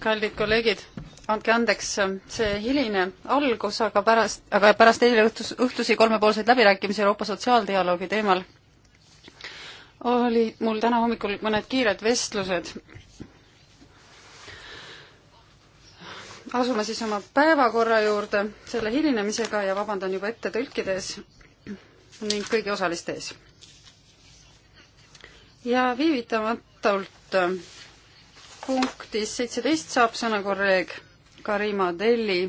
kallid kolleegid, andke andeks see hiline algus, aga pärast, aga pärast eile õhtus, õhtusi kolmepoolseid läbirääkimisi Euroopa sotsiaaldialoogi teemal olid mul täna hommikul mõned kiired vestlused. asume siis oma päevakorra juurde selle hilinemisega ja vabandan juba ette tõlkide ees ning kõigi osaliste ees. ja viivitamata vastavalt äh, punktis seitseteist saab sõna kolleeg Karima Telli,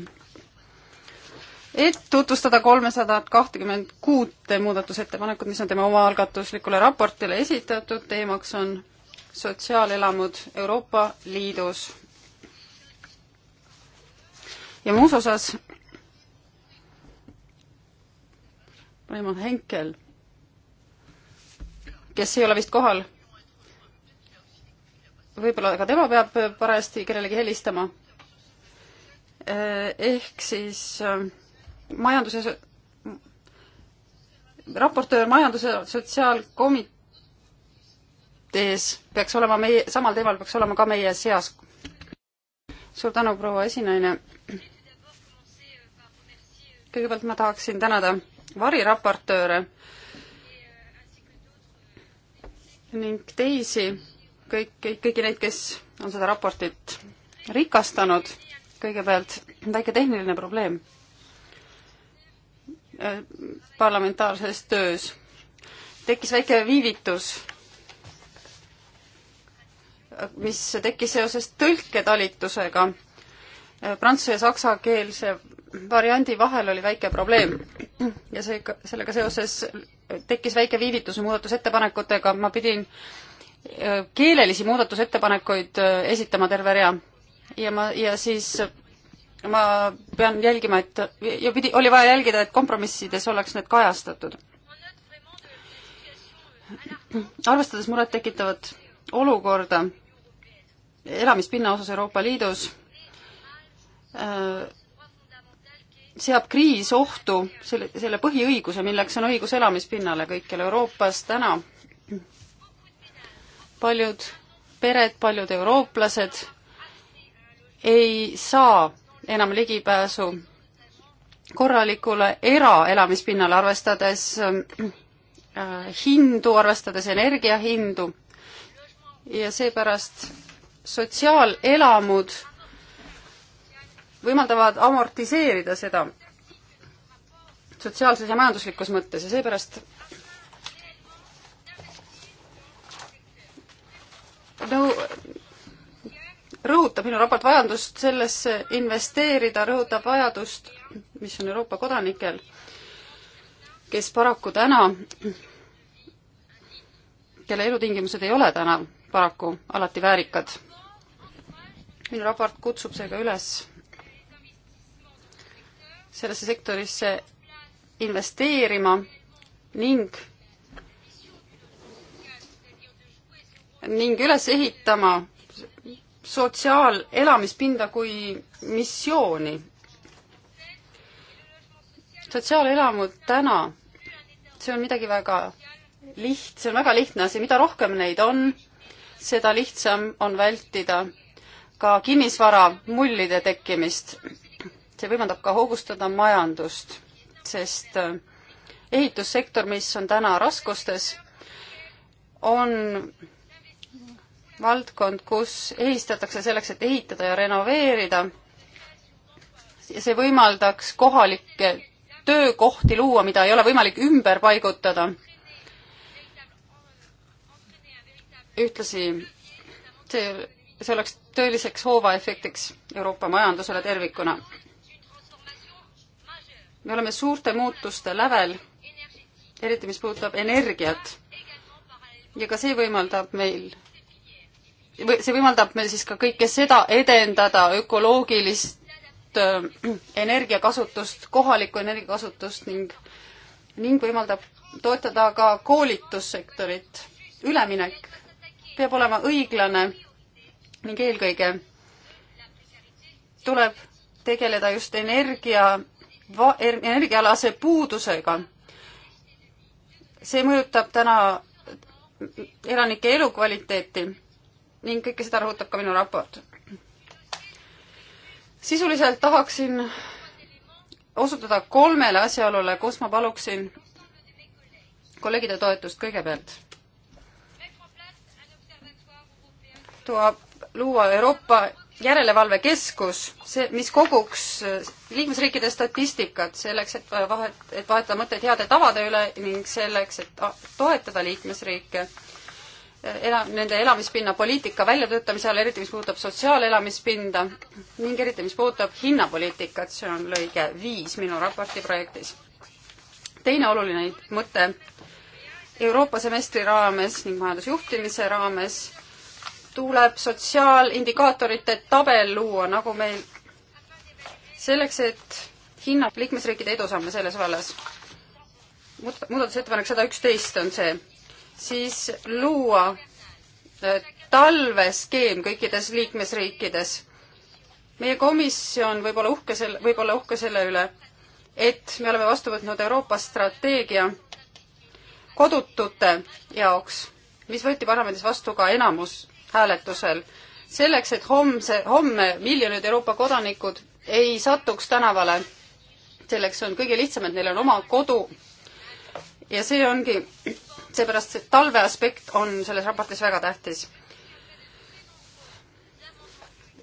et tutvustada kolmesadat kahtekümmend kuute muudatusettepanekut, mis on tema omaalgatuslikule raportile esitatud, teemaks on sotsiaalelamud Euroopa Liidus. ja muus osas Raimond Henkel, kes ei ole vist kohal võib-olla ka tema peab parajasti kellelegi helistama. ehk siis äh, majanduses, raportöör majanduse sotsiaalkomitees peaks olema meie, samal teemal peaks olema ka meie seas. suur tänu, proua esinaine. kõigepealt ma tahaksin tänada variraportööre ning teisi kõik, kõik, kõiki neid, kes on seda raportit rikastanud. kõigepealt väike tehniline probleem äh, parlamentaarses töös. tekkis väike viivitus, mis tekkis seoses tõlketalitusega. Äh, prantsuse ja saksakeelse variandi vahel oli väike probleem ja seega, sellega seoses tekkis väike viivitus muudatusettepanekutega, ma pidin keelelisi muudatusettepanekuid äh, esitama terve rea ja ma, ja siis ma pean jälgima, et ja pidi, oli vaja jälgida, et kompromissides oleks need kajastatud. arvestades murettekitavat olukorda elamispinna osas Euroopa Liidus äh,, seab kriis ohtu selle, selle põhiõiguse, milleks on õigus elamispinnale kõikjal Euroopas täna paljud pered, paljud eurooplased ei saa enam ligipääsu korralikule eraelamispinnale, arvestades äh, hindu, arvestades energiahindu ja seepärast sotsiaalelamud võimaldavad amortiseerida seda sotsiaalses ja majanduslikus mõttes ja seepärast nõu-, rõhutab minu raport vajadust sellesse investeerida, rõhutab vajadust, mis on Euroopa kodanikel, kes paraku täna, kelle elutingimused ei ole täna paraku alati väärikad. minu raport kutsub seega üles sellesse sektorisse investeerima ning ning üles ehitama sotsiaalelamispinda kui missiooni. sotsiaalelamud täna, see on midagi väga liht-, see on väga lihtne asi, mida rohkem neid on, seda lihtsam on vältida ka kinnisvara mullide tekkimist. see võimaldab ka hoogustada majandust, sest äh, ehitussektor, mis on täna raskustes, on valdkond, kus ehistatakse selleks, et ehitada ja renoveerida. see võimaldaks kohalikke töökohti luua, mida ei ole võimalik ümber paigutada. ühtlasi see, see oleks tõeliseks hoovaefektiks Euroopa majandusele tervikuna. me oleme suurte muutuste lävel, eriti mis puudutab energiat. ja ka see võimaldab meil see võimaldab meil siis ka kõike seda edendada, ökoloogilist äh, energiakasutust, kohalikku energiakasutust ning, ning võimaldab toetada ka koolitussektorit. üleminek peab olema õiglane ning eelkõige tuleb tegeleda just energia, er-, energiaalase puudusega. see mõjutab täna elanike elukvaliteeti ning kõike seda rõhutab ka minu raport. sisuliselt tahaksin osutada kolmele asjaolule, kus ma paluksin kolleegide toetust kõigepealt. tuleb luua Euroopa järelevalvekeskus, see, mis koguks liikmesriikide statistikat selleks, et vahet, et vahetada mõtteid heade tavade üle ning selleks, et toetada liikmesriike ela-, nende elamispinna poliitika väljatöötamise all, eriti mis puudutab sotsiaalelamispinda ning eriti mis puudutab hinnapoliitikat, see on lõige viis minu raporti projektis. teine oluline mõte Euroopa semestri raames ning majandusjuhtimise raames tuleb sotsiaalindikaatorite tabel luua, nagu meil selleks, et hinnata liikmesriikide edusamme selles vallas. muudatusettepanek sada üksteist on see siis luua äh, talveskeem kõikides liikmesriikides. meie komisjon võib olla uhke selle, võib olla uhke selle üle, et me oleme vastu võtnud Euroopa strateegia kodutute jaoks, mis võeti parlamendis vastu ka enamushääletusel, selleks, et homse, homme miljonid Euroopa kodanikud ei satuks tänavale. selleks on kõige lihtsam, et neil on oma kodu. ja see ongi seepärast see talve aspekt on selles raportis väga tähtis.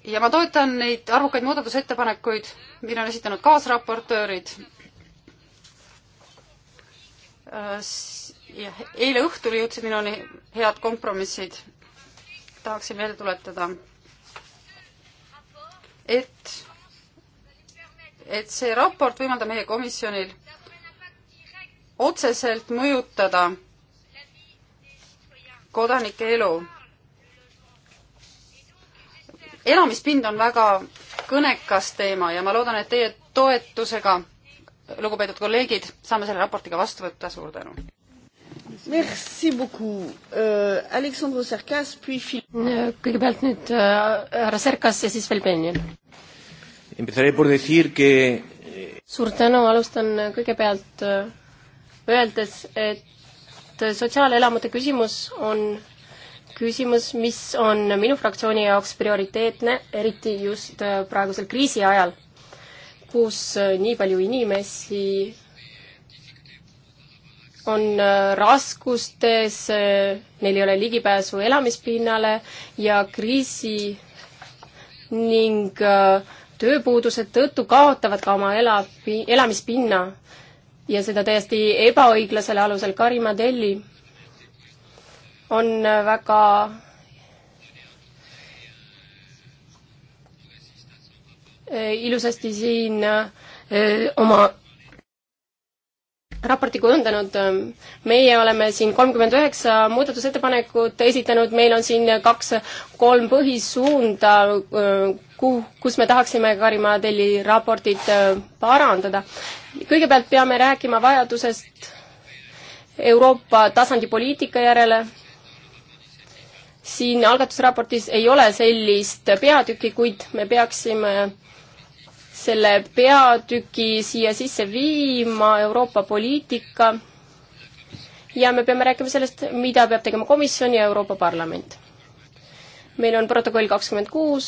ja ma toetan neid arvukaid muudatusettepanekuid, mille on esitanud kaasraportöörid. Äh, eile õhtul jõudsid minuni head kompromissid. tahaksin meelde tuletada, et, et see raport võimaldab meie komisjonil otseselt mõjutada kodanike elu. elamispind on väga kõnekas teema ja ma loodan, et teie toetusega, lugupeetud kolleegid, saame selle raportiga vastu võtta, suur tänu. Merci beaucoup euh,. Aleksandr Serkas, puis Philippe. Äh, kõigepealt nüüd äh, härra äh, Serkas ja siis veel Benjamin. suur tänu, alustan äh, kõigepealt öeldes, et et sotsiaalelamute küsimus on küsimus, mis on minu fraktsiooni jaoks prioriteetne, eriti just äh, praegusel kriisi ajal, kus äh, nii palju inimesi on äh, raskustes, neil ei ole ligipääsu elamispinnale ja kriisi ning tööpuuduse tõttu kaotavad ka oma ela, elamispinna ja seda täiesti ebaõiglasel alusel. Karima Delli on väga ilusasti siin oma raporti kujundanud. meie oleme siin kolmkümmend üheksa muudatusettepanekut esitanud, meil on siin kaks-kolm põhisuunda, kuhu, kus me tahaksime Karimadelli raportit äh, parandada. kõigepealt peame rääkima vajadusest Euroopa tasandi poliitika järele, siin algatusraportis ei ole sellist peatükki, kuid me peaksime selle peatüki siia sisse viima, Euroopa poliitika, ja me peame rääkima sellest, mida peab tegema komisjon ja Euroopa Parlament. meil on protokoll kakskümmend kuus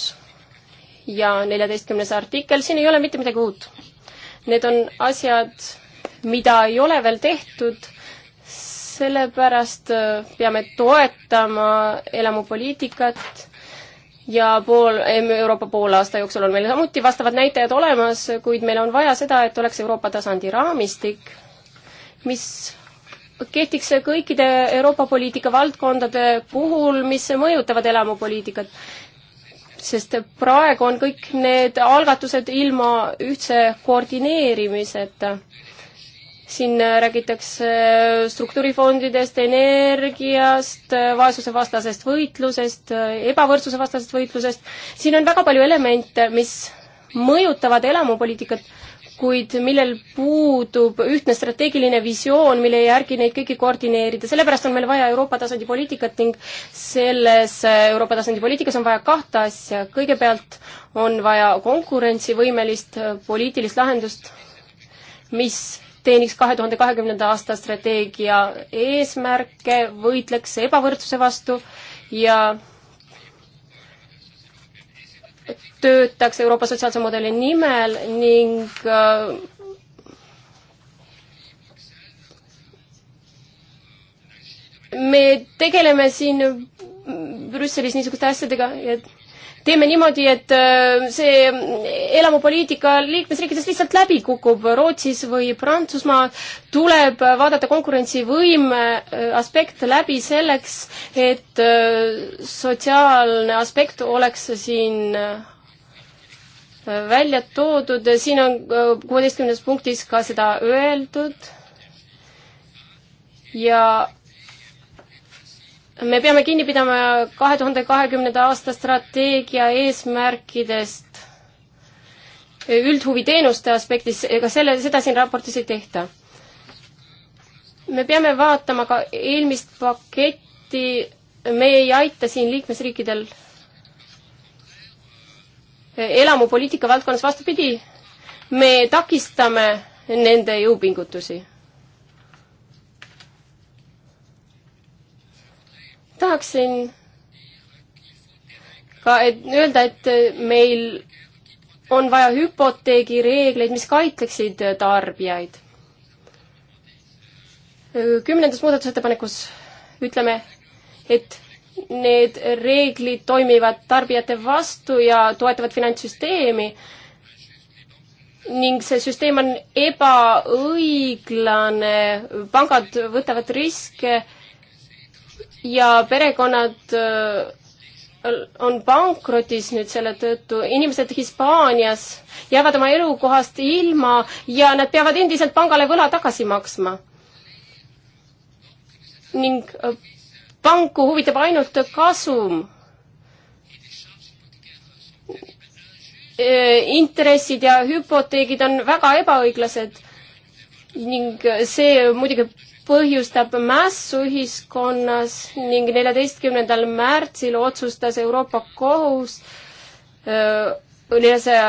ja neljateistkümnes artikkel, siin ei ole mitte midagi uut. Need on asjad, mida ei ole veel tehtud, sellepärast äh, peame toetama elamupoliitikat ja pool, Euroopa poole aasta jooksul on meil samuti vastavad näitajad olemas, kuid meil on vaja seda, et oleks Euroopa tasandi raamistik, mis kehtiks kõikide Euroopa poliitika valdkondade puhul, mis mõjutavad elamupoliitikat. sest praegu on kõik need algatused ilma ühtse koordineerimiseta siin äh, räägitakse äh, struktuurifondidest, energiast, äh, vaesusevastasest võitlusest, ebavõrdsuse vastasest võitlusest. siin on väga palju elemente, mis mõjutavad elamupoliitikat, kuid millel puudub ühtne strateegiline visioon, mille järgi neid kõiki koordineerida. sellepärast on meil vaja Euroopa tasandi poliitikat ning selles Euroopa tasandi poliitikas on vaja kahte asja. kõigepealt on vaja konkurentsivõimelist poliitilist lahendust, mis teeniks kahe tuhande kahekümnenda aasta strateegia eesmärke, võitleks ebavõrdsuse vastu ja töötaks Euroopa sotsiaalse mudeli nimel ning äh, me tegeleme siin Brüsselis niisuguste asjadega, et teeme niimoodi, et äh, see elamupoliitika liikmesriikides lihtsalt läbi kukub. Rootsis või Prantsusmaal tuleb vaadata konkurentsivõime äh, aspekt läbi selleks, et äh, sotsiaalne aspekt oleks siin välja toodud, siin on kuueteistkümnes punktis ka seda öeldud ja me peame kinni pidama kahe tuhande kahekümnenda aasta strateegia eesmärkidest üldhuviteenuste aspektis, ega selle, seda siin raportis ei tehta. me peame vaatama ka eelmist paketti, me ei aita siin liikmesriikidel elamupoliitika valdkonnas, vastupidi, me takistame nende jõupingutusi tahaksin ka et öelda, et meil on vaja hüpoteegireegleid, mis kaitseksid tarbijaid. kümnendas muudatusettepanekus ütleme, et need reeglid toimivad tarbijate vastu ja toetavad finantssüsteemi ning see süsteem on ebaõiglane, pangad võtavad riske ja perekonnad äh, on pankrotis nüüd selle tõttu, inimesed Hispaanias jäävad oma elukohast ilma ja nad peavad endiselt pangale võla tagasi maksma. ning äh, panku huvitab ainult kasum äh, intressid ja hüpoteegid on väga ebaõiglased ning see muidugi põhjustab mässu ühiskonnas ning neljateistkümnendal märtsil otsustas Euroopa Kohus neljasaja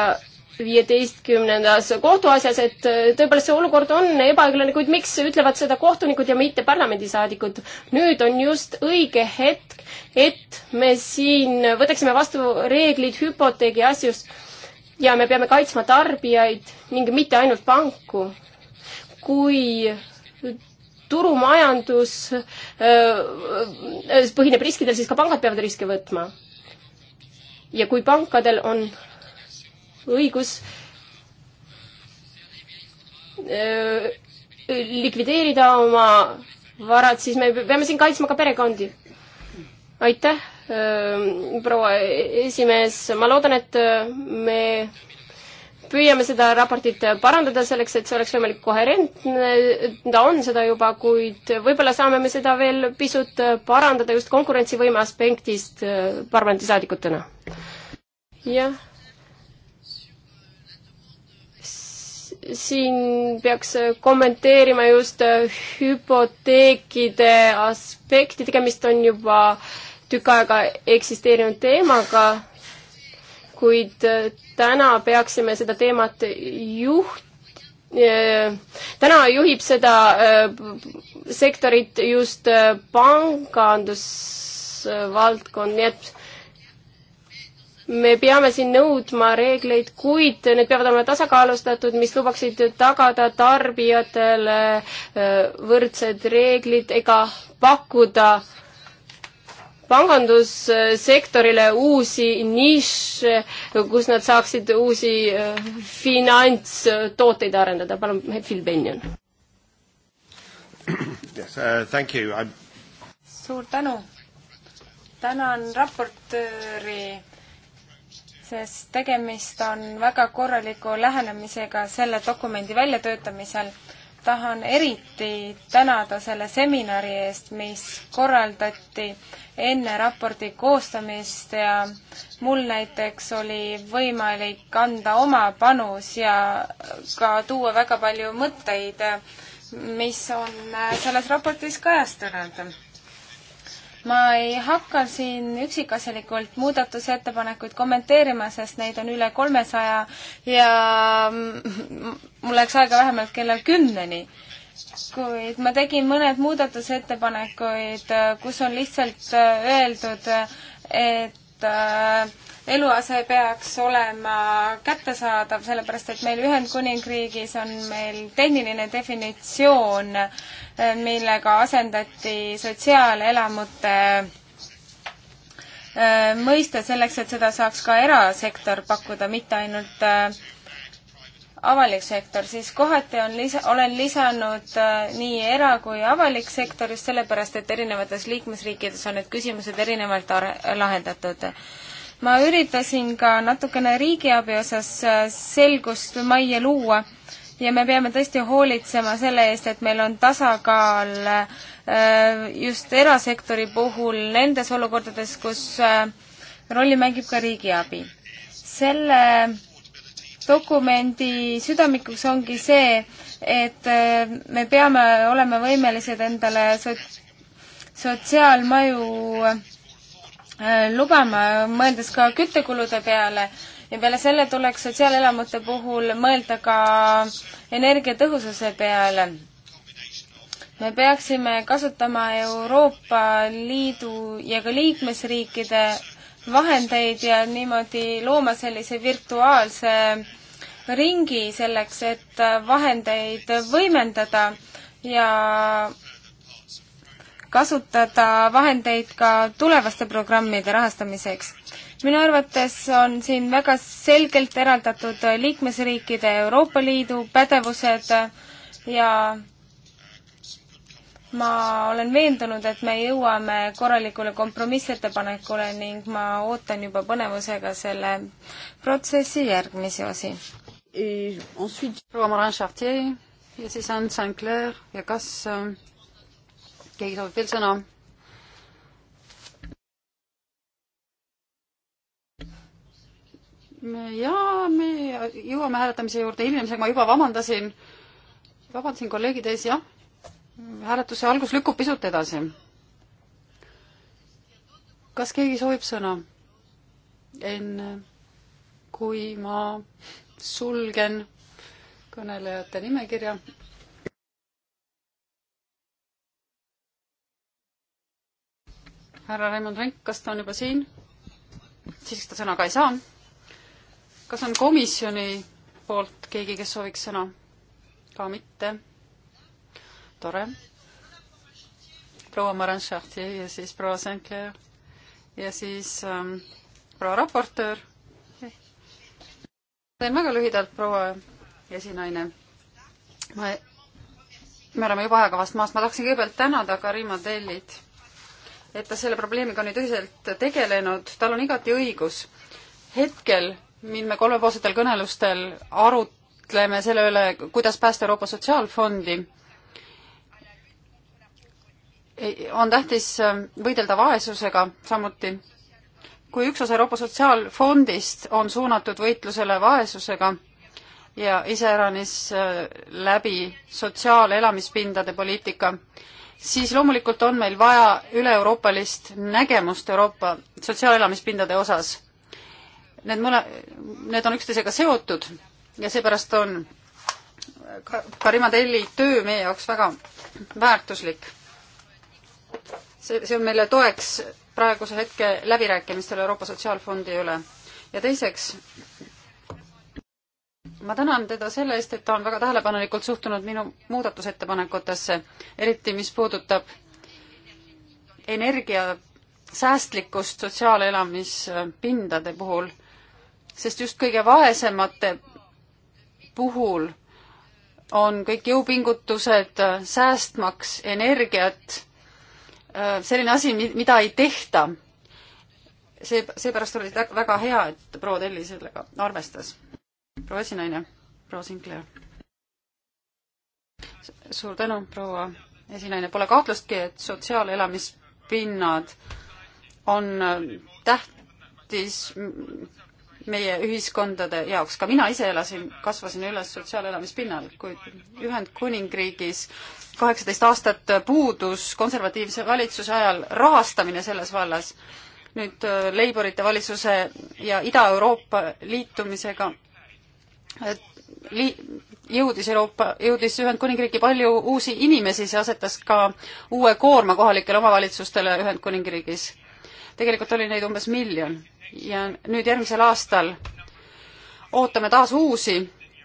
viieteistkümnendas kohtuasjas, et tõepoolest see olukord on ebaõiglane, kuid miks ütlevad seda kohtunikud ja mitte parlamendisaadikud? nüüd on just õige hetk, et me siin võtaksime vastu reeglid hüpoteegi asjus ja me peame kaitsma tarbijaid ning mitte ainult panku. kui turumajandus äh, põhineb riskidel, siis ka pangad peavad riske võtma. ja kui pankadel on õigus äh, likvideerida oma varad, siis me peame siin kaitsma ka perekondi. aitäh, äh, proua esimees, ma loodan, et me püüame seda raportit parandada selleks, et see oleks võimalik koherentne, ta on seda juba, kuid võib-olla saame me seda veel pisut parandada just konkurentsivõime aspektist äh, parlamendisaadikutena. jah. siin peaks kommenteerima just äh, hüpoteekide aspekti, tegemist on juba tükk aega eksisteerinud teemaga kuid äh, täna peaksime seda teemat juht-, äh, täna juhib seda äh, sektorit just pangandusvaldkond, nii et me peame siin nõudma reegleid, kuid need peavad olema tasakaalustatud, mis lubaksid tagada tarbijatele võrdsed reeglid ega pakkuda äh, pangandussektorile uusi nišše, kus nad saaksid uusi äh, finantstooteid arendada. palun, Phil Benjon. Yes, uh, thank you. I'm... suur tänu. tänan raportööri, sest tegemist on väga korraliku lähenemisega selle dokumendi väljatöötamisel tahan eriti tänada selle seminari eest, mis korraldati enne raporti koostamist ja mul näiteks oli võimalik anda oma panus ja ka tuua väga palju mõtteid, mis on selles raportis kajastunud ma ei hakka siin üksikasjalikult muudatusettepanekuid kommenteerima, sest neid on üle kolmesaja ja mul läks aega vähemalt kella kümneni. kuid ma tegin mõned muudatusettepanekuid, kus on lihtsalt öeldud, et äh, eluase peaks olema kättesaadav, sellepärast et meil Ühendkuningriigis on meil tehniline definitsioon, millega asendati sotsiaalelamute äh, mõiste selleks, et seda saaks ka erasektor pakkuda, mitte ainult äh, avalik sektor, siis kohati on lisa, olen lisanud äh, nii era- kui avalik sektor just sellepärast, et erinevates liikmesriikides on need küsimused erinevalt lahendatud ma üritasin ka natukene riigiabi osas äh, selgust majja luua ja me peame tõesti hoolitsema selle eest, et meil on tasakaal äh, just erasektori puhul nendes olukordades, kus äh, rolli mängib ka riigiabi. selle dokumendi südamikuks ongi see, et me peame olema võimelised endale sotsiaalmaju Äh, lubama, mõeldes ka küttekulude peale ja peale selle tuleks sotsiaalelamute puhul mõelda ka energiatõhususe peale. me peaksime kasutama Euroopa Liidu ja ka liikmesriikide vahendeid ja niimoodi looma sellise virtuaalse ringi selleks, et vahendeid võimendada ja kasutada vahendeid ka tulevaste programmide rahastamiseks. minu arvates on siin väga selgelt eraldatud liikmesriikide Euroopa Liidu pädevused ja ma olen veendunud, et me jõuame korralikule kompromissettepanekule ning ma ootan juba põnevusega selle protsessi järgmisi osi. proua Morin Chartier ja siis Anne Sinclair ja kas äh, keegi soovib veel sõna? jaa, me jõuame hääletamise juurde hiljem, seega ma juba vabandasin, vabandasin kolleegide ees, jah. hääletuse algus lükkub pisut edasi. kas keegi soovib sõna? enne kui ma sulgen kõnelejate nimekirja härra Raimond Venk, kas ta on juba siin? siis ta sõna ka ei saa. kas on komisjoni poolt keegi, kes sooviks sõna? ka mitte. tore. proua Marin Chartier ja siis proua Sinclair ja siis ähm, proua raportöör. teen väga lühidalt, proua esinaine. ma, me oleme juba ajakavast maas, ma tahaksin kõigepealt tänada Karima Tellid et ta selle probleemiga on nüüd ühiselt tegelenud, tal on igati õigus. hetkel, mil me kolmepoolsetel kõnelustel arutleme selle üle, kuidas päästa Euroopa Sotsiaalfondi, on tähtis äh, võidelda vaesusega samuti. kui üks osa Euroopa Sotsiaalfondist on suunatud võitlusele vaesusega ja iseäranis äh, läbi sotsiaalelamispindade poliitika, siis loomulikult on meil vaja üle-euroopalist nägemust Euroopa sotsiaalelamispindade osas. Need mõle-, need on üksteisega seotud ja seepärast on Karimadelli töö meie jaoks väga väärtuslik. see, see on meile toeks praeguse hetke läbirääkimistel Euroopa Sotsiaalfondi üle. ja teiseks ma tänan teda selle eest, et ta on väga tähelepanelikult suhtunud minu muudatusettepanekutesse, eriti mis puudutab energiasäästlikkust sotsiaalelamispindade puhul, sest just kõige vaesemate puhul on kõik jõupingutused säästmaks energiat äh, selline asi, mida ei tehta. see, seepärast oli väga hea, et proua Telli sellega arvestas proua esinaine, proua Sinclair. suur tänu, proua esinaine, pole kahtlustki, et sotsiaalelamispinnad on tähtis meie ühiskondade jaoks, ka mina ise elasin, kasvasin üles sotsiaalelamispinnal, kuid Ühendkuningriigis kaheksateist aastat puudus konservatiivse valitsuse ajal rahastamine selles vallas. nüüd äh, Leiborite valitsuse ja Ida-Euroopa liitumisega jõudis Euroopa, jõudis Ühendkuningriiki palju uusi inimesi, see asetas ka uue koorma kohalikele omavalitsustele Ühendkuningriigis. tegelikult oli neid umbes miljon ja nüüd järgmisel aastal ootame taas uusi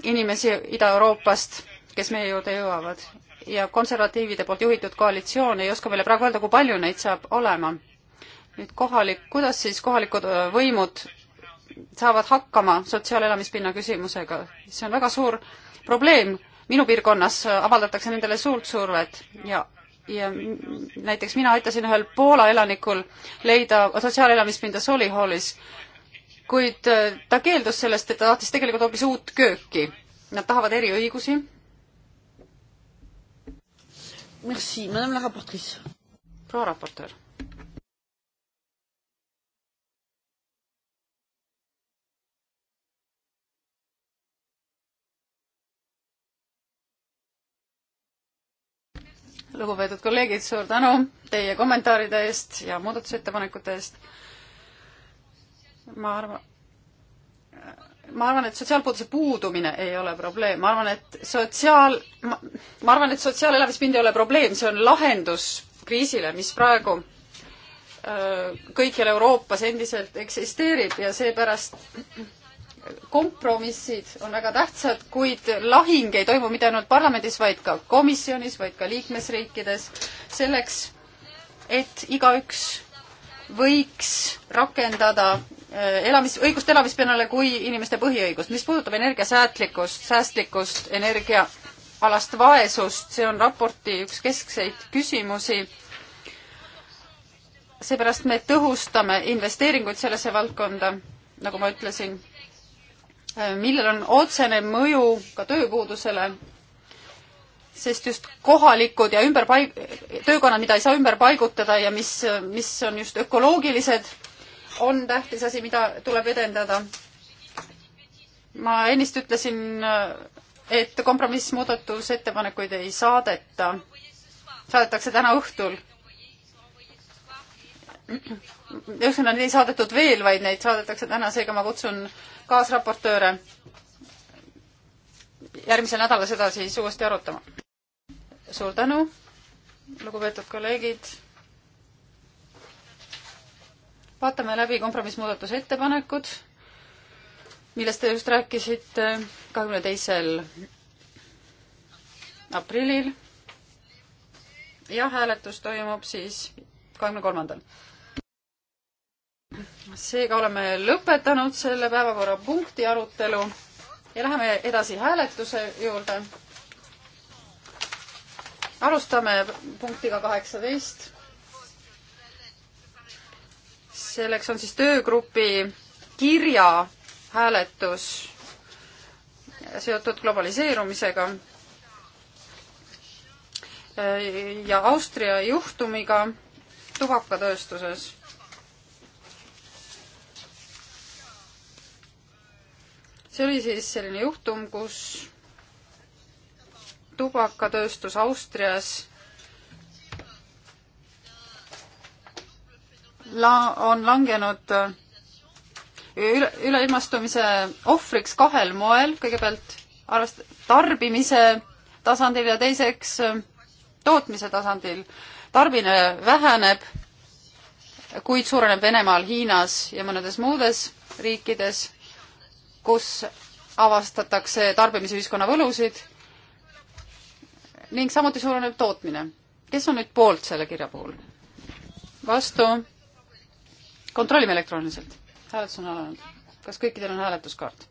inimesi Ida-Euroopast, kes meie juurde jõuavad. ja konservatiivide poolt juhitud koalitsioon ei oska meile praegu öelda, kui palju neid saab olema. nüüd kohalik, kuidas siis kohalikud võimud saavad hakkama sotsiaalelamispinna küsimusega. see on väga suur probleem. minu piirkonnas avaldatakse nendele suurt survet ja, ja näiteks mina aitasin ühel Poola elanikul leida sotsiaalelamispinda Solihallis, kuid äh, ta keeldus sellest, et ta tahtis tegelikult hoopis uut kööki. Nad tahavad eriõigusi. proua raportöör lugupeetud kolleegid, suur tänu teie kommentaaride eest ja muudatusettepanekute eest. ma arvan, ma arvan, et sotsiaalpuuduse puudumine ei ole probleem, ma arvan, et sotsiaal, ma arvan, et sotsiaalelamispind ei ole probleem, see on lahendus kriisile, mis praegu öö, äh, kõikjal Euroopas endiselt eksisteerib ja seepärast kompromissid on väga tähtsad, kuid lahing ei toimu mitte ainult parlamendis, vaid ka komisjonis, vaid ka liikmesriikides, selleks et igaüks võiks rakendada äh, elamis, õigust elamispinnale kui inimeste põhiõigust. mis puudutab energiasäätlikkust, säästlikkust, energiaalast vaesust, see on raporti üks keskseid küsimusi seepärast me tõhustame investeeringuid sellesse valdkonda, nagu ma ütlesin, millel on otsene mõju ka tööpuudusele, sest just kohalikud ja ümberpaig-, töökonnad, mida ei saa ümber paigutada ja mis, mis on just ökoloogilised, on tähtis asi, mida tuleb edendada. ma ennist ütlesin, et kompromissmuudatusettepanekuid ei saadeta, saadetakse täna õhtul ühesõnaga, neid ei saadetud veel, vaid neid saadetakse täna, seega ma kutsun kaasraportööre järgmisel nädalal seda siis uuesti arutama. suur tänu, lugupeetud kolleegid. vaatame läbi kompromissmuudatuse ettepanekud, millest te just rääkisite kahekümne teisel aprillil. ja hääletus toimub siis kahekümne kolmandal seega oleme lõpetanud selle päevakorrapunkti arutelu ja läheme edasi hääletuse juurde. alustame punktiga kaheksateist. selleks on siis töögrupi kirja hääletus seotud globaliseerumisega ja Austria juhtumiga tubakatööstuses see oli siis selline juhtum, kus tubakatööstus Austrias la-, on langenud üle, üleilmastumise ohvriks kahel moel, kõigepealt arvest-, tarbimise tasandil ja teiseks tootmise tasandil. tarbimine väheneb, kuid suureneb Venemaal, Hiinas ja mõnedes muudes riikides kus avastatakse tarbimisühiskonna võlusid ning samuti suureneb tootmine. kes on nüüd poolt selle kirja puhul? vastu? kontrollime elektrooniliselt. hääletus on alanud. kas kõikidel on hääletuskaart?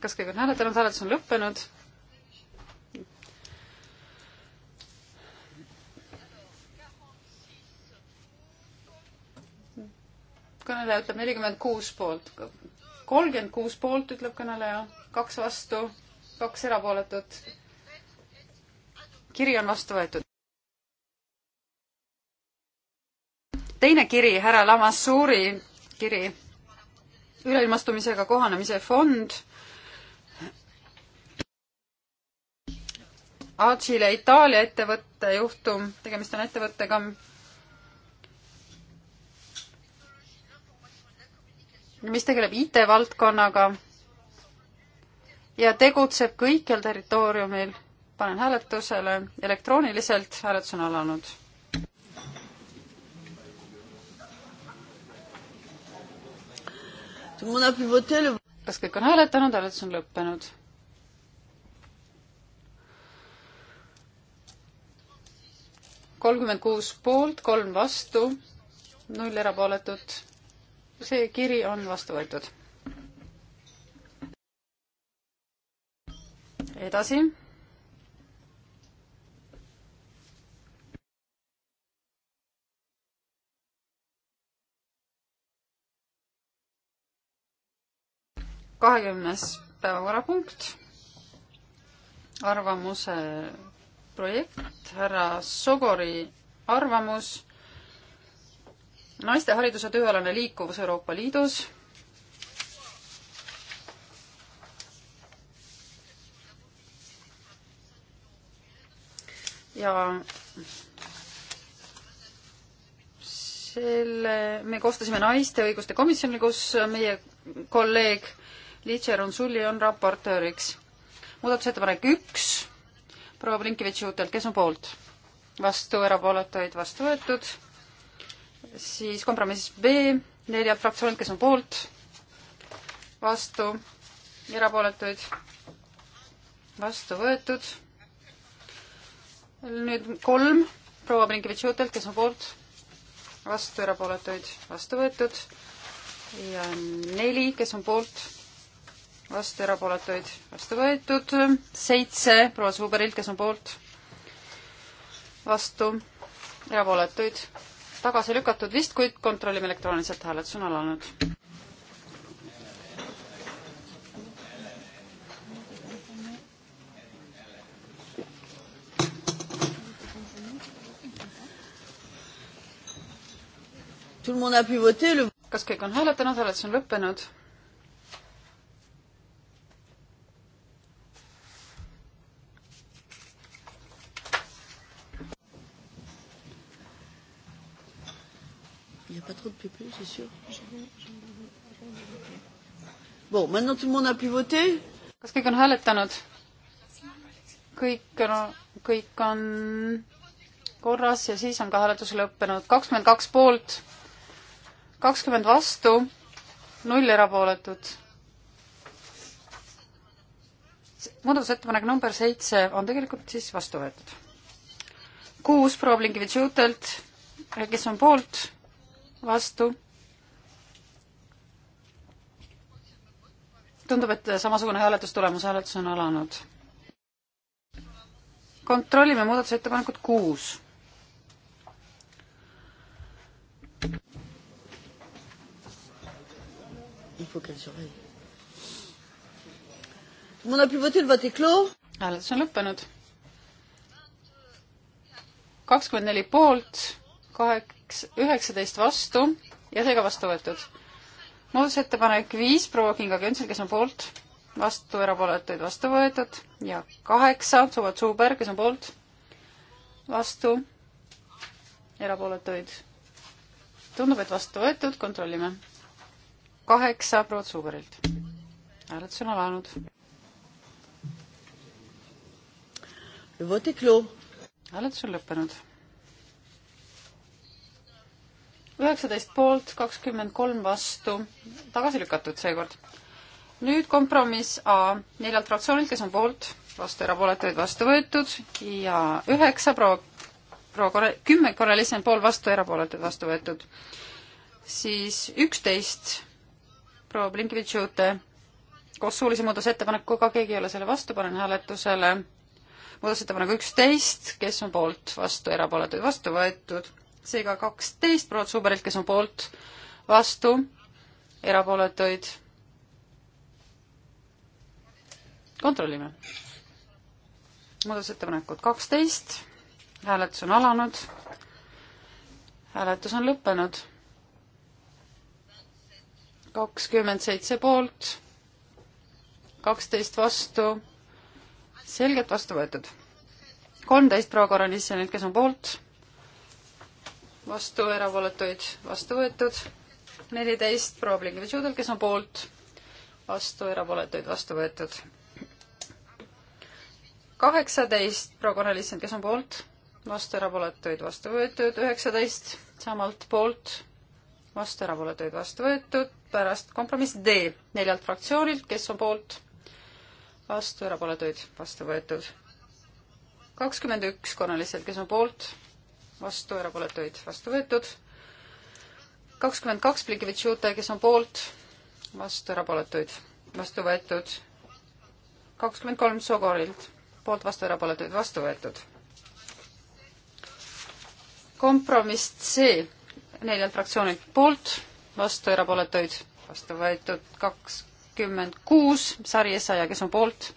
kas kõik on hääletanud, hääletus on lõppenud. kõneleja ütleb nelikümmend kuus poolt, kolmkümmend kuus poolt, ütleb kõneleja, kaks vastu, kaks erapooletut. kiri on vastu võetud. teine kiri, härra Lamassuuri kiri, üleilmastumisega kohanemise fond Acile Itaalia ettevõtte juhtum, tegemist on ettevõttega, mis tegeleb IT-valdkonnaga ja tegutseb kõikjal territooriumil. panen hääletusele elektrooniliselt, hääletus on alanud. kas kõik on hääletanud, hääletus on lõppenud kolmkümmend kuus poolt, kolm vastu, null erapooletut. see kiri on vastu võetud. edasi kahekümnes päevakorrapunkt, arvamuse projekt, härra Sogori arvamus, naiste hariduse tööalane liikuvus Euroopa Liidus ja selle me koostasime naiste õiguste komisjoni, kus meie kolleeg Liitše Ronsulli on raportööriks. muudatusettepanek üks, proua Blinkivitši uutelt, kes on poolt? vastu, erapooletuid vastu võetud. siis kompromiss B neljalt fraktsioonilt, kes on poolt, vastu, erapooletuid vastu võetud. nüüd kolm proua Blinkivitši uutelt, kes on poolt, vastu, erapooletuid vastu võetud ja neli, kes on poolt vastu, erapooletuid vastu võetud, seitse proua Suuberilt, kes on poolt, vastu, erapooletuid tagasi lükatud vist, kuid kontrollime elektrooniliselt, hääletus on alanud. kas kõik on hääletanud, hääletus on lõppenud? Pas trop de PP, c'est sûr. Bon, maintenant tout le monde a pu voter. Kas kõik on hääletanud? Kõik on, kõik on korras ja siis on ka hääletus lõppenud. 22 poolt, 20 vastu, 0 erapooletud. Muudatusettepanek number 7 on tegelikult siis vastu võetud. 6 proovlingivid juutelt, kes on poolt, vastu. tundub, et samasugune hääletustulemus, hääletus on alanud. kontrollime muudatusettepanekut kuus. hääletus on lõppenud. kakskümmend neli poolt, kahe, kaks, üheksateist vastu ja seega vastu võetud. muudatusettepanek viis proua Kinga Küntsel, kes on poolt, vastu, erapooletuid vastu võetud ja kaheksa Suvat Suuberg, kes on poolt, vastu, erapooletuid. tundub, et vastu võetud, kontrollime. kaheksa proua Suuberilt. hääletus on alanud. hääletus on lõppenud üheksateist poolt, kakskümmend kolm vastu, tagasi lükatud seekord. nüüd kompromiss A neljalt fraktsioonilt, kes on poolt, vastu erapooletuid vastu võetud ja üheksa proua, proua korra-, kümme korralisem pool vastu erapooletuid vastu võetud. siis üksteist proua Blinkevitš-Jute koos suulise muudatusettepanekuga, keegi ei ole selle vastu, panen hääletusele muudatusettepaneku üksteist, kes on poolt, vastu, erapooletuid vastu võetud seega kaksteist proua Zuberilt, kes on poolt, vastu, erapooletuid. kontrollime. muudatusettepanekud kaksteist, hääletus on alanud, hääletus on lõppenud kakskümmend seitse poolt, kaksteist vastu, selgelt vastu võetud. kolmteist prokuröri, kes on poolt vastu, erapooletuid vastu võetud. neliteist proua Blinkevi-Tšudel, kes on poolt, vastu, erapooletuid vastu võetud. kaheksateist proua Korralissand, kes on poolt, vastu, erapooletuid vastu võetud. üheksateist samalt poolt, vastu, erapooletuid vastu võetud. pärast kompromiss D neljalt fraktsioonilt, kes on poolt, vastu, erapooletuid vastu võetud. kakskümmend üks korraliselt, kes on poolt vastu, erapooletuid vastu võetud. kakskümmend kaks Blinkevitš-Jute, kes on poolt, vastu, erapooletuid vastu võetud. kakskümmend kolm Sogorilt, poolt, vastu, erapooletuid vastu võetud. kompromiss C neljalt fraktsioonilt poolt, vastu, erapooletuid vastu võetud kakskümmend kuus Sari Essaja, kes on poolt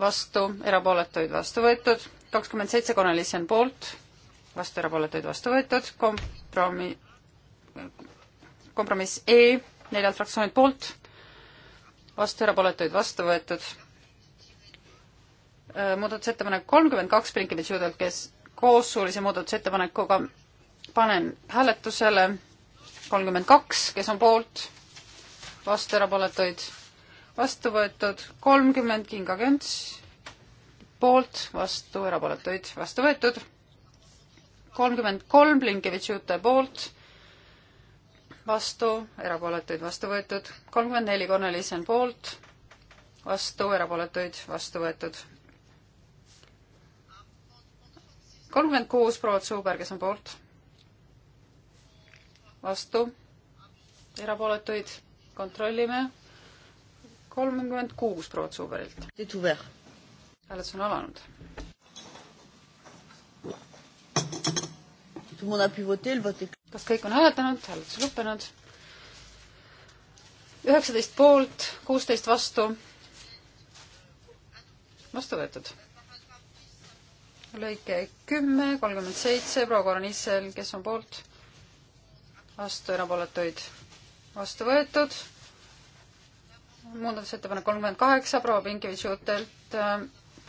vastu, erapooletuid vastu võetud, kakskümmend seitse Cornelissen poolt, vastu erapooletuid vastu võetud, kompromi-, kompromiss E, neljalt fraktsioonilt poolt, vastu erapooletuid vastu võetud, äh, muudatusettepanek kolmkümmend kaks Plinkivitsi jõudvalt, kes koos suulise muudatusettepanekuga panen hääletusele kolmkümmend kaks, kes on poolt, vastu erapooletuid vastu võetud, kolmkümmend Kinga Kents, poolt, vastu erapooletuid vastu võetud kolmkümmend kolm Blinkevitš-Jute poolt, vastu, erapooletuid vastu võetud, kolmkümmend neli Cornelissen poolt, vastu, erapooletuid vastu võetud. kolmkümmend kuus Proot Suuber, kes on poolt, vastu, erapooletuid kontrollime, kolmkümmend kuus Proot Suuberilt. hääletus on alanud kas kõik on hääletanud, hääletus lõppenud? üheksateist poolt, kuusteist vastu. vastu võetud. lõike kümme, kolmkümmend seitse, proua Kornissel, kes on poolt? vastu, erapooletuid? vastu võetud muudatusettepanek kolmkümmend kaheksa proua Pinkivitš-Jutelt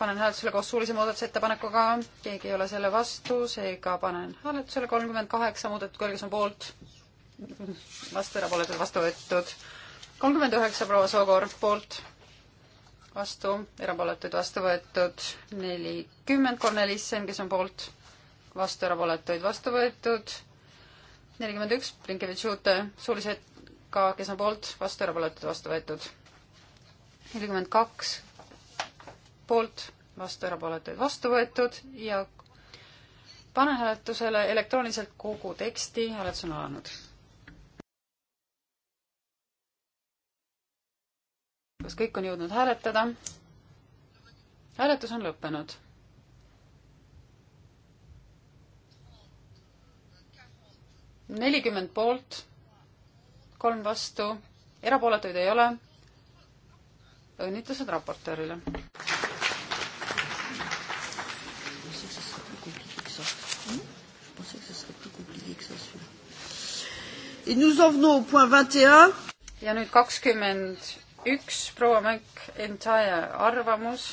panen hääletusele koos suulise muudatusettepanekuga, keegi ei ole selle vastu, seega panen hääletusele kolmkümmend kaheksa muudetud kõrge, kes on poolt, vastu, erapooletud, vastu võetud. kolmkümmend üheksa proua Sookor poolt, vastu, erapooletuid vastu võetud. nelikümmend Kornelissen, kes on poolt, vastu, erapooletuid vastu võetud. nelikümmend üks Blinkevitš-Jute suulised ka, kes on poolt, vastu, erapooletuid vastu võetud. nelikümmend kaks poolt, vastu, erapooletuid vastu võetud ja panen hääletusele elektrooniliselt kogu teksti, hääletus on alanud. kas kõik on jõudnud hääletada? hääletus on lõppenud. nelikümmend poolt, kolm vastu, erapooletuid ei ole. õnnitlused raportöörile. Et nous en venons au point 21. ja nüüd kakskümmend üks proua McIntyre arvamus,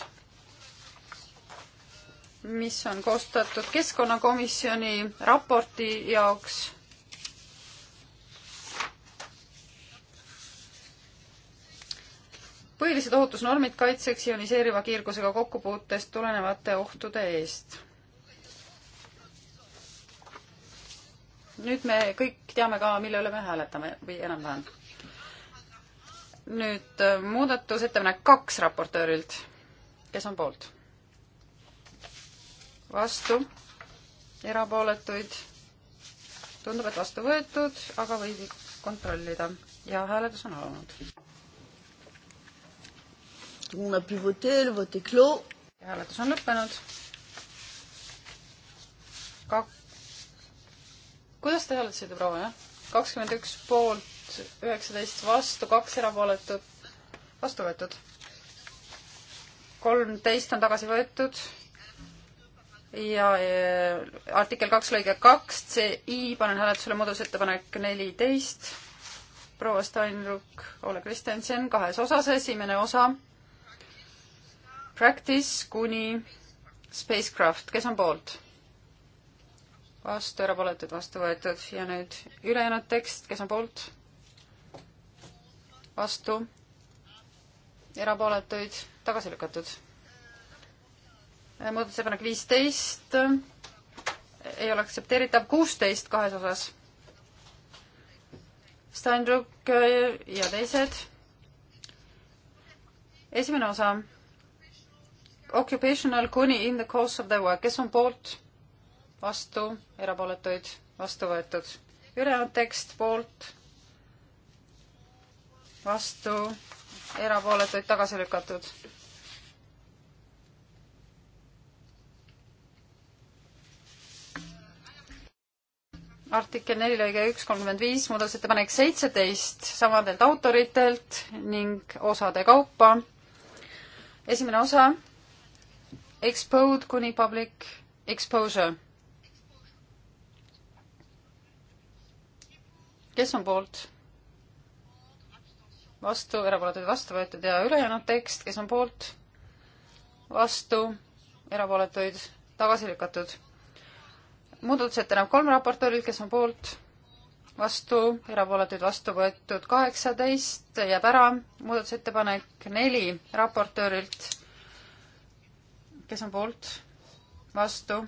mis on koostatud keskkonnakomisjoni raporti jaoks põhilised ohutusnormid kaitseks ioniseeriva kiirgusega kokkupuutest tulenevate ohtude eest. nüüd me kõik teame ka, mille üle me hääletame või enam-vähem. nüüd äh, muudatusettepanek kaks raportöörilt. kes on poolt? vastu? erapooletuid? tundub, et vastu võetud, aga võib kontrollida ja hääletus on alanud. hääletus on lõppenud. kaks kuidas te hääletasite, proua, jah? kakskümmend üks poolt, üheksateist vastu, kaks erapooletut, vastu võetud. kolmteist on tagasi võetud ja, ja artikkel kaks lõige kaks, CI, panen hääletusele muudatusettepanek neliteist, proua Steinruck, Ole Kristjansen, kahes osas, esimene osa, practice kuni spacecraft, kes on poolt? vastu, erapooletud, vastu võetud ja nüüd ülejäänud tekst, kes on poolt, vastu, erapooletuid, tagasi lükatud. muudatusettepanek viisteist ei ole aktsepteeritav, kuusteist kahes osas. Steinruck ja teised. esimene osa. Occupational kuni in the course of the work, kes on poolt vastu, erapooletuid vastu võetud. ülejäänud tekst poolt, vastu, erapooletuid tagasi lükatud. artikkel neli lõige üks kolmkümmend viis, muudatusettepanek seitseteist samadelt autoritelt ning osade kaupa. esimene osa, exposed kuni public exposure kes on poolt? vastu, erapooletud vastu võetud ja ülejäänud tekst, kes on poolt? vastu, erapooletuid tagasi lükatud. muudatusettepanek kolm raportööril, kes on poolt? vastu, erapooletuid vastu võetud kaheksateist, jääb ära. muudatusettepanek neli raportöörilt, kes on poolt? vastu,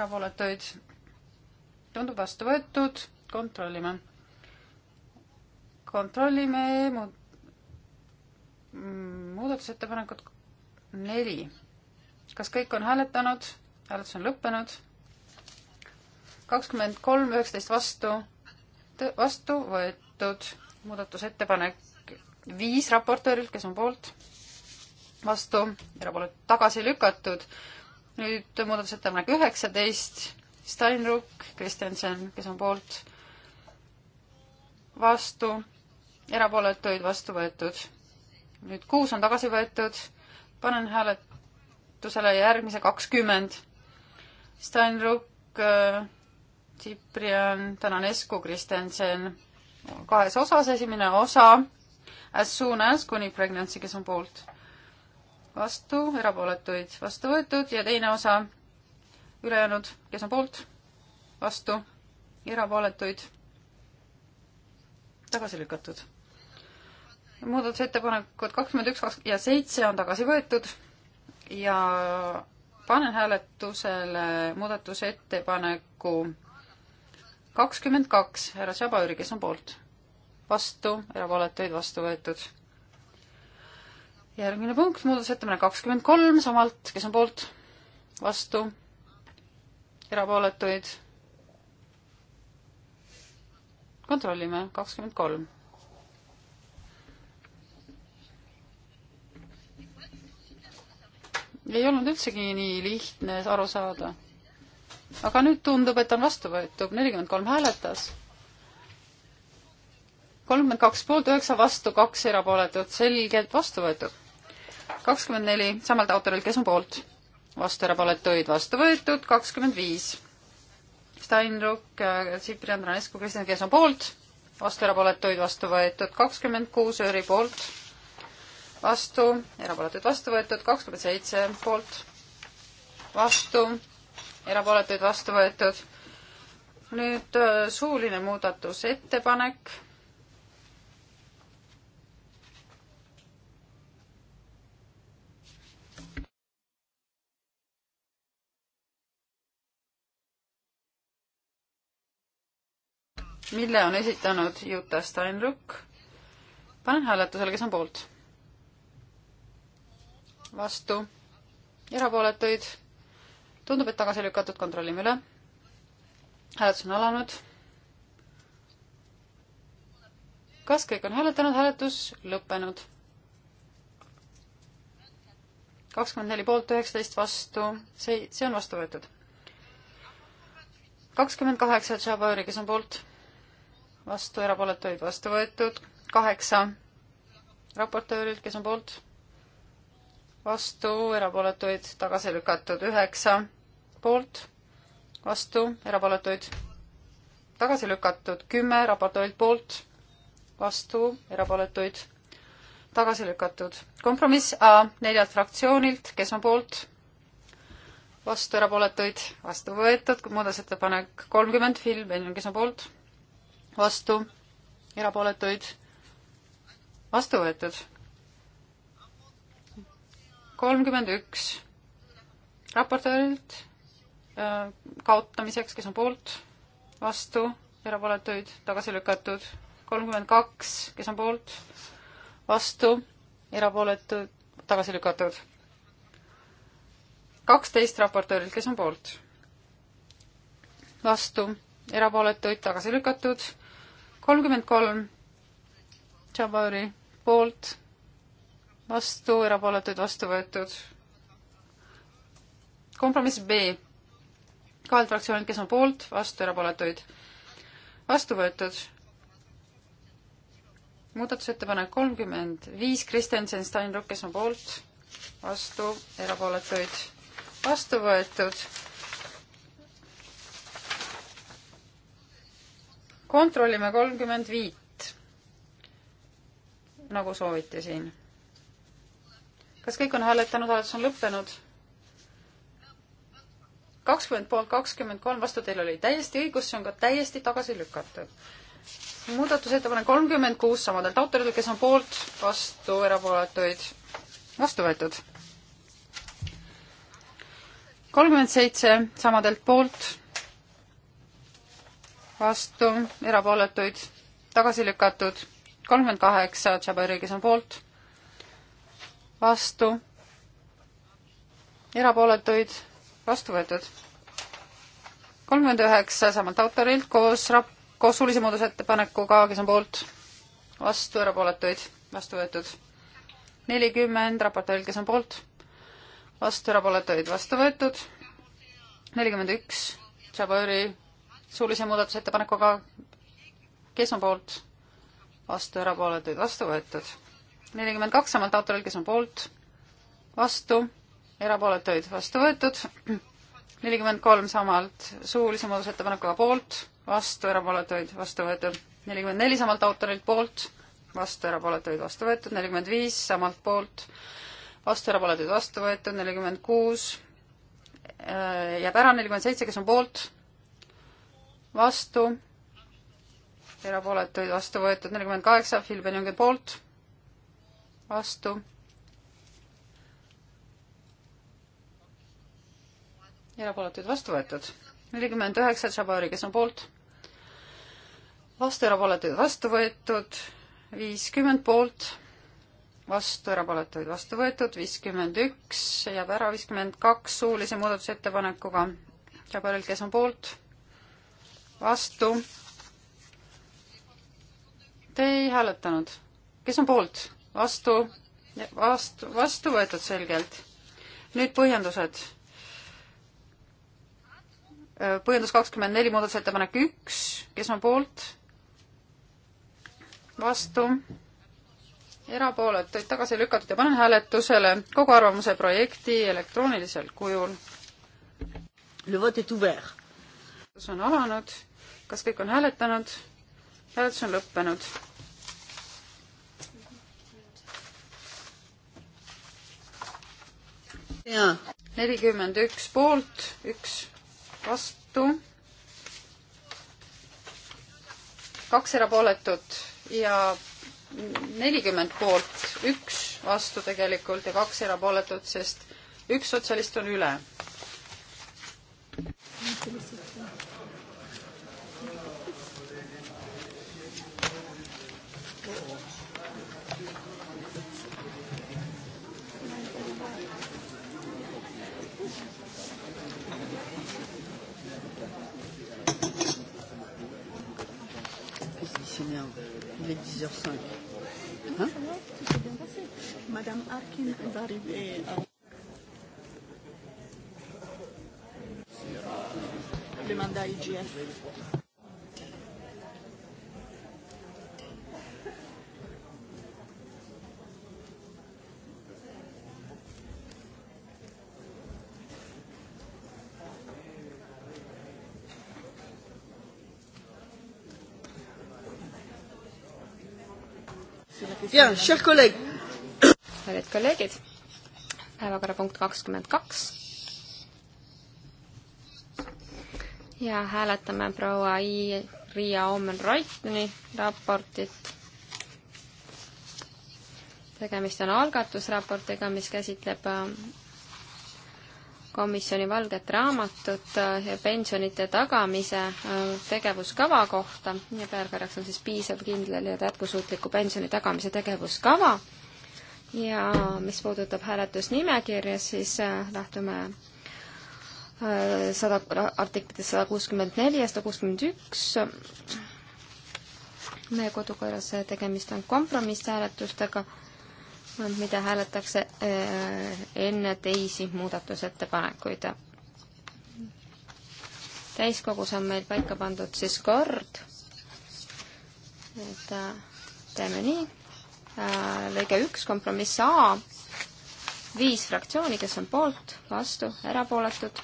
erapooletuid tundub vastu võetud kontrollime. kontrollime mu-, muudatusettepanekut neli. kas kõik on hääletanud? hääletus on lõppenud. kakskümmend kolm, üheksateist vastu, vastu võetud muudatusettepanek viis raportöörilt, kes on poolt, vastu, erapooletud tagasi lükatud. nüüd muudatusettepanek üheksateist, Steinruck, Kristjanson, kes on poolt vastu, erapooletuid vastu võetud. nüüd kuus on tagasi võetud, panen hääletusele järgmise kakskümmend. Steinruck, äh, Ciprian, Tananescu, Kristensen kahes osas, esimene osa As soon as kuni pregnancy, kes on poolt, vastu, erapooletuid vastu võetud ja teine osa ülejäänud, kes on poolt, vastu, erapooletuid tagasi lükatud. muudatusettepanekud kakskümmend üks, kaks ja seitse on tagasi võetud ja panen hääletusele muudatusettepaneku kakskümmend kaks, härra Tšabaüri, kes on poolt? vastu, erapooletuid vastu võetud. järgmine punkt, muudatusettepanek kakskümmend kolm, samalt, kes on poolt? vastu, erapooletuid kontrollime, kakskümmend kolm. ei olnud üldsegi nii lihtne aru saada. aga nüüd tundub, et on vastu võetud, nelikümmend kolm hääletas. kolmkümmend kaks poolt, üheksa vastu, kaks erapooletut, selgelt vastu võetud. kakskümmend neli samalt autorilt, kes on poolt, vastu erapooletuid vastu võetud, kakskümmend viis Steinruck, Tsipri äh, Andranescu, Kristjan, kes on poolt, vastu erapooletuid, vastu võetud kakskümmend kuus, Ööri poolt, vastu, erapooletuid vastu võetud kakskümmend seitse poolt, vastu, erapooletuid vastu võetud. nüüd äh, suuline muudatusettepanek mille on esitanud Jutta Steinruck. panen hääletusele, kes on poolt? vastu, erapooletuid. tundub, et tagasi lükatud, kontrollime üle. hääletus on alanud. kas kõik on hääletanud, hääletus lõppenud. kakskümmend neli poolt, üheksateist vastu, see, see on vastu võetud. kakskümmend kaheksa Tšabõri, kes on poolt vastu, erapooletuid vastu võetud, kaheksa raportöörilt, kes on poolt, vastu, erapooletuid tagasi lükatud, üheksa poolt, vastu, erapooletuid tagasi lükatud, kümme raportöörilt poolt, vastu, erapooletuid tagasi lükatud. kompromiss A neljalt fraktsioonilt, kes on poolt, vastu, erapooletuid vastu võetud, muudatusettepanek kolmkümmend, Phil Benjamin, kes on poolt vastu, erapooletuid vastu võetud. kolmkümmend üks raportöörilt äh, kaotamiseks, kes on poolt, vastu, erapooletuid, tagasi lükatud. kolmkümmend kaks, kes on poolt, vastu, erapooletud, tagasi lükatud. kaksteist raportöörilt, kes on poolt, vastu, erapooletuid, tagasi lükatud kolmkümmend kolm Jabari poolt, vastu, erapooletuid vastu võetud. kompromiss B, kahelt fraktsioonilt, kes on poolt, vastu, erapooletuid vastu võetud. muudatusettepanek kolmkümmend viis Kristjansen Steinruck, kes on poolt, vastu, erapooletuid vastu võetud kontrollime kolmkümmend viit, nagu sooviti siin. kas kõik on hääletanud, hääletus on lõppenud? kakskümmend poolt, kakskümmend kolm vastu, teil oli täiesti õigus, see on ka täiesti tagasi lükatud. muudatusettepanek kolmkümmend kuus samadelt autoritelt, kes on poolt, vastu, erapooletuid, vastu võetud. kolmkümmend seitse samadelt poolt vastu, erapooletuid, tagasi lükatud, kolmkümmend kaheksa Tšabairi, kes on poolt, vastu, erapooletuid, vastu võetud. kolmkümmend üheksa samalt autorilt koos rap-, koos suulise muudatusettepanekuga, kes on poolt, vastu, erapooletuid, vastu võetud. nelikümmend raportööril, kes on poolt, vastu, erapooletuid, vastu võetud. nelikümmend üks Tšabairi suulise muudatusettepanekuga, kes on poolt, vastu, erapooletuid, vastu võetud. nelikümmend kaks samalt autorilt, kes on poolt, vastu, erapooletuid, vastu võetud. nelikümmend kolm samalt suulise muudatusettepanekuga poolt, vastu, erapooletuid, vastu võetud. nelikümmend neli samalt autorilt poolt, vastu, erapooletuid, vastu võetud. nelikümmend viis samalt poolt, vastu, erapooletuid, vastu võetud. nelikümmend kuus äh, jääb ära, nelikümmend seitse, kes on poolt vastu, erapooletuid vastu võetud nelikümmend kaheksa, Filben Jõnge poolt, vastu. erapooletuid vastu võetud nelikümmend üheksa, Tšabari, kes on poolt, vastu, erapooletuid vastu võetud viiskümmend poolt vastu, erapooletuid vastu võetud, viiskümmend üks jääb ära, viiskümmend kaks suulise muudatusettepanekuga. Jabaril, kes on poolt? vastu. Te ei hääletanud. kes on poolt? vastu, vastu, vastu võetud selgelt. nüüd põhjendused. Äh, põhjendus kakskümmend neli, muudatusettepanek üks, kes on poolt? vastu erapooletuid tagasi lükatud ja panen hääletusele kogu arvamuse projekti elektroonilisel kujul. see on alanud kas kõik on hääletanud? hääletus on lõppenud. nelikümmend üks poolt, üks vastu, kaks erapooletut ja nelikümmend poolt, üks vastu tegelikult ja kaks erapooletut, sest üks sotsialist on üle. Merde, il est 10h05. Hein Tout s'est bien passé. Madame Harkin va arriver à... Euh, le mandat IGF. kallid kolleegid, päevakorrapunkt kakskümmend kaks. ja hääletame proua I-, Riia Omen-Raitni raportit. tegemist on algatusraportiga, mis käsitleb ähm, komisjoni valget raamatut äh, ja pensionite tagamise äh, tegevuskava kohta ja pealkirjaks on siis piisav, kindel ja jätkusuutliku pensioni tagamise tegevuskava. ja mis puudutab hääletusnimekirja, siis äh, lähtume sada, artiklitest sada kuuskümmend neli ja sada kuuskümmend üks. meie kodukorras tegemist on kompromisshääletustega mida hääletakse äh, enne teisi muudatusettepanekuid. täiskogus on meil paika pandud siis kord, et äh, teeme nii, äh, lõige üks, kompromiss A, viis fraktsiooni, kes on poolt, vastu, erapooletud,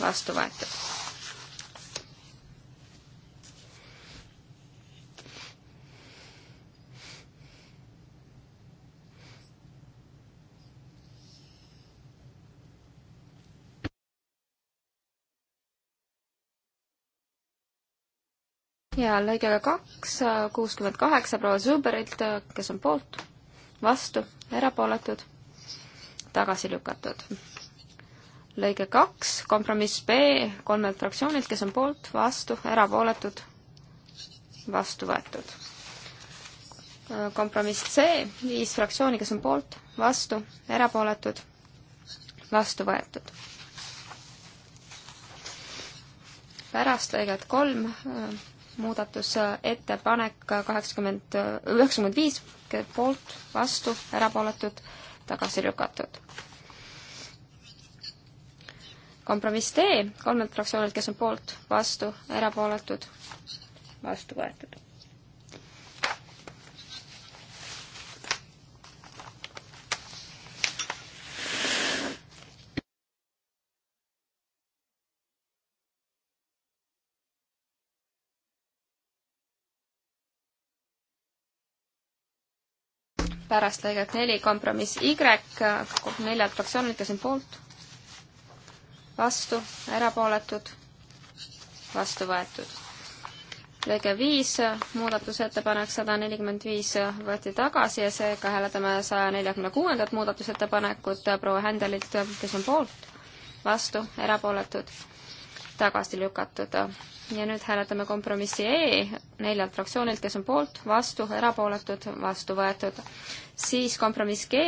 vastu võetud ja lõigega kaks, äh, kuuskümmend kaheksa proua Zuberilt, äh, kes on poolt, vastu, erapooletud, tagasi lükatud. lõige kaks, kompromiss B kolmelt fraktsioonilt, kes on poolt, vastu, erapooletud, vastu võetud. Äh, kompromiss C, viis fraktsiooni, kes on poolt, vastu, erapooletud, vastu võetud. pärast lõiget kolm muudatusettepanek kaheksakümmend, üheksakümmend viis, poolt, vastu, erapooletud, tagasi lükatud. kompromiss D, kolmelt fraktsioonilt, kes on poolt, vastu, erapooletud, vastu võetud pärast lõiget neli kompromiss Y neljalt fraktsioonilt, kes on poolt, vastu, erapooletud, vastu võetud. lõige viis, muudatusettepanek sada nelikümmend viis võeti tagasi ja seega hääletame saja neljakümne kuuendat muudatusettepanekut proua Händelilt, kes on poolt, vastu, erapooletud, tagasi lükatud ja nüüd hääletame kompromissi E neljalt fraktsioonilt, kes on poolt, vastu, erapooletud, vastu võetud. siis kompromiss G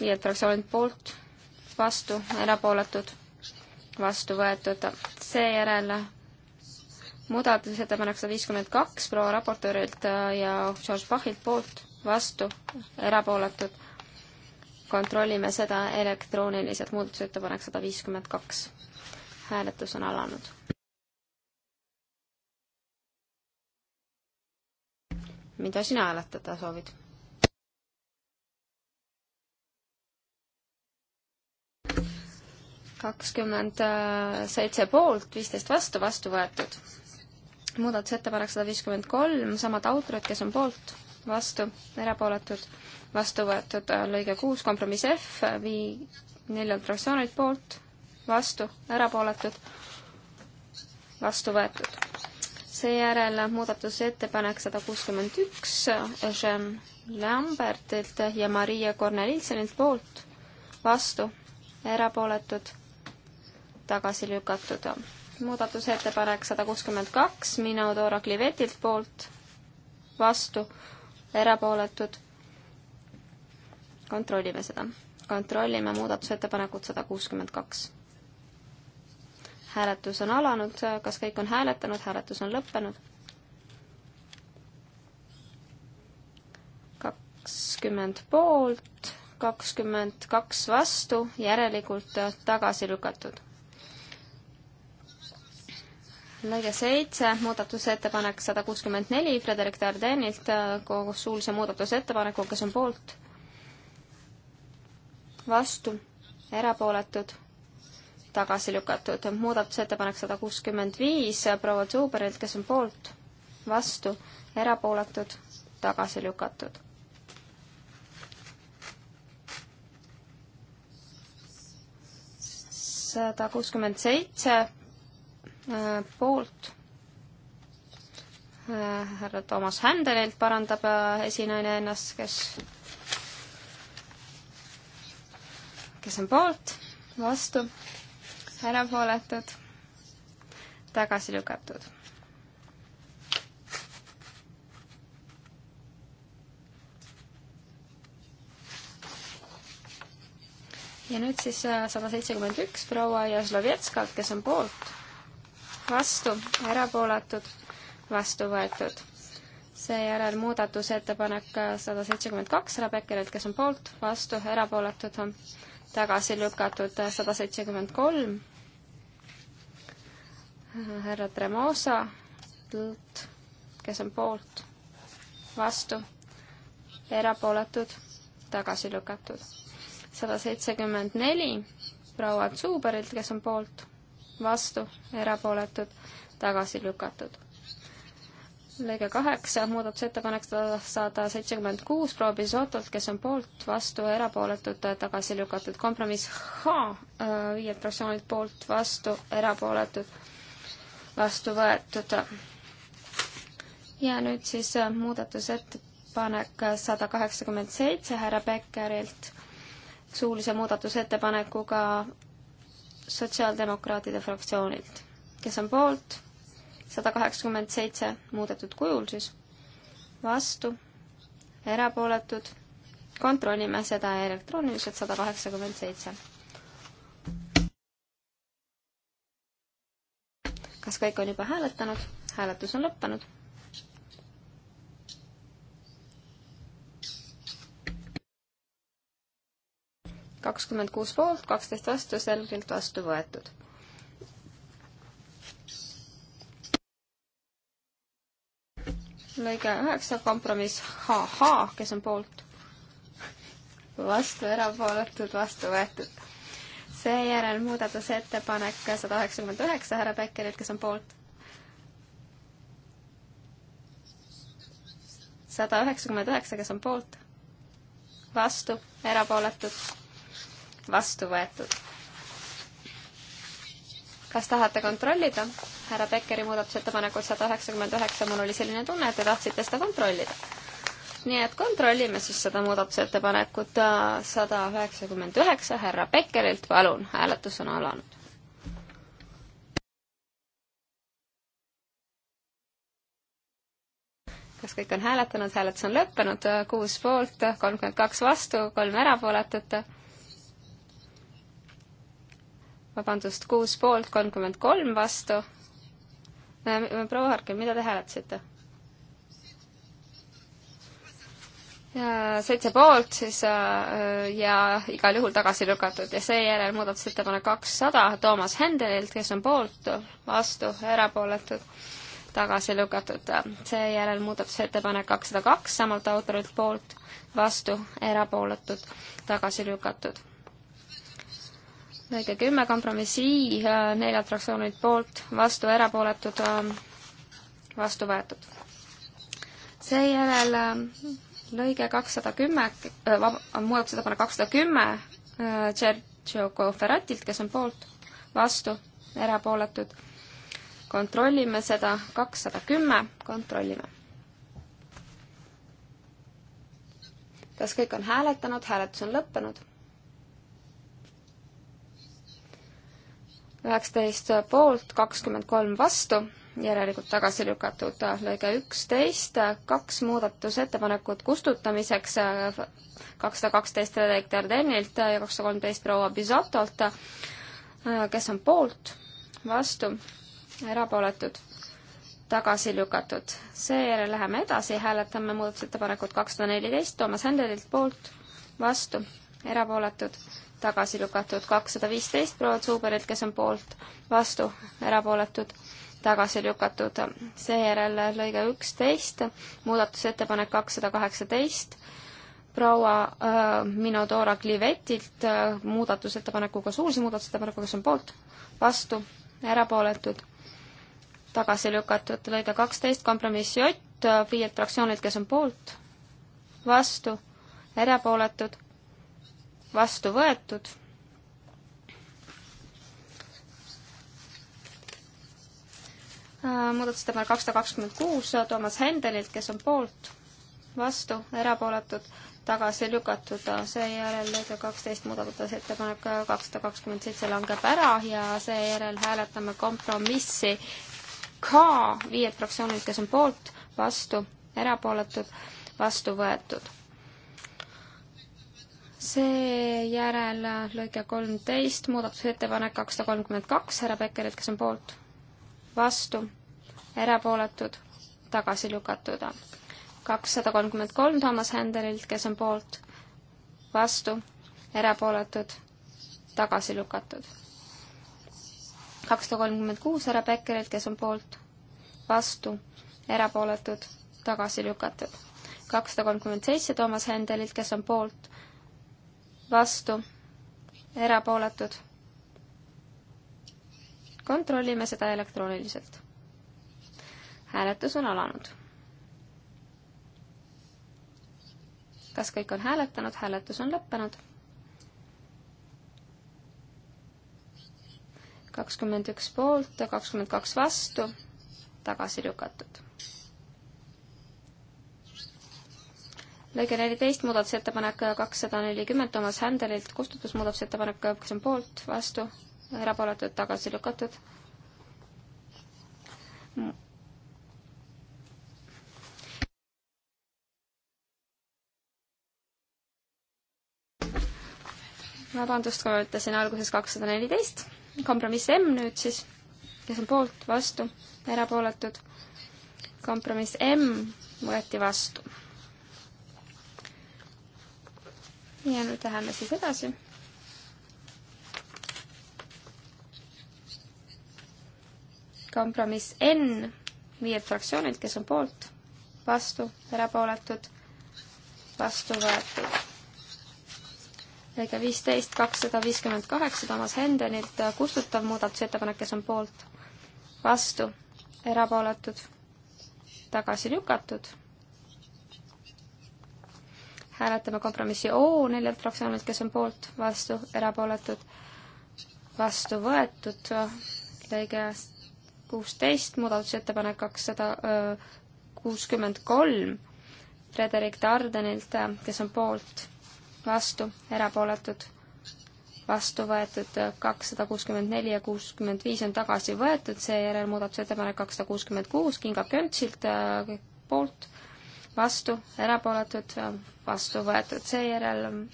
viielt fraktsioonilt poolt, vastu, erapooletud, vastu võetud. seejärel muudatusettepanek sada viiskümmend kaks proua raportöörilt ja George Bachilt poolt, vastu, erapooletud. kontrollime seda elektrooniliselt, muudatusettepanek sada viiskümmend kaks hääletus on alanud. mida sina hääletada soovid? kakskümmend seitse poolt, viisteist vastu, vastu võetud. muudatusettepanek sada viiskümmend kolm, samad autorid, kes on poolt, vastu, erapooletud, vastu võetud lõige kuus, kompromiss F, vii-, neljalt fraktsioonilt poolt, vastu, erapooletud, vastu võetud. seejärel muudatusettepanek sada kuuskümmend üks, Jean Lambertilt ja Maria Kornelitsenilt poolt, vastu, erapooletud, tagasi lükatud. muudatusettepanek sada kuuskümmend kaks, minu Dora Klivetilt poolt, vastu, erapooletud. kontrollime seda. kontrollime muudatusettepanekut sada kuuskümmend kaks hääletus on alanud, kas kõik on hääletanud, hääletus on lõppenud. kakskümmend poolt, kakskümmend kaks vastu, järelikult tagasi lükatud lõige seitse, muudatusettepanek sada kuuskümmend neli Frederik Dardenilt koos suulise muudatusettepanekuga, kes on poolt, vastu, erapooletud, tagasi lükatud. muudatusettepanek sada kuuskümmend viis proua Zuberilt, kes on poolt, vastu, erapooletud, tagasi lükatud. sada kuuskümmend seitse äh, poolt, äh, härra Toomas Händelilt parandab äh, esinaine ennast, kes kes on poolt, vastu erapooletud, tagasi lükatud. ja nüüd siis äh, sada seitsekümmend üks proua Jaslovetskalt, kes on poolt, vastu, erapooletud, vastu võetud seejärel muudatusettepanek äh, sada seitsekümmend kaks härra Beckerilt, kes on poolt, vastu, erapooletud, tagasi lükatud äh, sada seitsekümmend kolm härra Tremosa, kes on poolt, vastu, erapooletud, tagasi lükatud. sada seitsekümmend neli proua Zuberilt, kes on poolt, vastu, erapooletud, tagasi lükatud. lõige kaheksa, muudatusettepanek sada seitsekümmend kuus proua Pisotolt, kes on poolt, vastu, erapooletud, tagasi lükatud. kompromiss H, äh, viielt fraktsioonilt poolt, vastu, erapooletud vastu võetud. ja nüüd siis äh, muudatusettepanek sada kaheksakümmend seitse härra Beckerilt suulise muudatusettepanekuga Sotsiaaldemokraatide fraktsioonilt. kes on poolt? sada kaheksakümmend seitse muudetud kujul siis, vastu, erapooletud, kontrollime seda elektrooniliselt, sada kaheksakümmend seitse kas kõik on juba hääletanud? hääletus on lõppenud. kakskümmend kuus poolt, kaksteist vastu, selgelt vastu võetud. lõige üheksa, kompromiss HH, kes on poolt? vastu, erapooletud, vastu võetud seejärel muudatusettepanek sada üheksakümmend üheksa härra Beckerilt, kes on poolt. sada üheksakümmend üheksa, kes on poolt. vastu, erapooletud, vastu võetud. kas tahate kontrollida härra Beckeri muudatusettepanekut sada üheksakümmend üheksa, mul oli selline tunne, et te tahtsite seda kontrollida nii et kontrollime siis seda muudatusettepanekut äh, sada üheksakümmend üheksa härra Beckerilt, palun, hääletus on alanud. kas kõik on hääletanud, hääletus on lõppenud, kuus poolt, kolmkümmend kaks vastu, kolm erapooletut. vabandust, kuus poolt, kolmkümmend kolm vastu. Äh, proua Harkin, mida te hääletasite? seitse poolt siis äh, ja igal juhul tagasi lükatud ja seejärel muudatusettepanek kakssada Toomas Händelilt, kes on poolt, vastu, erapooletud, tagasi lükatud. seejärel muudatusettepanek kakssada kaks samalt autorilt poolt, vastu, erapooletud, tagasi lükatud. lõige kümme kompromissi, äh, neljalt fraktsioonilt poolt, vastu, erapooletud, äh, vastu võetud. seejärel lõige kakssada kümme, äh, muudatusettepanek kakssada kümme, äh, Sergio Conferatilt, kes on poolt, vastu, erapooletud. kontrollime seda, kakssada kümme, kontrollime. kas kõik on hääletanud, hääletus on lõppenud? üheksateist poolt, kakskümmend kolm vastu järelikult tagasi lükatud. lõige üksteist, kaks muudatusettepanekut kustutamiseks, kakssada kaksteist Frederik Dardenilt ja kakssada kolmteist proua Bisotolt. kes on poolt, vastu, erapooletud, tagasi lükatud. seejärel läheme edasi, hääletame muudatusettepanekut kakssada neliteist Toomas Händelilt poolt, vastu, erapooletud, tagasi lükatud. kakssada viisteist proua Zuberilt, kes on poolt, vastu, erapooletud tagasi lükatud. seejärel lõige üksteist, muudatusettepanek kakssada kaheksateist, proua äh, Minodora Klivetilt äh, muudatusettepanekuga, suulise muudatusettepanekuga, kes on poolt, vastu, erapooletud, tagasi lükatud. lõige kaksteist, kompromiss J, viielt fraktsioonilt, kes on poolt, vastu, erapooletud, vastu võetud Äh, muudatusettepanek kakssada kakskümmend kuus äh, Toomas Hendelilt, kes on poolt, vastu, erapooletud, tagasi lükatud. Äh, seejärel lõige kaksteist muudatusettepanek kakssada kakskümmend seitse langeb ära ja seejärel hääletame kompromissi ka viied fraktsioonid, kes on poolt, vastu, erapooletud, vastu võetud. seejärel lõige kolmteist muudatusettepanek kakssada kolmkümmend kaks härra Pekkerilt, kes on poolt vastu, erapooletud, tagasi lükatud. kakssada kolmkümmend kolm Toomas Händelilt, kes on poolt, vastu, erapooletud, tagasi lükatud. kakssada kolmkümmend kuus härra Beckerilt, kes on poolt, vastu, erapooletud, tagasi lükatud. kakssada kolmkümmend seitse Toomas Händelilt, kes on poolt, vastu, erapooletud kontrollime seda elektrooniliselt. hääletus on alanud. kas kõik on hääletanud, hääletus on lõppenud. kakskümmend üks poolt ja kakskümmend kaks vastu, tagasi lükatud. lõige neliteist, muudatusettepanek kakssada nelikümmend Toomas Händelilt, kustutusmuudatusettepanek, kas on poolt, vastu, erapooletud tagasi lükatud. vabandust, kui ma ütlesin alguses kakssada neliteist, kompromiss M nüüd siis, kes on poolt, vastu, erapooletud. kompromiss M võeti vastu. ja nüüd läheme siis edasi kompromiss N viielt fraktsioonilt, kes on poolt, vastu, erapooletud, vastu võetud. lõige viisteist, kakssada viiskümmend kaheksa Toomas Hendenilt, kustutav muudatusettepanek, kes on poolt, vastu, erapooletud, tagasi lükatud. hääletame kompromissi O neljalt fraktsioonilt, kes on poolt, vastu, erapooletud, vastu võetud, lõige kuusteist, muudatusettepanek kakssada kuuskümmend kolm Frederik Dardenilt, kes on poolt, vastu, erapooletud, vastu võetud kakssada kuuskümmend neli ja kuuskümmend viis on tagasi võetud, seejärel muudatusettepanek kakssada kuuskümmend kuus Kinga Köntsilt poolt, vastu, erapooletud, vastu võetud, seejärel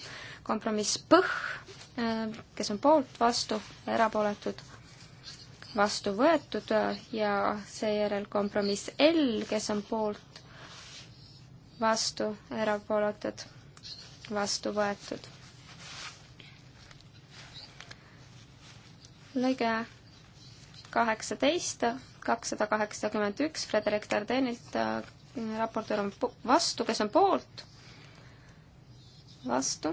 kompromiss Põh, kes on poolt, vastu, erapooletud vastu võetud äh, ja seejärel kompromiss L, kes on poolt, vastu, erapooletud, vastu võetud. lõige kaheksateist, kakssada kaheksakümmend üks, Frederik Tardenilt äh, raportöör on vastu, kes on poolt, vastu,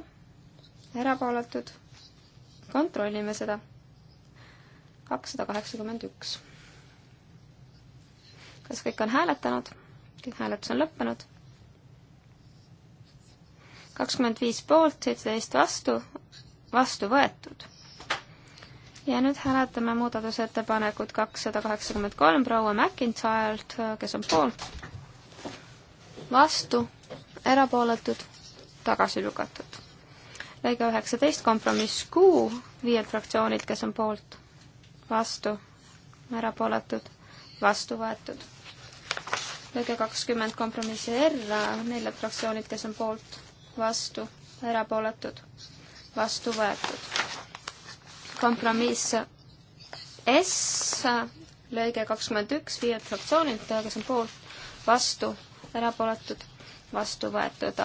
erapooletud, kontrollime seda kakssada kaheksakümmend üks. kas kõik on hääletanud? hääletus on lõppenud. kakskümmend viis poolt, seitseteist vastu, vastu võetud. ja nüüd hääletame muudatusettepanekut kakssada kaheksakümmend kolm proua McIntyre'lt, kes on poolt, vastu, erapooletud, tagasi lükatud. lõige üheksateist, kompromiss Q viielt fraktsioonilt, kes on poolt, vastu, erapooletud, vastu võetud. lõige kakskümmend kompromissi R, neljad fraktsioonid, kes on poolt, vastu, erapooletud, vastu võetud. kompromiss S, lõige kakskümmend üks, viied fraktsioonid, kes on poolt, vastu, erapooletud, vastu võetud.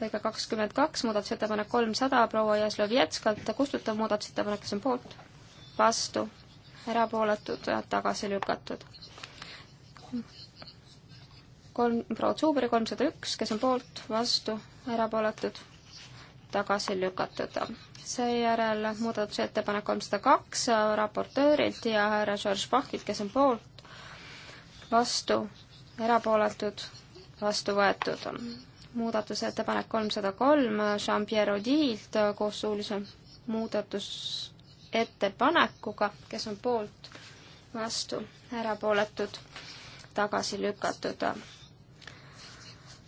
lõige kakskümmend kaks, muudatusettepanek kolmsada, proua Jaslovjetskalt, kustutav muudatusettepanek, kes on poolt, vastu, erapooletud, tagasi lükatud. kolm, proua Zuuberi kolmsada üks, kes on poolt, vastu, erapooletud, tagasi lükatud. seejärel muudatusettepanek kolmsada kaks raportöörilt ja härra George Bachilt, kes on poolt, vastu, erapooletud, vastu võetud. muudatusettepanek kolmsada kolm Jean-Pierre Audilt koos suulise muudatus ettepanekuga, kes on poolt, vastu, erapooletud, tagasi lükatud.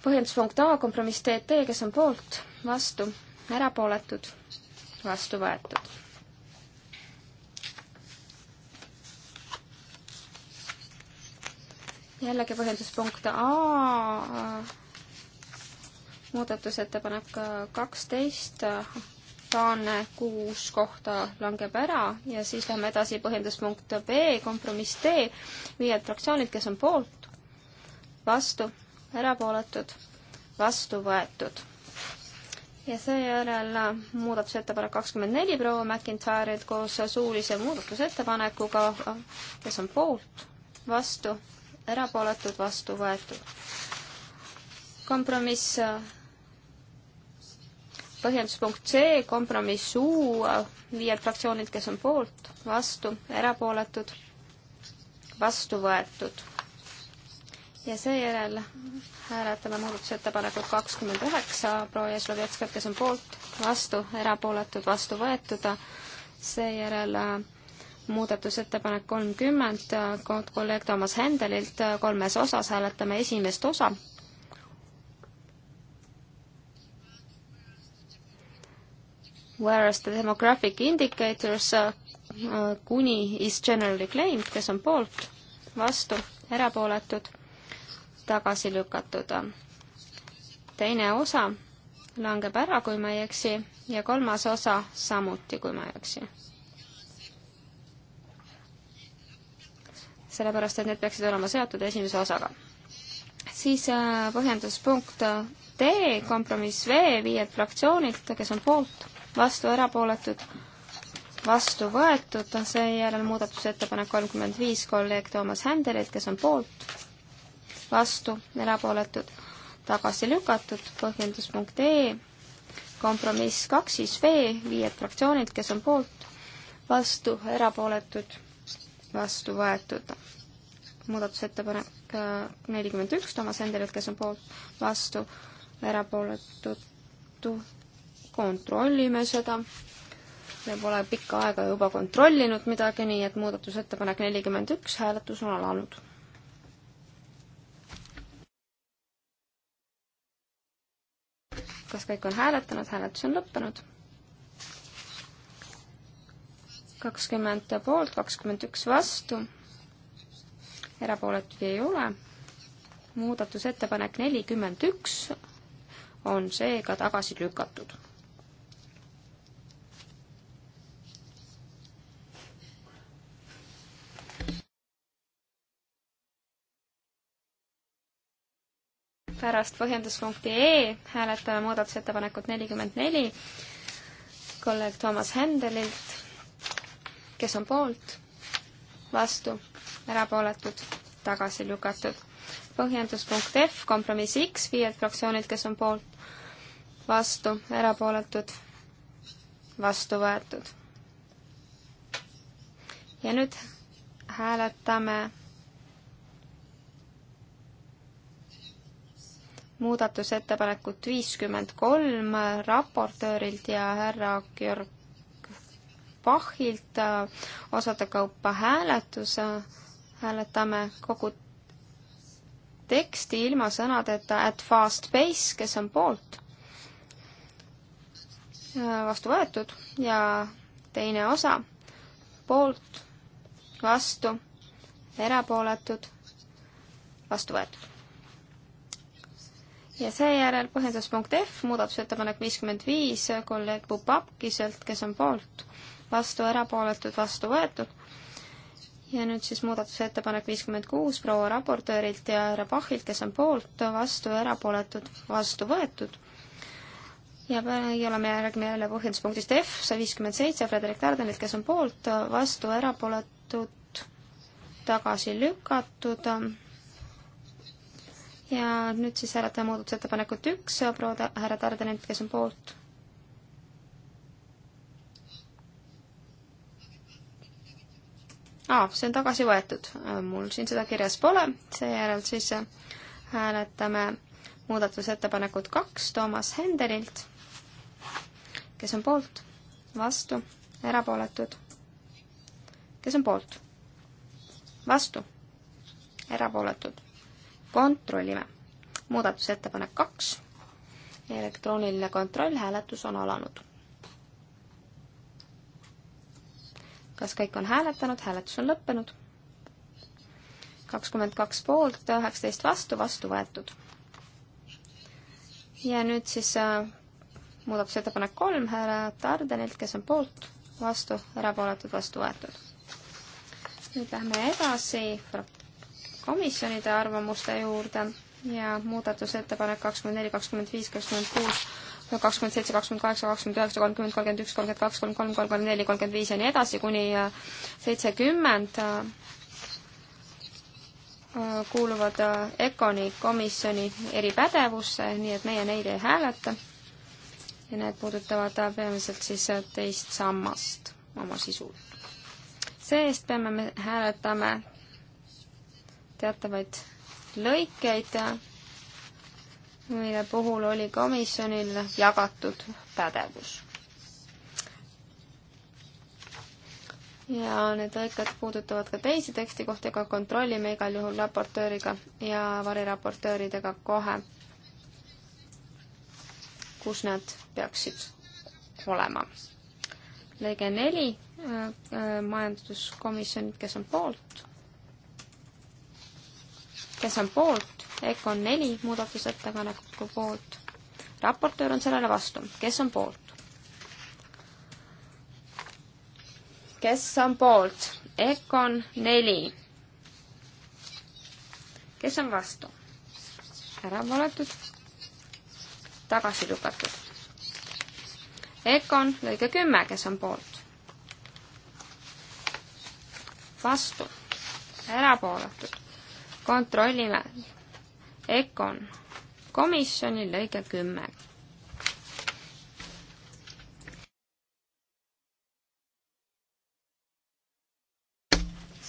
põhjenduspunkt A, kompromiss DT, kes on poolt, vastu, erapooletud, vastu võetud. jällegi põhjenduspunkt A, muudatusettepanek kaksteist taanne kuus kohta langeb ära ja siis lähme edasi põhjenduspunkt B, kompromiss D, viied fraktsioonid, kes on poolt, vastu, erapooletud, vastu võetud. ja seejärel muudatusettepanek kakskümmend neli proua McIntyre'ilt koos suulise muudatusettepanekuga, kes on poolt, vastu, erapooletud, vastu võetud. kompromiss põhjenduspunkt C, kompromiss U viielt fraktsioonilt, kes on poolt, vastu, erapooletud, vastu võetud. ja seejärel hääletame muudatusettepanekut kakskümmend üheksa, proua Jezlovetskalt, kes on poolt, vastu, erapooletud, vastu võetud, seejärel äh, muudatusettepanek kolmkümmend, äh, kolleeg Toomas Händelilt äh, kolmes osas hääletame esimest osa Whereas the demographic indicators äh, kuni is generally claimed, kes on poolt, vastu, erapooletud, tagasi lükatud. teine osa langeb ära, kui ma ei eksi, ja kolmas osa samuti, kui ma ei eksi. sellepärast, et need peaksid olema seotud esimese osaga. siis äh, põhjenduspunkt D, kompromiss V, viied fraktsioonilt, kes on poolt vastu erapooletud, vastu võetud, seejärel muudatusettepanek kolmkümmend viis kolleeg Toomas Händelilt, kes on poolt, vastu, erapooletud, tagasi lükatud, põhjenduspunkt E, kompromiss kaks siis V, viied fraktsioonid, kes on poolt, vastu, erapooletud, vastu võetud. muudatusettepanek äh, nelikümmend üks Toomas Händelilt, kes on poolt, vastu, erapooletud, kontrollime seda. me pole pikka aega juba kontrollinud midagi, nii et muudatusettepanek nelikümmend üks, hääletus on alanud. kas kõik on hääletanud, hääletus on lõppenud. kakskümmend poolt, kakskümmend üks vastu. erapooletuid ei ole. muudatusettepanek nelikümmend üks on seega tagasi lükatud pärast põhjenduspunkti E hääletame muudatusettepanekut nelikümmend neli kolleeg Toomas Händelilt, kes on poolt, vastu, erapooletud, tagasi lükatud. põhjenduspunkt F, kompromiss X, viied fraktsioonid, kes on poolt, vastu, erapooletud, vastu võetud. ja nüüd hääletame muudatusettepanekut viiskümmend kolm raportöörilt ja härra Georg Pachilt äh, osade kaupa hääletuse, hääletame kogu teksti ilma sõnadeta at fast pace, kes on poolt, äh, vastu võetud ja teine osa poolt, vastu, erapooletud, vastu võetud ja seejärel põhjenduspunkt F, muudatusettepanek viiskümmend viis kolleeg Pupapkiselt, kes on poolt, vastu erapooletud, vastu võetud. ja nüüd siis muudatusettepanek viiskümmend kuus proua raportöörilt ja härra Pahilt, kes on poolt, vastu erapooletud, vastu võetud. ja oleme järgmine jälle põhjenduspunktist F, see viiskümmend seitse Frederik Tardenilt, kes on poolt, vastu erapooletud, tagasi lükatud ja nüüd siis hääletame muudatusettepanekut üks, proua härra Tardenent, kes on poolt. aa, see on tagasi võetud, mul siin seda kirjas pole, seejärel siis hääletame muudatusettepanekut kaks Toomas Hendelilt, kes on poolt, vastu, erapooletud. kes on poolt? vastu, erapooletud kontrollime. muudatusettepanek kaks, elektrooniline kontrollhääletus on alanud. kas kõik on hääletanud, hääletus on lõppenud? kakskümmend kaks poolt, üheksateist vastu, vastu võetud. ja nüüd siis äh, muudatusettepanek kolm härra Tardenilt, kes on poolt, vastu, erapooletud, vastu võetud. nüüd lähme edasi komisjonide arvamuste juurde ja muudatusettepanek kakskümmend neli, kakskümmend viis, kakskümmend kuus, kakskümmend seitse, kakskümmend kaheksa, kakskümmend üheksa, kolmkümmend, kolmkümmend üks, kolmkümmend kaks, kolmkümmend kolm, kolmkümmend neli, kolmkümmend viis ja nii edasi kuni äh, seitsekümmend äh, äh, kuuluvad ECONi komisjoni eripädevusse, nii et meie neid ei hääleta. ja need puudutavad peamiselt siis teist sammast oma sisul. see-eest peame me hääletama teatavaid lõikeid, mille puhul oli komisjonil jagatud pädevus. ja need lõiked puudutavad ka teisi tekstikohti, aga kontrollime igal juhul raportööriga ja variraportööridega kohe, kus nad peaksid olema. lõige neli, äh, äh, majanduskomisjonid, kes on poolt kes on poolt, EKOn neli muudatusettepaneku poolt. raportöör on sellele vastu, kes on poolt? kes on poolt? EKOn neli. kes on vastu? ära valetud, tagasi lükatud. EKOn lõige kümme, kes on poolt? vastu, erapooletud kontrollime EKON komisjoni lõige kümme.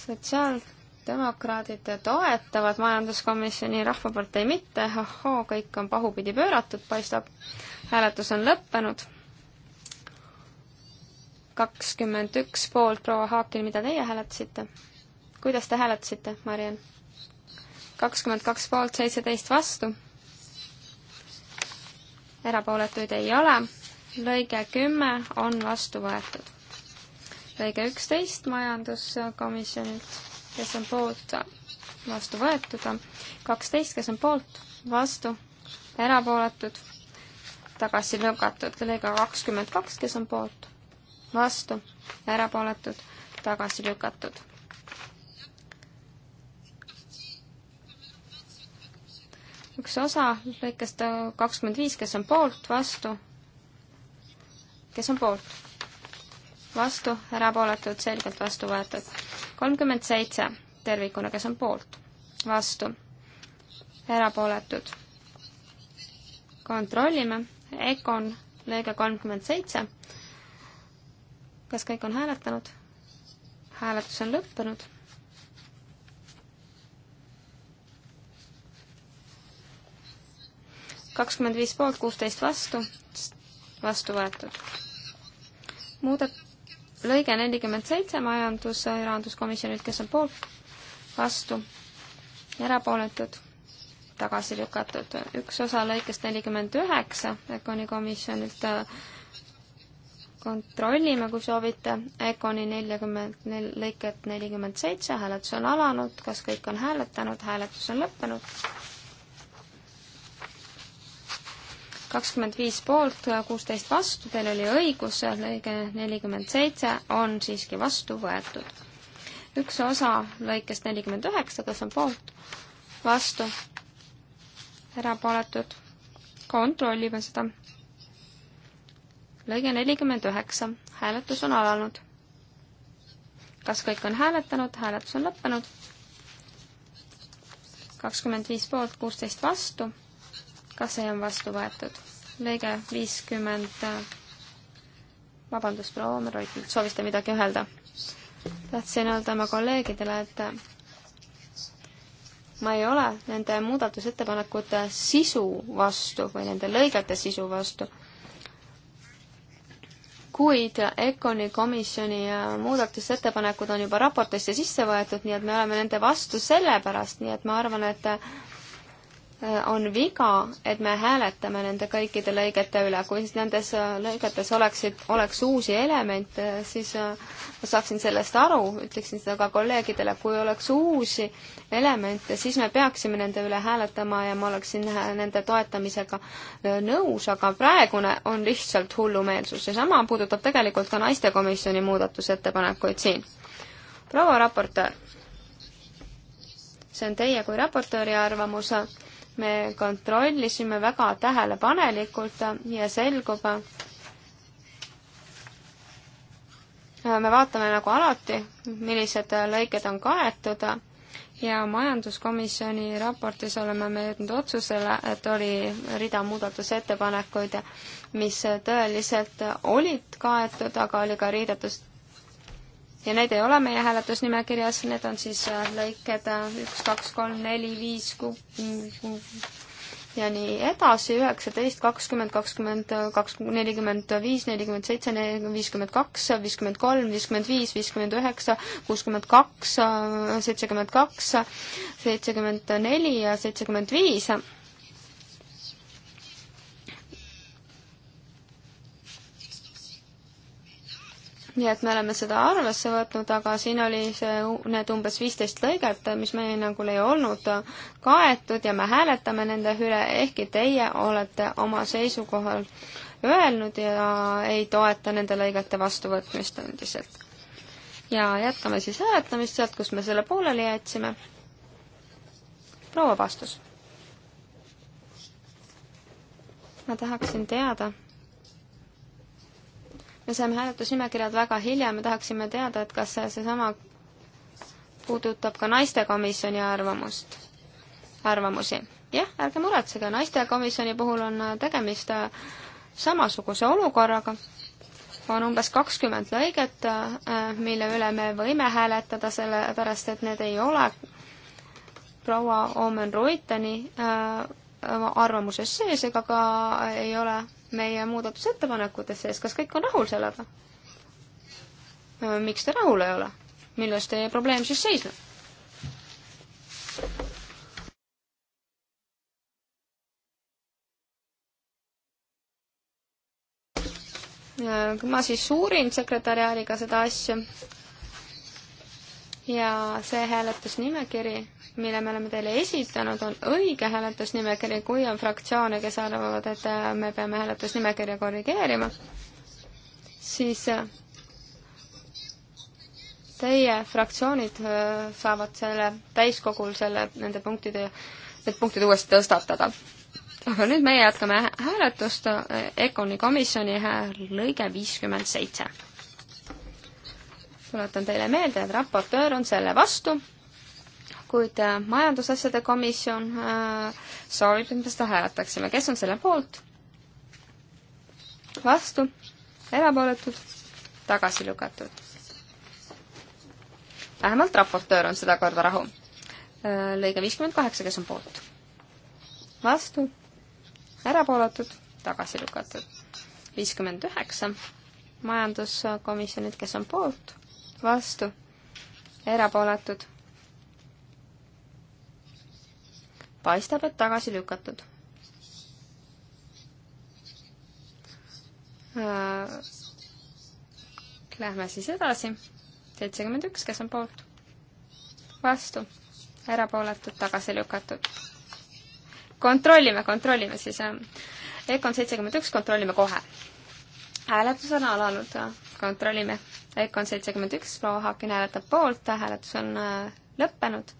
sotsiaaldemokraadid toetavad majanduskomisjoni, Rahvapartei mitte, ahhoo, kõik on pahupidi pööratud, paistab. hääletus on lõppenud. kakskümmend üks poolt, proua Haakin, mida teie hääletasite? kuidas te hääletasite, Mariann? kakskümmend kaks poolt, seitseteist vastu. erapooletuid ei ole. lõige kümme on vastu võetud. lõige üksteist majanduskomisjonilt, kes on poolt, vastu võetud. kaksteist, kes on poolt, vastu, erapooletud, tagasi lükatud. lõige kakskümmend kaks, kes on poolt, vastu, erapooletud, tagasi lükatud üks osa lõikest kakskümmend viis, kes on poolt, vastu, kes on poolt, vastu, erapooletud, selgelt vastu võetud. kolmkümmend seitse tervikuna, kes on poolt, vastu, erapooletud. kontrollime, Econ lõige kolmkümmend seitse. kas kõik on hääletanud? hääletus on lõppenud kakskümmend viis poolt, kuusteist vastu, vastu võetud. muudat-, lõige nelikümmend seitse majandus- ja rahanduskomisjonilt, kes on poolt, vastu, erapooletud, tagasi lükatud. üks osa lõikest nelikümmend üheksa EKONi komisjonilt äh, kontrollime, kui soovite, EKONi neljakümmend nel-, lõiket nelikümmend seitse, hääletus on alanud, kas kõik on hääletanud, hääletus on lõppenud kakskümmend viis poolt, kuusteist vastu, teil oli õigus, lõige nelikümmend seitse on siiski vastu võetud. üks osa lõikest nelikümmend üheksa, kes on poolt, vastu, erapooletud, kontrollime seda. lõige nelikümmend üheksa, hääletus on alanud. kas kõik on hääletanud, hääletus on lõppenud, kakskümmend viis poolt, kuusteist vastu ka see on vastu võetud. lõige viiskümmend, vabandust, proua Omer Roitmann, soovis te midagi öelda? tahtsin öelda oma kolleegidele, et ma ei ole nende muudatusettepanekute sisu vastu või nende lõigete sisu vastu kuid EKONi komisjoni muudatusettepanekud on juba raportisse sisse võetud, nii et me oleme nende vastu sellepärast, nii et ma arvan, et on viga, et me hääletame nende kõikide lõigete üle, kui nendes äh, lõigetes oleksid, oleks uusi elemente, äh, siis äh, ma saaksin sellest aru, ütleksin seda ka kolleegidele, kui oleks uusi elemente, siis me peaksime nende üle hääletama ja ma oleksin nende toetamisega nõus, aga praegune on lihtsalt hullumeelsus ja sama puudutab tegelikult ka naistekomisjoni muudatusettepanekuid siin. proua raportöör, see on teie kui raportööri arvamus me kontrollisime väga tähelepanelikult ja selgub, äh, me vaatame nagu alati, millised lõiked on kaetud ja majanduskomisjoni raportis oleme me jõudnud otsusele, et oli rida muudatusettepanekuid, mis tõeliselt olid kaetud, aga oli ka riidatud ja need ei ole meie hääletusnimekirjas, need on siis äh, lõiked äh, üks, kaks, kolm, neli, viis ja nii edasi, üheksateist, kakskümmend, kakskümmend, äh, kaks, nelikümmend viis, nelikümmend seitse, viiskümmend kaks, viiskümmend kolm, viiskümmend viis, viiskümmend üheksa, kuuskümmend kaks, seitsekümmend kaks, seitsekümmend neli ja seitsekümmend viis nii et me oleme seda arvesse võtnud, aga siin oli see, need umbes viisteist lõiget, mis meie hinnangul ei olnud kaetud ja me hääletame nende üle, ehkki teie olete oma seisukohal öelnud ja ei toeta nende lõigete vastuvõtmist endiselt. ja jätkame siis hääletamist sealt, kus me selle pooleli jätsime. proua vastus. ma tahaksin teada me saame hääletusnimekirjad väga hilja, me tahaksime teada, et kas seesama puudutab ka naistekomisjoni arvamust, arvamusi. jah, ärge muretsege, naistekomisjoni puhul on tegemist samasuguse olukorraga, on umbes kakskümmend lõiget, mille üle me võime hääletada, sellepärast et need ei ole proua Omen Ruitani äh, arvamuses sees ega ka ei ole meie muudatusettepanekutes sees, kas kõik on rahul sellega? Äh, miks te rahul ei ole? milles teie probleem siis seisneb? Äh, ma siis uurin sekretäriaadiga seda asja ja see hääletusnimekiri mille me oleme teile esitanud, on õige hääletusnimekiri, kui on fraktsioone, kes arvavad, et äh, me peame hääletusnimekirja korrigeerima, siis äh, teie fraktsioonid äh, saavad selle täiskogul selle, nende punktide, need punktid uuesti tõstatada. aga nüüd meie jätkame hääletust EKONi komisjoni lõige viiskümmend seitse. tuletan teile meelde, et raportöör on selle vastu kuid Majandusasjade Komisjon äh, soovib, et me seda hääletaksime. kes on selle poolt? vastu, erapooletud, tagasi lükatud. vähemalt raportöör on sedakorda rahu. Äh, lõige viiskümmend kaheksa, kes on poolt? vastu, erapooletud, tagasi lükatud. viiskümmend üheksa, majanduskomisjonid, kes on poolt, vastu, erapooletud, paistab, et tagasi lükatud. Äh, lähme siis edasi. seitsekümmend üks, kes on poolt? vastu, erapooletud, tagasi lükatud. kontrollime, kontrollime siis. EKOn seitsekümmend üks, kontrollime kohe. hääletus on alanud, kontrollime. EKOn seitsekümmend üks, proua Haakin hääletab poolt, hääletus on äh, lõppenud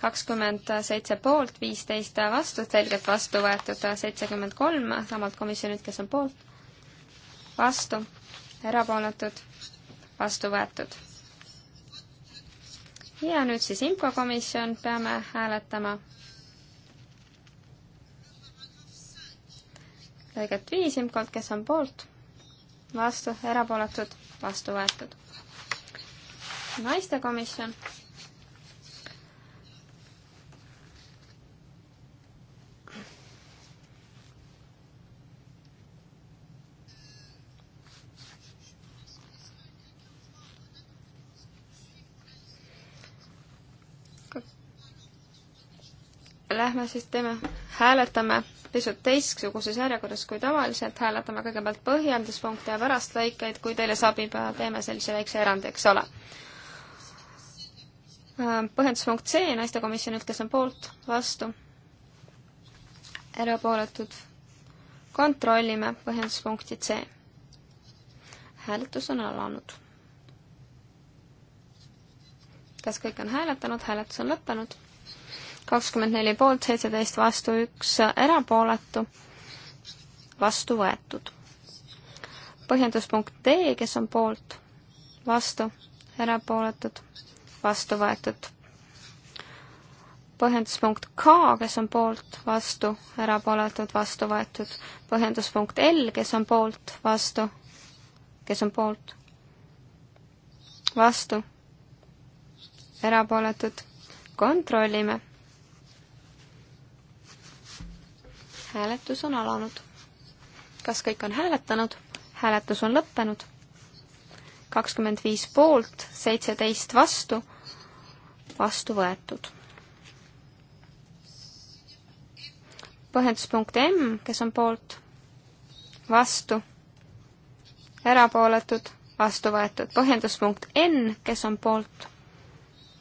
kakskümmend seitse poolt, viisteist vastu, selgelt vastu võetud seitsekümmend kolm samalt komisjonilt, kes on poolt, vastu, erapooletud, vastu võetud. ja nüüd siis infokomisjon, peame hääletama lõiget viis imkolt, kes on poolt, vastu, erapooletud, vastu võetud. naistekomisjon Lähme siis teeme, hääletame pisut teistsuguses järjekorras kui tavaliselt, hääletame kõigepealt põhjenduspunkte ja pärast lõikeid, kui teile sobib, teeme sellise väikse erandi, eks ole. põhjenduspunkt C, naistekomisjonilt, kes on poolt, vastu, erapooletud, kontrollime põhjenduspunkti C. hääletus on alanud. kas kõik on hääletanud, hääletus on lõppenud kakskümmend neli poolt, seitseteist vastu, üks erapooletu, vastu võetud. põhjenduspunkt D, kes on poolt, vastu, erapooletud, vastu võetud. põhjenduspunkt K, kes on poolt, vastu, erapooletud, vastu võetud. põhjenduspunkt L, kes on poolt, vastu, kes on poolt, vastu, erapooletud, kontrollime hääletus on alanud. kas kõik on hääletanud? hääletus on lõppenud. kakskümmend viis poolt, seitseteist vastu, vastu võetud. põhjenduspunkt M, kes on poolt, vastu, erapooletud, vastu võetud. põhjenduspunkt N, kes on poolt,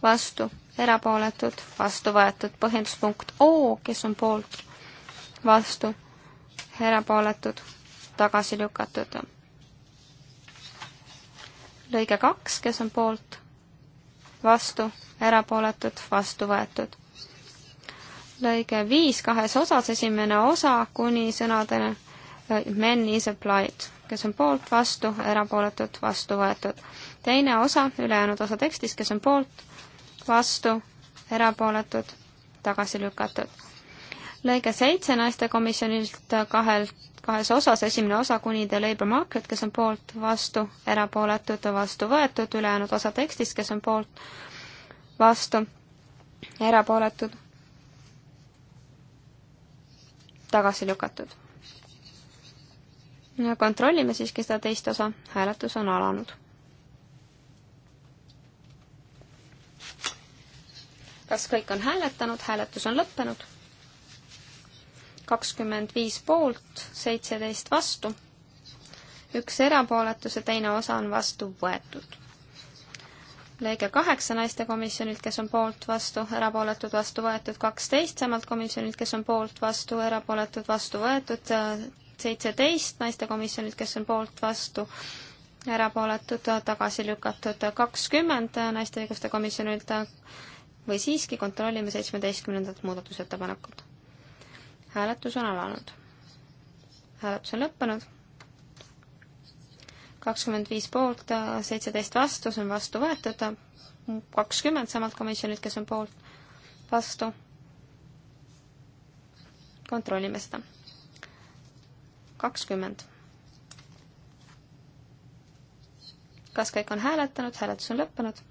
vastu, erapooletud, vastu võetud. põhjenduspunkt O, kes on poolt vastu, erapooletud, tagasi lükatud. lõige kaks, kes on poolt, vastu, erapooletud, vastu võetud. lõige viis kahes osas, esimene osa kuni sõnadele äh, men is applied, kes on poolt, vastu, erapooletud, vastu võetud. teine osa, ülejäänud osa tekstis, kes on poolt, vastu, erapooletud, tagasi lükatud lõige seitse naistekomisjonilt kahel, kahes osas, esimene osa kuni The Labour Market, kes on poolt, vastu, erapooletud, vastu võetud, ülejäänud osa tekstist, kes on poolt, vastu, erapooletud, tagasi lükatud. kontrollime siiski seda teist osa, hääletus on alanud. kas kõik on hääletanud, hääletus on lõppenud kakskümmend viis poolt, seitseteist vastu, üks erapooletuse, teine osa on vastu võetud. lõige kaheksa naistekomisjonilt, kes on poolt, vastu, erapooletud, vastu võetud, kaksteist samalt komisjonilt, kes on poolt, vastu, erapooletud, vastu võetud, seitseteist naistekomisjonilt, kes on poolt, vastu, erapooletud, tagasi lükatud, kakskümmend naiste õiguste komisjonilt või siiski kontrollime seitsmeteistkümnendat muudatusettepanekut hääletus on alanud. hääletus on lõppenud. kakskümmend viis poolt, seitseteist vastu, see on vastu võetud. kakskümmend samalt komisjonilt, kes on poolt, vastu. kontrollime seda. kakskümmend kas kõik on hääletanud, hääletus on lõppenud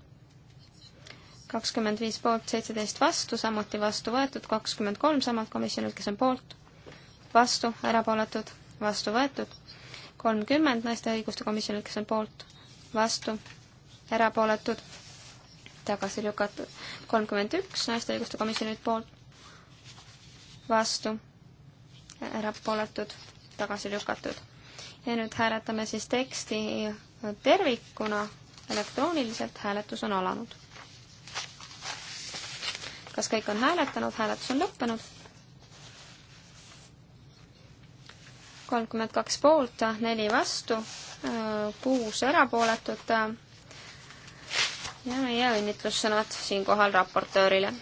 kakskümmend viis poolt, seitseteist vastu, samuti vastu võetud, kakskümmend kolm samalt komisjonilt, kes on poolt, vastu, erapooletud, vastu võetud, kolmkümmend naiste õiguste komisjonilt, kes on poolt, vastu, erapooletud, tagasi lükatud, kolmkümmend üks naiste õiguste komisjonilt poolt, vastu, erapooletud, tagasi lükatud. ja nüüd hääletame siis teksti tervikuna elektrooniliselt, hääletus on alanud kas kõik on hääletanud, hääletus on lõppenud. kolmkümmend kaks poolt, neli vastu, kuus erapooletut. ja meie õnnitlussõnad siinkohal raportöörile.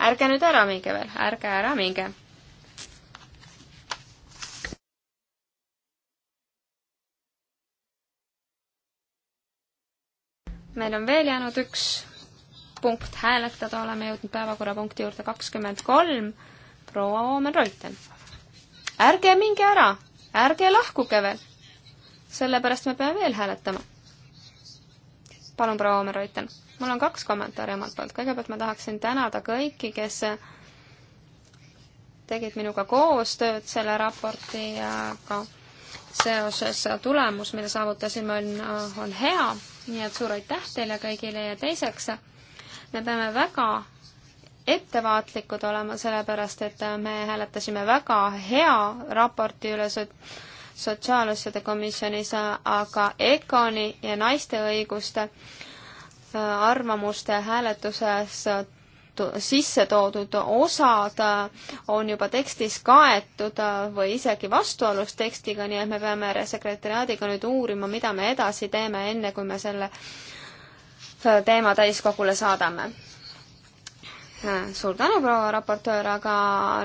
ärge nüüd ära minge veel, ärge ära minge meil on veel jäänud üks punkt hääletada, oleme jõudnud päevakorrapunkti juurde kakskümmend kolm, proua Oomen-Reuten. ärge minge ära, ärge lahkuge veel, sellepärast me peame veel hääletama. palun, proua Oomen-Reuten, mul on kaks kommentaari omalt poolt, kõigepealt ma tahaksin tänada kõiki, kes tegid minuga koostööd selle raporti ja ka seoses tulemus, mille saavutasime, on, on hea, nii et suur aitäh teile kõigile ja teiseks me peame väga ettevaatlikud olema, sellepärast et me hääletasime väga hea raporti üle sotsiaalasjade komisjonis, aga EKONi ja naiste õiguste äh, arvamuste hääletuses sisse toodud osad äh, on juba tekstis kaetud äh, või isegi vastuolus tekstiga, nii et me peame sekretäriaadiga nüüd uurima, mida me edasi teeme, enne kui me selle teema täiskogule saadame. suur tänu, proua raportöör, aga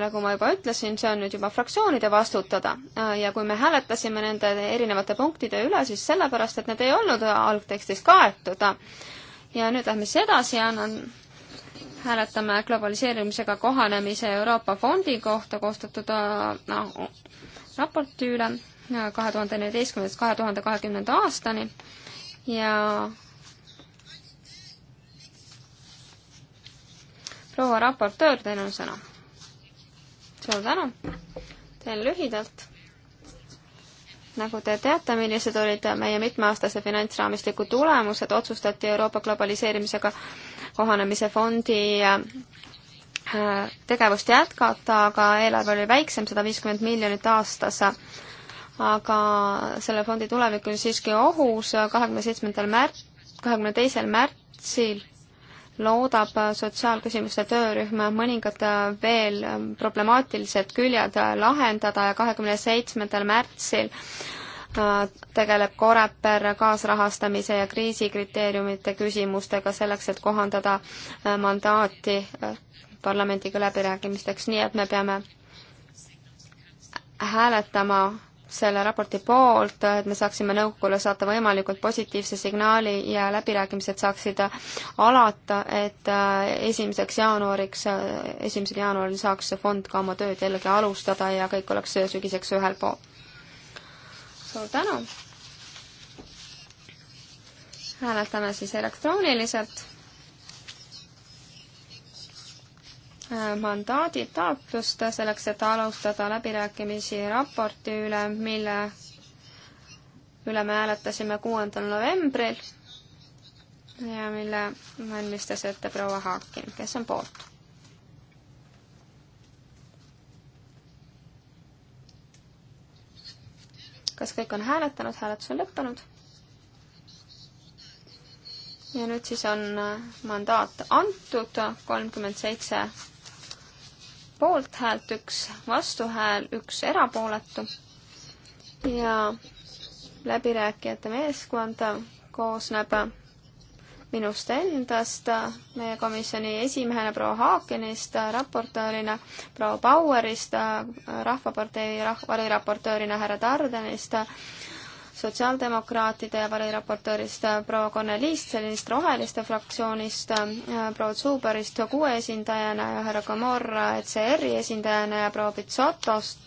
nagu ma juba ütlesin, see on nüüd juba fraktsioonide vastutada ja kui me hääletasime nende erinevate punktide üle, siis sellepärast, et need ei olnud algtekstis kaetud. ja nüüd lähme siis edasi ja annan hääletame globaliseerimisega kohanemise Euroopa Fondi kohta koostatud no, raporti üle kahe tuhande neljateistkümnendast kahe tuhande kahekümnenda aastani ja proua raportöör, teil on sõna. suur tänu, teen lühidalt. nagu te teate, millised olid meie mitmeaastase finantsraamistiku tulemused, otsustati Euroopa globaliseerimisega kohanemise fondi äh, tegevust jätkata, aga eelarve oli väiksem, sada viiskümmend miljonit aastas aga selle fondi tulevik on siiski ohus, kahekümne seitsmendal märts, kahekümne teisel märtsil loodab sotsiaalküsimuste töörühm mõningad äh, veel ähm, problemaatilised küljed äh, lahendada ja kahekümne seitsmendal märtsil äh, tegeleb Koreper kaasrahastamise ja kriisikriteeriumite küsimustega selleks, et kohandada mandaati parlamendiga läbirääkimisteks, nii et me peame hääletama selle raporti poolt, et me saaksime nõukogule saata võimalikult positiivse signaali ja läbirääkimised saaksid alata, et äh, esimeseks jaanuariks, äh, esimesel jaanuaril saaks see fond ka oma tööd jällegi alustada ja kõik oleks sügiseks ühel pool. suur tänu! hääletame siis elektrooniliselt mandaadi taotlust selleks, et alustada läbirääkimisi raporti üle, mille üle me hääletasime kuuendal novembril ja mille valmistas ette proua Haakin, kes on poolt. kas kõik on hääletanud, hääletus on lõppenud? ja nüüd siis on mandaat antud, kolmkümmend seitse poolthäält, üks vastuhääl, üks erapooletu ja läbirääkijate meeskond koosneb minust endast, meie komisjoni esimehena proua Haakenist, raportöörina proua Bauerist, Rahvapartei rahv-, variraportöörina härra Tardenist, sotsiaaldemokraatide ja variraportöörist proua Konne Liist, sellist roheliste fraktsioonist, äh, proua Zuberist kuue esindajana ja härra Camorra ECR-i esindajana ja proua Pitsotost,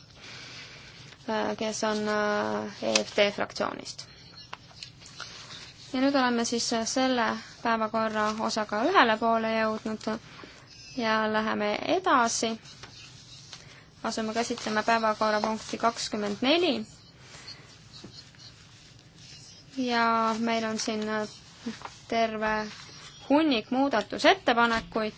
äh, kes on äh, EFD fraktsioonist. ja nüüd oleme siis selle päevakorra osaga ühele poole jõudnud ja läheme edasi. asume käsitlema päevakorrapunkti kakskümmend neli ja meil on siin äh, terve hunnik muudatusettepanekuid,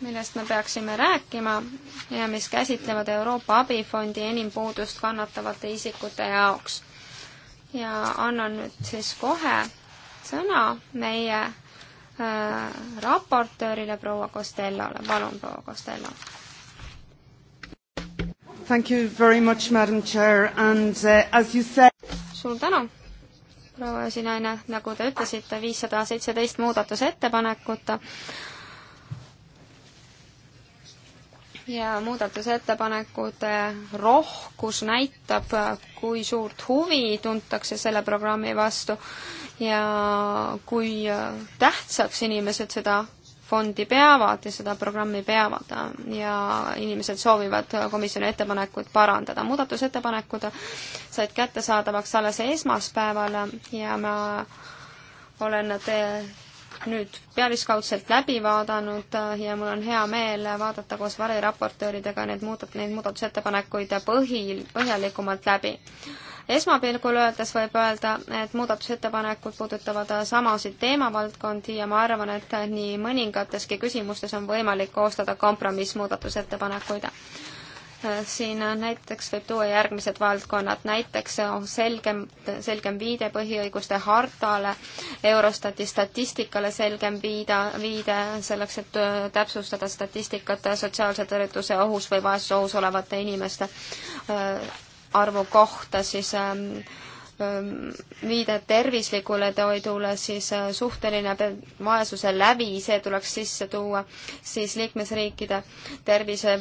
millest me peaksime rääkima ja mis käsitlevad Euroopa abifondi enim puudust kannatavate isikute jaoks. ja annan nüüd siis kohe sõna meie äh, raportöörile proua Costellole, palun proua Costello. Thank you very much, madam chair and uh, as you said suur tänu! proua esinaine, nagu te ütlesite, viissada seitseteist muudatusettepanekut ja muudatusettepanekute rohkus näitab, kui suurt huvi tuntakse selle programmi vastu ja kui tähtsaks inimesed seda fondi peavad ja seda programmi peavad ja inimesed soovivad komisjoni ettepanekut parandada. muudatusettepanekud said kättesaadavaks alles esmaspäeval ja ma olen nad nüüd pealiskaudselt läbi vaadanud äh, ja mul on hea meel vaadata koos variraportööridega need muudat-, neid muudatusettepanekuid põhi, põhjalikumalt läbi. esmapilgul öeldes võib öelda, et muudatusettepanekud puudutavad äh, samasid teemavaldkondi ja ma arvan, et äh, nii mõningateski küsimustes on võimalik koostada kompromissmuudatusettepanekuid Äh, siin näiteks võib tuua järgmised valdkonnad, näiteks on selgem, selgem viide põhiõiguste hartale, Eurostati statistikale selgem viida, viide selleks, et äh, täpsustada statistikat sotsiaalse tõrjutuse ohus või vaesusohus olevate inimeste äh, arvu kohta, siis ähm, Ähm, viide tervislikule toidule, siis äh, suhteline vaesuse läbi, see tuleks sisse tuua, siis liikmesriikide tervise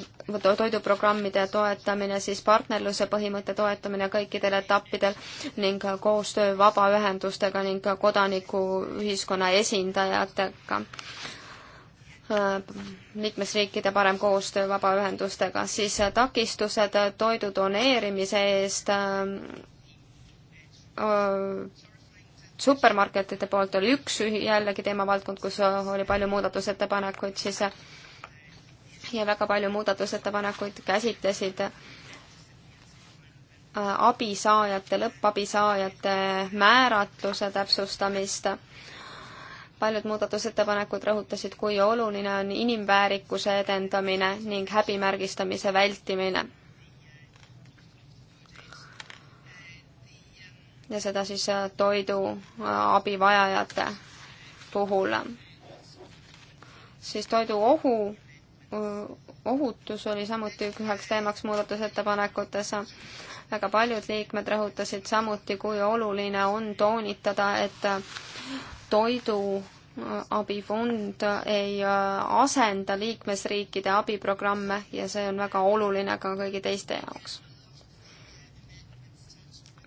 toiduprogrammide toetamine, siis partnerluse põhimõtte toetamine kõikidel etappidel ning äh, koostöö vabaühendustega ning äh, kodanikuühiskonna esindajatega liikmesriikide parem koostöö vabaühendustega, siis takistused toidu doneerimise eest ähm, Äh, supermarketide poolt oli üks jällegi teemavaldkond, kus äh, oli palju muudatusettepanekuid siis äh, ja väga palju muudatusettepanekuid käsitlesid abisaajate, lõppabisaajate määratluse täpsustamist. paljud muudatusettepanekud rõhutasid, kui oluline on inimväärikuse edendamine ning häbimärgistamise vältimine ja seda siis äh, toidu äh, abivajajate puhul. siis toidu ohu, ohutus oli samuti üheks teemaks muudatusettepanekutes. väga paljud liikmed rõhutasid samuti, kui oluline on toonitada, et äh, toidu abifond ei asenda liikmesriikide abiprogramme ja see on väga oluline ka kõigi teiste jaoks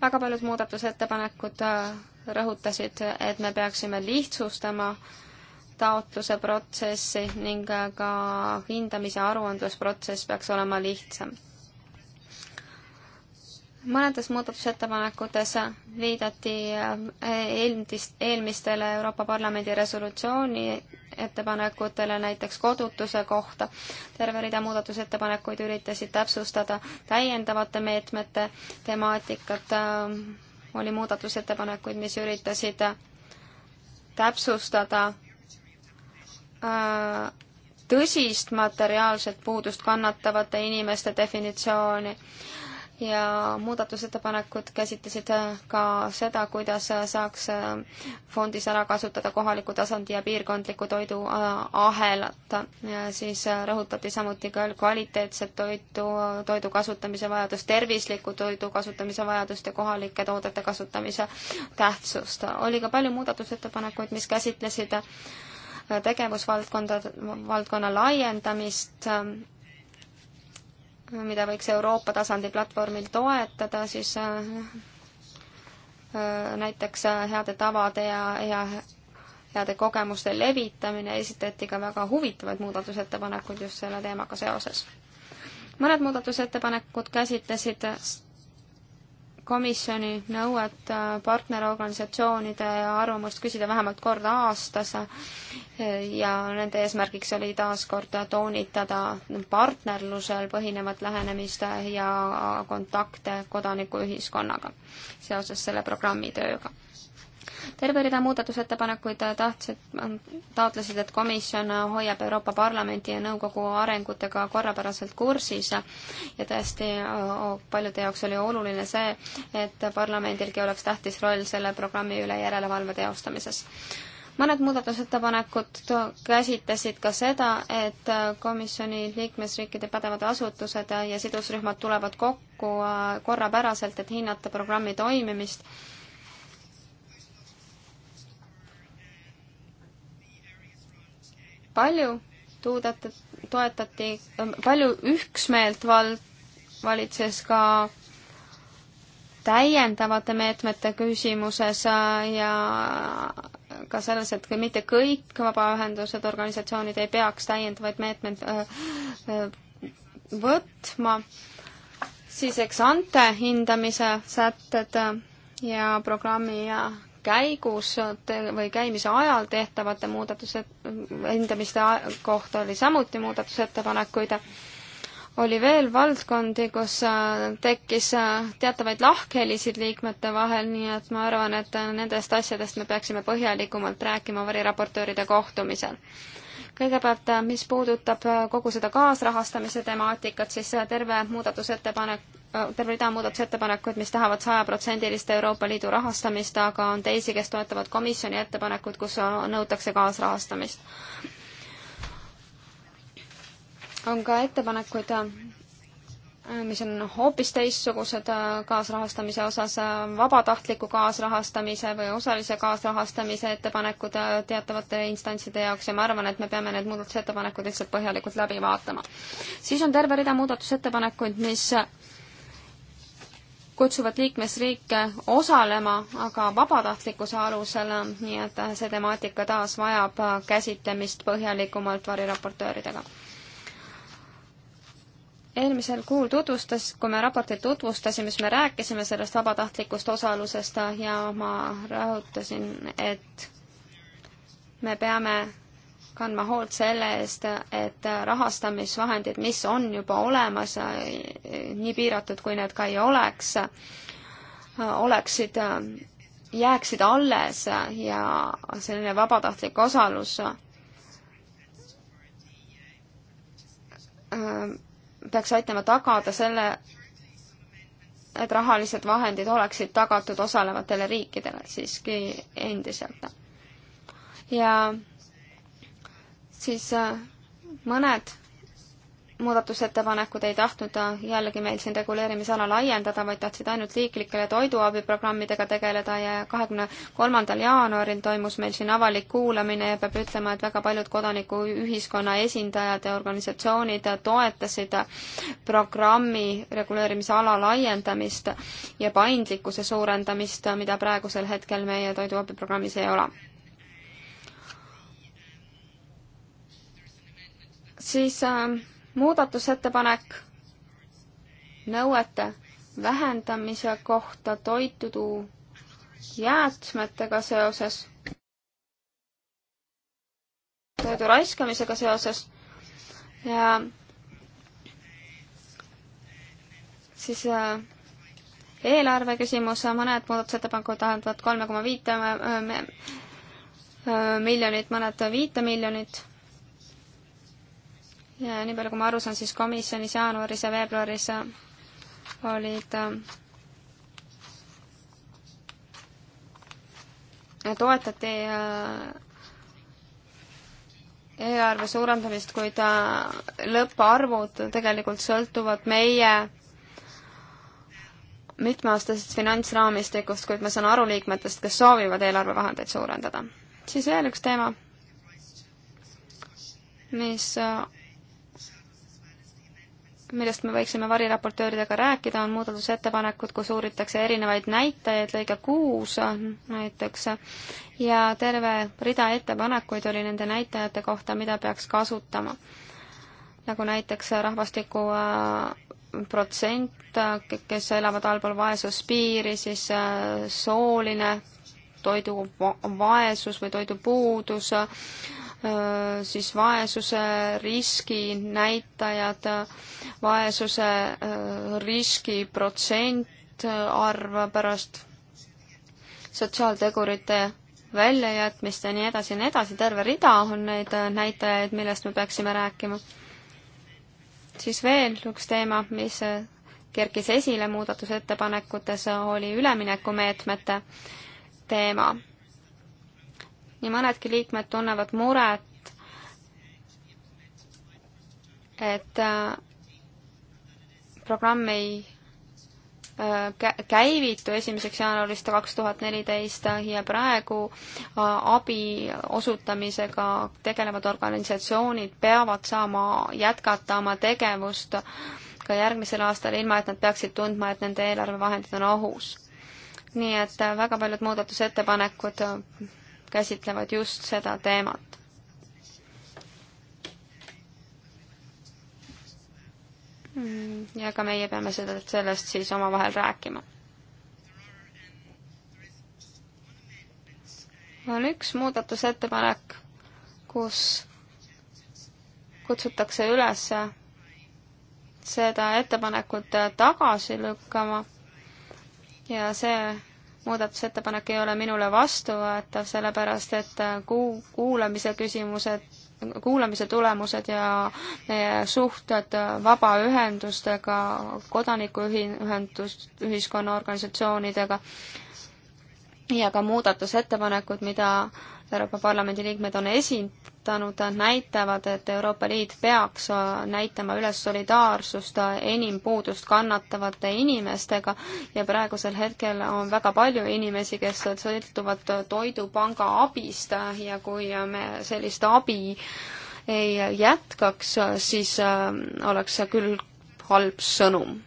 väga paljud muudatusettepanekud äh, rõhutasid, et me peaksime lihtsustama taotluse protsessi ning äh, ka hindamise aruandlusprotsess peaks olema lihtsam mõnedes muudatusettepanekutes viidati äh, eelmist, eelmistele Euroopa Parlamendi resolutsiooni ettepanekutele näiteks kodutuse kohta. terve rida muudatusettepanekuid üritasid täpsustada täiendavate meetmete temaatikat, äh, oli muudatusettepanekuid, mis üritasid täpsustada äh, tõsist materiaalset puudust kannatavate inimeste definitsiooni ja muudatusettepanekud käsitlesid äh, ka seda, kuidas äh, saaks äh, fondis ära kasutada kohaliku tasandi ja piirkondliku toidu ahelat. siis rõhutati samuti ka kvaliteetset toitu, toidu kasutamise vajadust, tervisliku toidu kasutamise vajadust ja kohalike toodete kasutamise tähtsust. oli ka palju muudatusettepanekuid, mis käsitlesid tegevusvaldkonda, valdkonna laiendamist mida võiks Euroopa tasandi platvormil toetada, siis äh, äh, näiteks äh, heade tavade ja, ja heade kogemuste levitamine, esitati ka väga huvitavaid muudatusettepanekuid just selle teemaga seoses. mõned muudatusettepanekud käsitlesid komisjoni nõuet äh, partnerorganisatsioonide arvamust küsida vähemalt kord aastas ja nende eesmärgiks oli taaskord toonitada partnerlusel põhinevat lähenemist ja kontakte kodanikuühiskonnaga seoses selle programmi tööga terve rida muudatusettepanekuid äh, tahtsid, äh, taotlesid, et komisjon äh, hoiab Euroopa Parlamendi ja nõukogu arengutega korrapäraselt kursis ja tõesti paljude jaoks oli oluline see, et parlamendilgi oleks tähtis roll selle programmi üle järelevalve teostamises mõned muudatusettepanekud käsitlesid ka seda, et komisjoni liikmesriikide pädevad asutused ja sidusrühmad tulevad kokku korrapäraselt, et hinnata programmi toimimist palju tuudata, toetati, palju üksmeelt val-, valitses ka täiendavate meetmete küsimuses ja ka selles, et kui mitte kõik vabaühendused, organisatsioonid ei peaks täiendavaid meetmeid äh, äh, võtma, siis eks ante hindamise sätted ja programmi ja käigus või käimise ajal tehtavate muudatuse, hindamiste kohta oli samuti muudatusettepanekuid. oli veel valdkondi, kus äh, tekkis äh, teatavaid lahkhelisid liikmete vahel, nii et ma arvan, et äh, nendest asjadest me peaksime põhjalikumalt rääkima variraportööride kohtumisel kõigepealt, mis puudutab kogu seda kaasrahastamise temaatikat, siis terve muudatusettepanek, terve rida muudatusettepanekuid, mis tahavad sajaprotsendilist Euroopa Liidu rahastamist, aga on teisi, kes toetavad komisjoni ettepanekut, kus nõutakse kaasrahastamist. on ka ettepanekuid, mis on hoopis teistsugused kaasrahastamise osas, vabatahtliku kaasrahastamise või osalise kaasrahastamise ettepanekud teatavate instantside jaoks ja ma arvan, et me peame need muudatusettepanekud lihtsalt põhjalikult läbi vaatama. siis on terve rida muudatusettepanekuid, mis kutsuvad liikmesriike osalema, aga vabatahtlikkuse alusel, nii et see temaatika taas vajab käsitlemist põhjalikumalt variraportööridega. eelmisel kuul tutvustas, kui me raportit tutvustasime, siis me rääkisime sellest vabatahtlikust osalusest ja ma rõhutasin, et me peame kandma hoolt selle eest, et rahastamisvahendid, mis on juba olemas, nii piiratud, kui need ka ei oleks, oleksid, jääksid alles ja selline vabatahtlik osalus peaks aitama tagada selle, et rahalised vahendid oleksid tagatud osalevatele riikidele siiski endiselt. ja siis äh, mõned muudatusettepanekud ei tahtnud äh, jällegi meil siin reguleerimisala laiendada, vaid tahtsid ainult riiklikele toiduabiprogrammidega tegeleda ja kahekümne kolmandal jaanuaril toimus meil siin avalik kuulamine ja peab ütlema, et väga paljud kodanikuühiskonna esindajad ja organisatsioonid toetasid programmi reguleerimisala laiendamist ja paindlikkuse suurendamist, mida praegusel hetkel meie toiduabiprogrammis ei ole siis äh, muudatusettepanek nõuete vähendamise kohta toitudu jäätmetega seoses, toidu raiskamisega seoses ja siis äh, eelarve küsimus, mõned muudatusettepanekud tähendavad kolme koma viite äh, äh, miljonit, mõned viite miljonit ja nii palju, kui ma aru saan, siis komisjonis jaanuaris ja veebruaris olid äh, toetati äh, eelarve suurendamist, kuid äh, lõpparvud tegelikult sõltuvad meie mitmeaastasest finantsraamistikust, kuid ma saan aru liikmetest, kes soovivad eelarvevahendeid suurendada. siis veel üks teema, mis millest me võiksime variraportööridega rääkida, on muudatusettepanekud, kus uuritakse erinevaid näitajaid, lõige kuus näiteks, ja terve rida ettepanekuid oli nende näitajate kohta, mida peaks kasutama. nagu näiteks rahvastiku äh, protsent, äh, kes elavad allpool vaesuspiiri, siis äh, sooline toiduvaesus või toidupuudus, siis vaesuse riski näitajad, vaesuse äh, riski protsent äh, arv pärast sotsiaaltegurite väljajätmist ja nii edasi ja nii edasi, terve rida on neid äh, näitajaid, millest me peaksime rääkima. siis veel üks teema, mis kerkis esile muudatusettepanekutes, oli üleminekumeetmete teema. nii mõnedki liikmed tunnevad muret, et programm ei äh, käivitu esimeseks jaanuarist kaks tuhat neliteist ja praegu äh, abi osutamisega tegelevad organisatsioonid peavad saama jätkata oma tegevust ka järgmisel aastal, ilma et nad peaksid tundma, et nende eelarvevahendid on ohus. nii et väga paljud muudatusettepanekud käsitlevad just seda teemat. Mm, ja ka meie peame seda, sellest siis omavahel rääkima. on üks muudatusettepanek, kus kutsutakse üles seda ettepanekut tagasi lükkama ja see muudatusettepanek ei ole minule vastuvõetav, sellepärast et kuu, kuulamise küsimused kuulamise tulemused ja meie suhted vabaühendustega, kodanikuühendust, ühiskonnaorganisatsioonidega ja ka muudatusettepanekud, mida Euroopa Parlamendi liikmed on esi-, algatanud näitavad, et Euroopa Liit peaks äh, näitama üles solidaarsust äh, enim puudust kannatavate inimestega ja praegusel hetkel on väga palju inimesi, kes sõltuvad Toidupanga abist äh, ja kui me sellist abi ei jätkaks, siis oleks see küll halb sõnum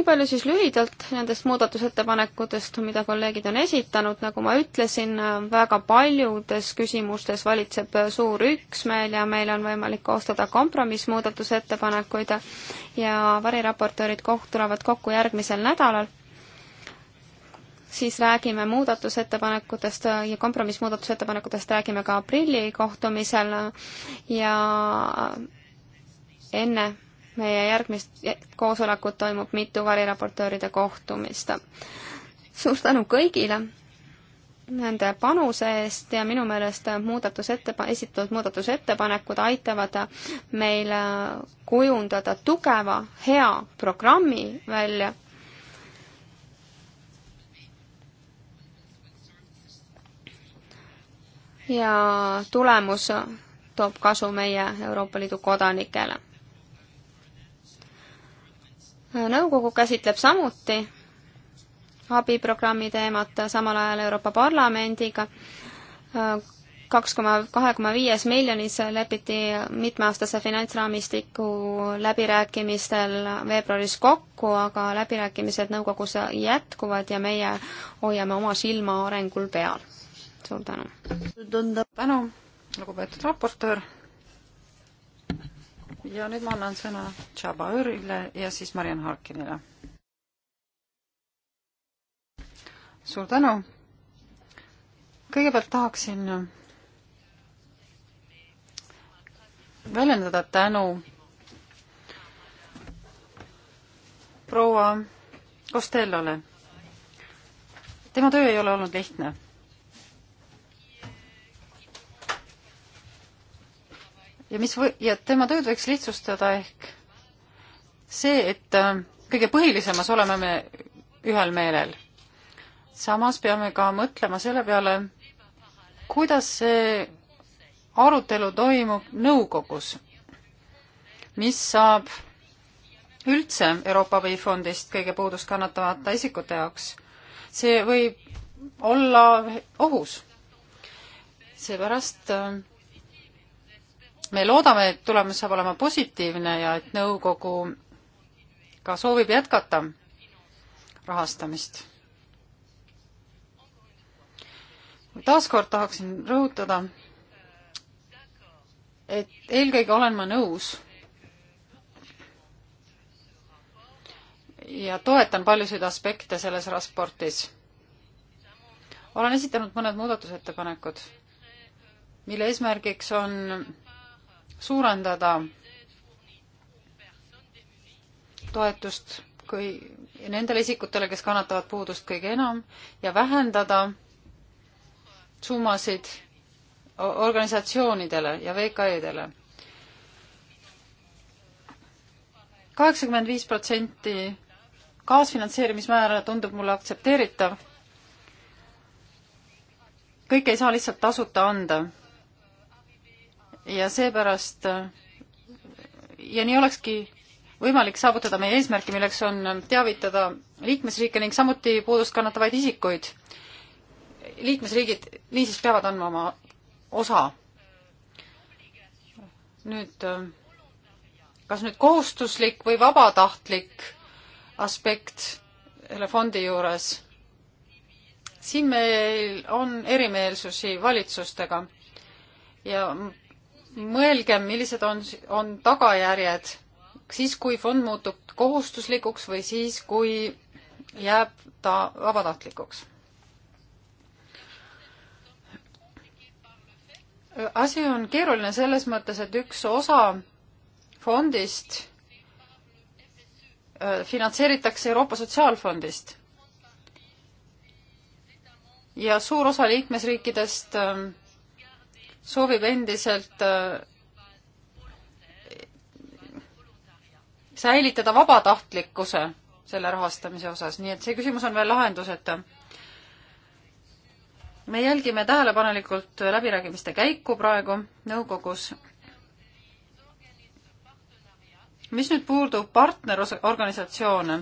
nii palju siis lühidalt nendest muudatusettepanekutest, mida kolleegid on esitanud, nagu ma ütlesin, väga paljudes küsimustes valitseb suur üksmeel ja meil on võimalik koostada kompromissmuudatusettepanekuid ja variraportöörid koht-, tulevad kokku järgmisel nädalal siis räägime muudatusettepanekutest ja kompromissmuudatusettepanekutest räägime ka aprilli kohtumisel ja enne meie järgmist koosolekut toimub mitu variraportööride kohtumist. suur tänu kõigile nende panuse eest ja minu meelest muudatusettepa-, esitatud muudatusettepanekud aitavad meil kujundada tugeva, hea programmi välja. ja tulemus toob kasu meie Euroopa Liidu kodanikele nõukogu käsitleb samuti abiprogrammi teemat samal ajal Euroopa Parlamendiga. kaks koma, kahe koma viies miljonis lepiti mitmeaastase finantsraamistiku läbirääkimistel veebruaris kokku, aga läbirääkimised nõukogus jätkuvad ja meie hoiame oma silma arengul peal. suur tänu! tänu, lugupeetud raportöör! ja nüüd ma annan sõna Tšabaõrile ja siis Mariann Harkinile. suur tänu. kõigepealt tahaksin väljendada tänu proua Costellole. tema töö ei ole olnud lihtne ja mis või, ja tema tööd võiks lihtsustada ehk see, et äh, kõige põhilisemas oleme me ühel meelel. samas peame ka mõtlema selle peale, kuidas see arutelu toimub nõukogus, mis saab üldse Euroopa abifondist kõige puudust kannatavate isikute jaoks. see võib olla ohus. seepärast äh, me loodame, et tulemus saab olema positiivne ja et nõukogu ka soovib jätkata rahastamist. taaskord tahaksin rõhutada, et eelkõige olen ma nõus ja toetan paljusid aspekte selles raportis. olen esitanud mõned muudatusettepanekud, mille eesmärgiks on suurendada toetust kõi-, nendele isikutele, kes kannatavad puudust kõige enam ja vähendada summasid organisatsioonidele ja VKE-dele. kaheksakümmend viis protsenti kaasfinantseerimismäära tundub mulle aktsepteeritav. kõike ei saa lihtsalt tasuta anda ja seepärast ja nii olekski võimalik saavutada meie eesmärki, milleks on teavitada liikmesriike ning samuti puudust kannatavaid isikuid. liikmesriigid niisiis peavad andma oma osa. nüüd, kas nüüd kohustuslik või vabatahtlik aspekt selle fondi juures? siin meil on erimeelsusi valitsustega ja mõelgem, millised on, on tagajärjed siis, kui fond muutub kohustuslikuks või siis, kui jääb ta vabatahtlikuks. asi on keeruline selles mõttes, et üks osa fondist äh, finantseeritakse Euroopa Sotsiaalfondist ja suur osa liikmesriikidest äh, soovib endiselt äh, säilitada vabatahtlikkuse selle rahastamise osas, nii et see küsimus on veel lahenduseta. me jälgime tähelepanelikult läbirääkimiste käiku praegu nõukogus. mis nüüd puudub partnerorganisatsioone,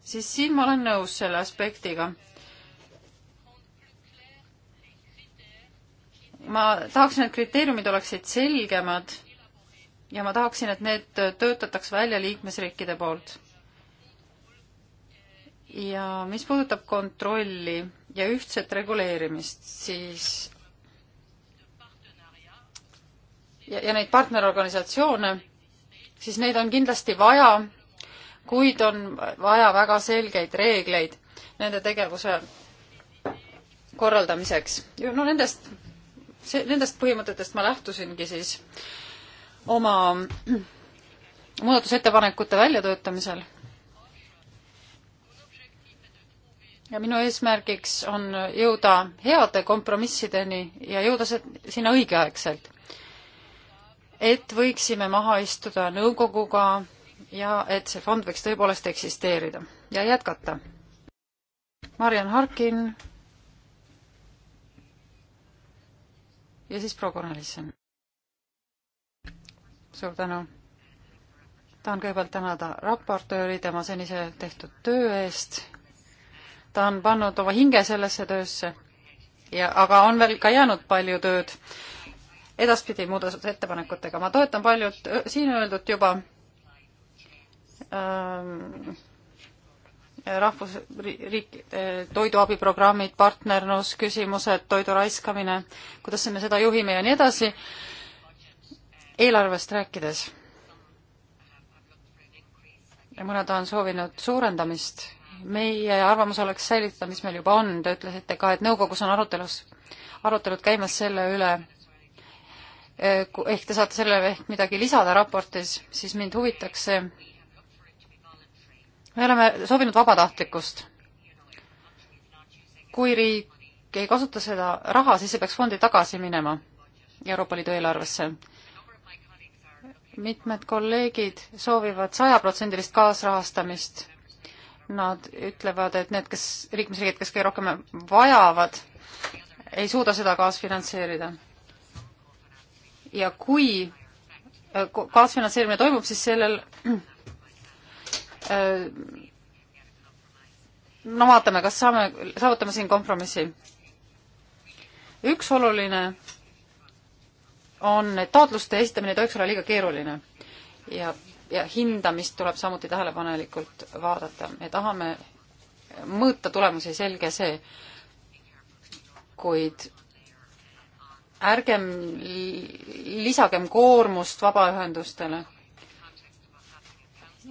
siis siin ma olen nõus selle aspektiga ma tahaksin, et kriteeriumid oleksid selgemad ja ma tahaksin, et need töötataks välja liikmesriikide poolt. ja mis puudutab kontrolli ja ühtset reguleerimist, siis ja, ja neid partnerorganisatsioone, siis neid on kindlasti vaja, kuid on vaja väga selgeid reegleid nende tegevuse korraldamiseks. no nendest see, nendest põhimõtetest ma lähtusingi siis oma muudatusettepanekute väljatöötamisel. ja minu eesmärgiks on jõuda heade kompromissideni ja jõuda sinna õigeaegselt. et võiksime maha istuda nõukoguga ja et see fond võiks tõepoolest eksisteerida ja jätkata. Mariann Harkin ja siis proua Kornelisson. suur tänu. tahan kõigepealt tänada raportööri tema senise tehtud töö eest. ta on pannud oma hinge sellesse töösse ja, aga on veel ka jäänud palju tööd edaspidi muudatusettepanekutega. ma toetan paljud äh, siin öeldut juba ähm, rahvusriik, toiduabiprogrammid, partnerlus, küsimused, toidu raiskamine, kuidas me seda juhime ja nii edasi. eelarvest rääkides. mõned on soovinud suurendamist. meie arvamus oleks säilitada, mis meil juba on, te ütlesite ka, et nõukogus on arutelus, arutelud käimas selle üle, ehk te saate sellele ehk midagi lisada raportis, siis mind huvitaks see, me oleme soovinud vabatahtlikkust. kui riik ei kasuta seda raha, siis see peaks fondi tagasi minema Euroopa Liidu eelarvesse. mitmed kolleegid soovivad sajaprotsendilist kaasrahastamist. Nad ütlevad, et need, kes, liikmesriigid, kes kõige rohkem vajavad, ei suuda seda kaasfinantseerida. ja kui äh, kaasfinantseerimine toimub, siis sellel Äh, no vaatame, kas saame, saavutame siin kompromissi. üks oluline on, et taotluste esitamine ei tohiks olla liiga keeruline ja, ja hindamist tuleb samuti tähelepanelikult vaadata. me tahame mõõta tulemusi, selge see, kuid ärgem lisagem koormust vabaühendustele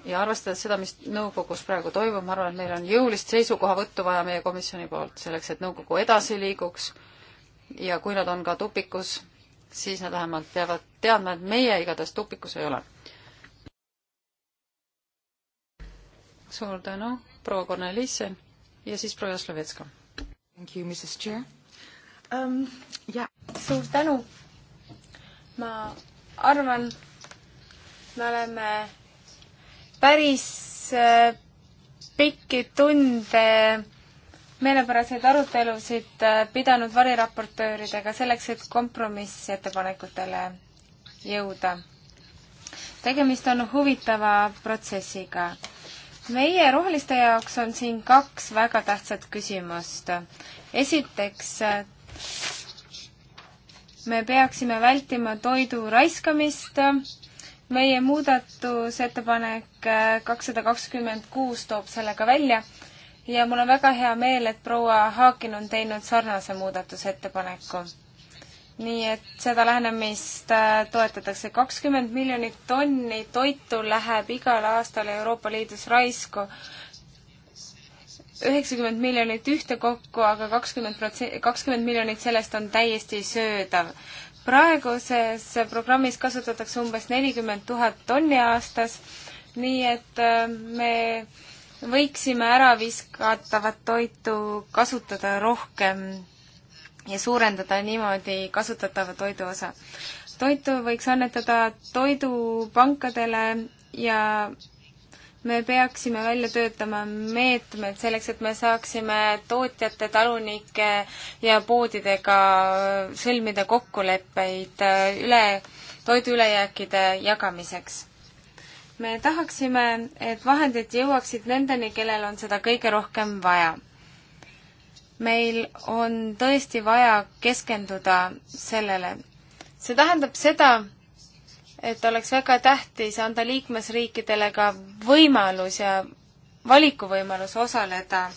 ja arvestades seda, mis nõukogus praegu toimub, ma arvan, et meil on jõulist seisukohavõttu vaja meie komisjoni poolt selleks, et nõukogu edasi liiguks ja kui nad on ka tupikus, siis nad vähemalt peavad teadma, et meie igatahes tupikus ei ole. suur tänu, proua Korneliisse ja siis proua Jaslovetska. Thank you, Mrs Chair um,. Yeah. suur tänu. ma arvan, me oleme päris äh, pikki tunde meelepäraseid arutelusid äh, pidanud variraportööridega selleks, et kompromissettepanekutele jõuda. tegemist on huvitava protsessiga. meie roheliste jaoks on siin kaks väga tähtsat küsimust. esiteks, äh, me peaksime vältima toidu raiskamist meie muudatusettepanek äh, kakssada kakskümmend kuus toob selle ka välja ja mul on väga hea meel, et proua Haakin on teinud sarnase muudatusettepaneku. nii et seda lähenemist äh, toetatakse. kakskümmend miljonit tonni toitu läheb igal aastal Euroopa Liidus raisku. üheksakümmend miljonit ühtekokku, aga kakskümmend protsenti, kakskümmend miljonit sellest on täiesti söödav praeguses programmis kasutatakse umbes nelikümmend tuhat tonni aastas, nii et äh, me võiksime äraviskatavat toitu kasutada rohkem ja suurendada niimoodi kasutatava toidu osa. toitu võiks annetada toidupankadele ja me peaksime välja töötama meetmed selleks, et me saaksime tootjate, talunike ja poodidega sõlmida kokkuleppeid äh, üle, toidu ülejääkide jagamiseks. me tahaksime, et vahendid jõuaksid nendeni, kellel on seda kõige rohkem vaja. meil on tõesti vaja keskenduda sellele. see tähendab seda, et oleks väga tähtis anda liikmesriikidele ka võimalus ja valikuvõimalus osaleda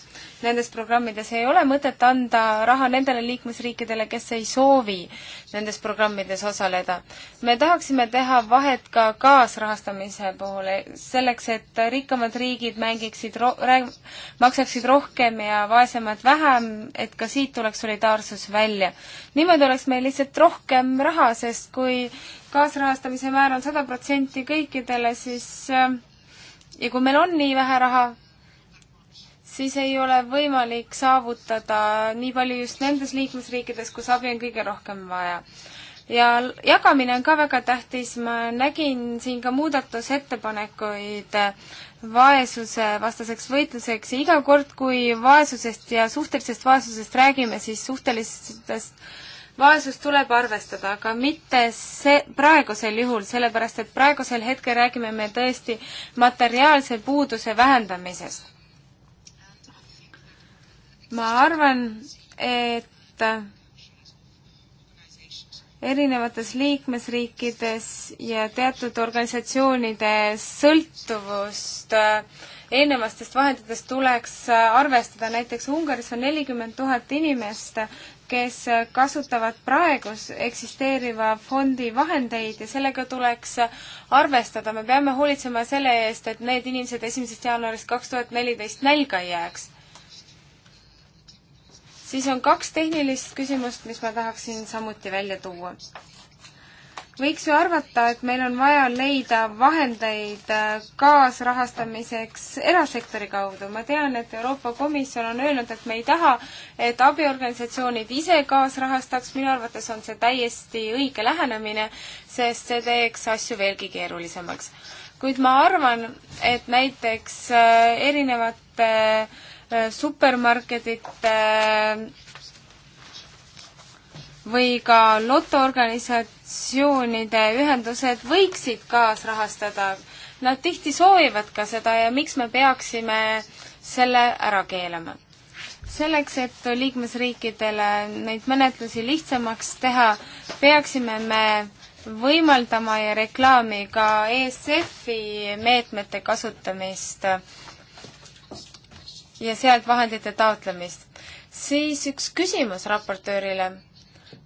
nendes programmides. ei ole mõtet anda raha nendele liikmesriikidele, kes ei soovi nendes programmides osaleda. me tahaksime teha vahet ka kaasrahastamise puhul, selleks et rikkamad riigid mängiksid ro-, maksaksid rohkem ja vaesemad vähem, et ka siit tuleks solidaarsus välja. niimoodi oleks meil lihtsalt rohkem raha, sest kui kaasrahastamise määr on sada protsenti kõikidele, siis äh, ja kui meil on nii vähe raha, siis ei ole võimalik saavutada nii palju just nendes liikmesriikides, kus abi on kõige rohkem vaja. ja jagamine on ka väga tähtis, ma nägin siin ka muudatusettepanekuid vaesusevastaseks võitluseks ja iga kord, kui vaesusest ja suhtelisest vaesusest räägime, siis suhtelistest vaesust tuleb arvestada, aga mitte see, praegusel juhul, sellepärast et praegusel hetkel räägime me tõesti materiaalse puuduse vähendamisest. ma arvan, et erinevates liikmesriikides ja teatud organisatsioonide sõltuvust äh, eelnevastest vahenditest tuleks äh, arvestada, näiteks Ungaris on nelikümmend tuhat inimest, kes kasutavad praegus eksisteeriva fondi vahendeid ja sellega tuleks arvestada. me peame hoolitsema selle eest, et need inimesed esimesest jaanuarist kaks tuhat neliteist nälga ei jääks. siis on kaks tehnilist küsimust, mis ma tahaksin samuti välja tuua võiks ju arvata, et meil on vaja leida vahendeid äh, kaasrahastamiseks erasektori kaudu. ma tean, et Euroopa Komisjon on öelnud, et me ei taha, et abiorganisatsioonid ise kaasrahastaks, minu arvates on see täiesti õige lähenemine, sest see teeks asju veelgi keerulisemaks. kuid ma arvan, et näiteks äh, erinevate äh, supermarketite või ka lotoorganisatsioonide ühendused võiksid kaasrahastada. Nad tihti soovivad ka seda ja miks me peaksime selle ära keelama? selleks, et liikmesriikidele neid menetlusi lihtsamaks teha, peaksime me võimaldama ja reklaami ka ESF-i meetmete kasutamist ja sealt vahendite taotlemist. siis üks küsimus raportöörile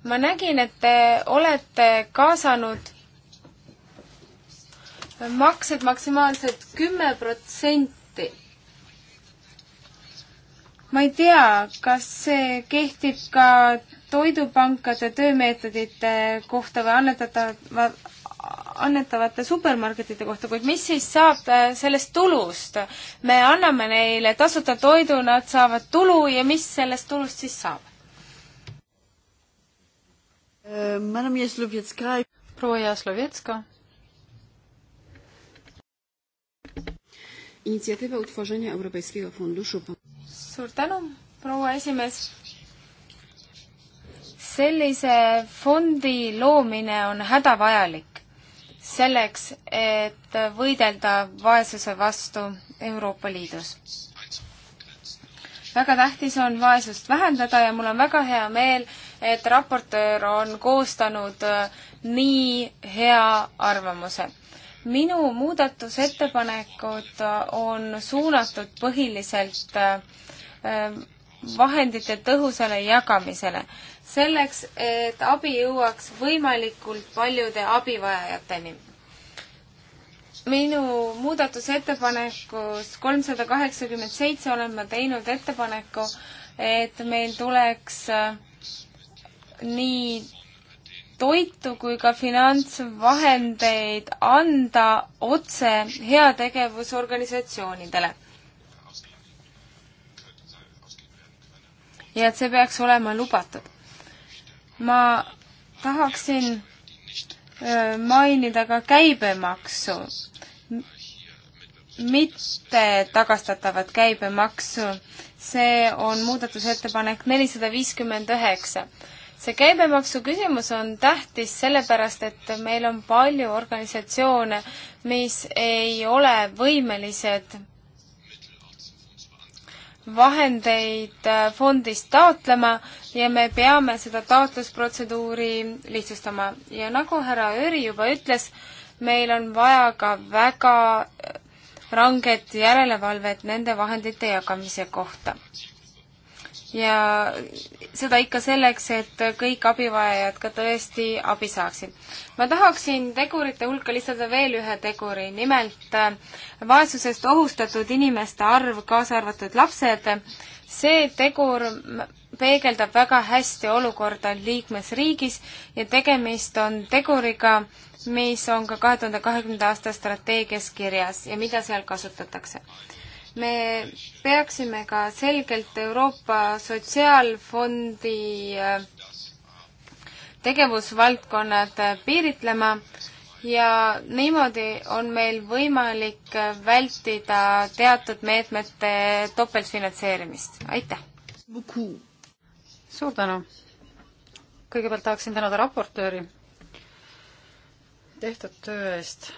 ma nägin, et te olete kaasanud maksed maksimaalselt kümme protsenti. ma ei tea, kas see kehtib ka toidupankade töömeetodite kohta või annetatava, annetavate supermarketite kohta, kuid mis siis saab äh, sellest tulust? me anname neile tasuta toidu, nad saavad tulu ja mis sellest tulust siis saab? proua Jaslovetska. initsiatiiv utvoženja Euroopa Fundushu. suur tänu, proua esimees sellise fondi loomine on hädavajalik selleks, et võidelda vaesuse vastu Euroopa Liidus. väga tähtis on vaesust vähendada ja mul on väga hea meel, et raportöör on koostanud äh, nii hea arvamuse. minu muudatusettepanekud äh, on suunatud põhiliselt äh, vahendite tõhusale jagamisele, selleks, et abi jõuaks võimalikult paljude abivajajateni. minu muudatusettepanekus kolmsada kaheksakümmend seitse olen ma teinud ettepaneku, et meil tuleks äh, nii toitu kui ka finantsvahendeid anda otse heategevusorganisatsioonidele. ja et see peaks olema lubatud. ma tahaksin mainida ka käibemaksu, mitte tagastatavat käibemaksu. see on muudatusettepanek nelisada viiskümmend üheksa see käibemaksu küsimus on tähtis sellepärast, et meil on palju organisatsioone, mis ei ole võimelised vahendeid äh, fondist taotlema ja me peame seda taotlusprotseduuri lihtsustama. ja nagu härra Öri juba ütles, meil on vaja ka väga äh, ranget järelevalvet nende vahendite jagamise kohta ja seda ikka selleks, et kõik abivajajad ka tõesti abi saaksid. ma tahaksin tegurite hulka lisada veel ühe teguri, nimelt äh, vaesusest ohustatud inimeste arv, kaasa arvatud lapsed. see tegur peegeldab väga hästi olukorda liikmesriigis ja tegemist on teguriga, mis on ka kahe tuhande kahekümnenda aasta strateegias kirjas ja mida seal kasutatakse me peaksime ka selgelt Euroopa Sotsiaalfondi äh, tegevusvaldkonnad äh, piiritlema ja niimoodi on meil võimalik äh, vältida teatud meetmete topeltfinantseerimist. aitäh! suur tänu! kõigepealt tahaksin tänada raportööri tehtud töö eest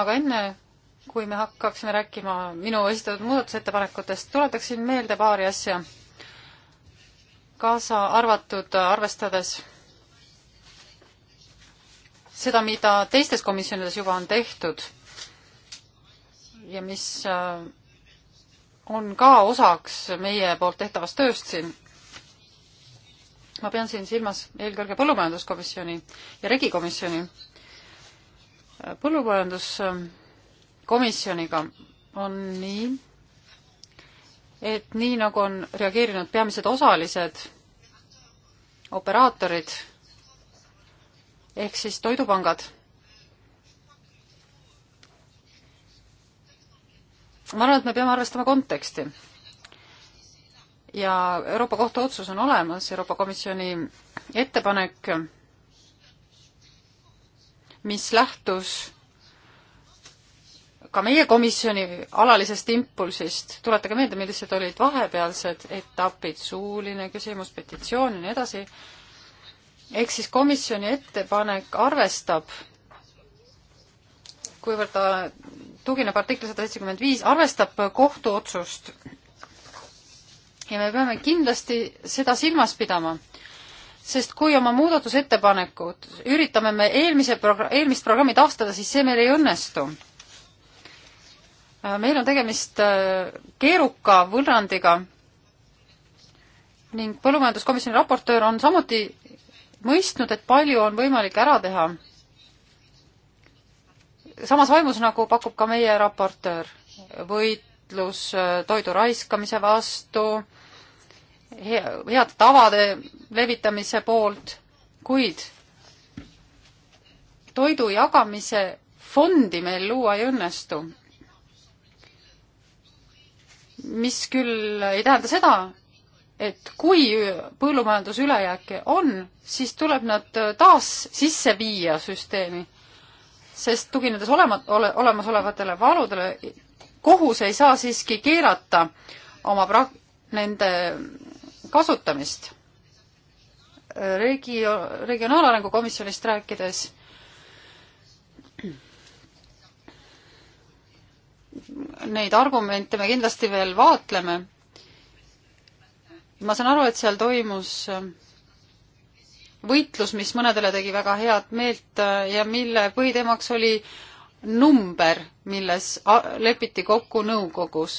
aga enne, kui me hakkaksime rääkima minu esitatud muudatusettepanekutest, tuletaksin meelde paari asja, kaasa arvatud arvestades seda, mida teistes komisjonides juba on tehtud ja mis äh, on ka osaks meie poolt tehtavast tööst siin. ma pean siin silmas eelkõige Põllumajanduskomisjoni ja Regikomisjoni põllumajanduskomisjoniga on nii, et nii nagu on reageerinud peamised osalised, operaatorid ehk siis toidupangad, ma arvan, et me peame arvestama konteksti. ja Euroopa Kohtu otsus on olemas, Euroopa Komisjoni ettepanek mis lähtus ka meie komisjoni alalisest impulsist, tuletage meelde, millised olid vahepealsed etapid, suuline küsimus, petitsioon ja nii edasi, ehk siis komisjoni ettepanek arvestab, kuivõrd ta tugineb artikli sada seitsekümmend viis, arvestab kohtuotsust. ja me peame kindlasti seda silmas pidama sest kui oma muudatusettepanekud üritame me eelmise progr-, eelmist programmi taastada, siis see meil ei õnnestu. Äh, meil on tegemist äh, keeruka võrrandiga ning põllumajanduskomisjoni raportöör on samuti mõistnud, et palju on võimalik ära teha. samas vaimus, nagu pakub ka meie raportöör, võitlus äh, toidu raiskamise vastu, head tavade levitamise poolt, kuid toidu jagamise fondi meil luua ei õnnestu. mis küll ei tähenda seda, et kui põllumajanduse ülejääke on, siis tuleb nad taas sisse viia süsteemi. sest tuginedes olema, ole, olemasolevatele valudele, kohus ei saa siiski keelata oma pra-, nende kasutamist. Regi-, Regionaalarengu Komisjonist rääkides neid argumente me kindlasti veel vaatleme. ma saan aru, et seal toimus võitlus, mis mõnedele tegi väga head meelt ja mille põhiteemaks oli number, milles lepiti kokku nõukogus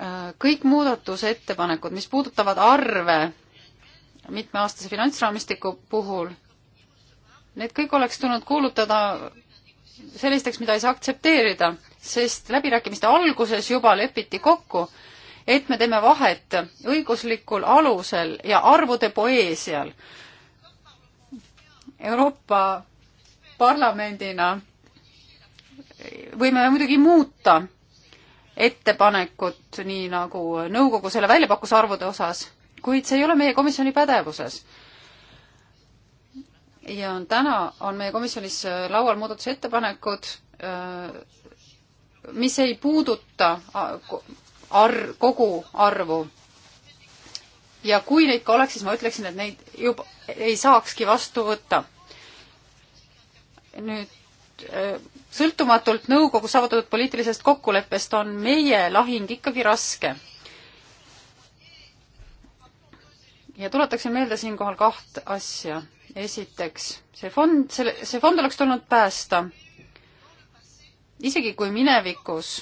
Äh, kõik muudatusettepanekud, mis puudutavad arve mitmeaastase finantsraamistiku puhul, need kõik oleks tulnud kuulutada sellisteks, mida ei saa aktsepteerida, sest läbirääkimiste alguses juba lepiti kokku, et me teeme vahet õiguslikul alusel ja arvude poeesial. Euroopa Parlamendina võime muidugi muuta ettepanekut, nii nagu nõukogu selle välja pakkus arvude osas, kuid see ei ole meie komisjoni pädevuses. ja on täna, on meie komisjonis laual muudatusettepanekud, äh, mis ei puuduta ar-, kogu arvu. ja kui neid ka oleks, siis ma ütleksin, et neid juba ei saakski vastu võtta. nüüd Äh, sõltumatult nõukogus saavutatud poliitilisest kokkuleppest on meie lahing ikkagi raske. ja tuletaksin meelde siinkohal kaht asja. esiteks, see fond, selle, see fond oleks tulnud päästa. isegi kui minevikus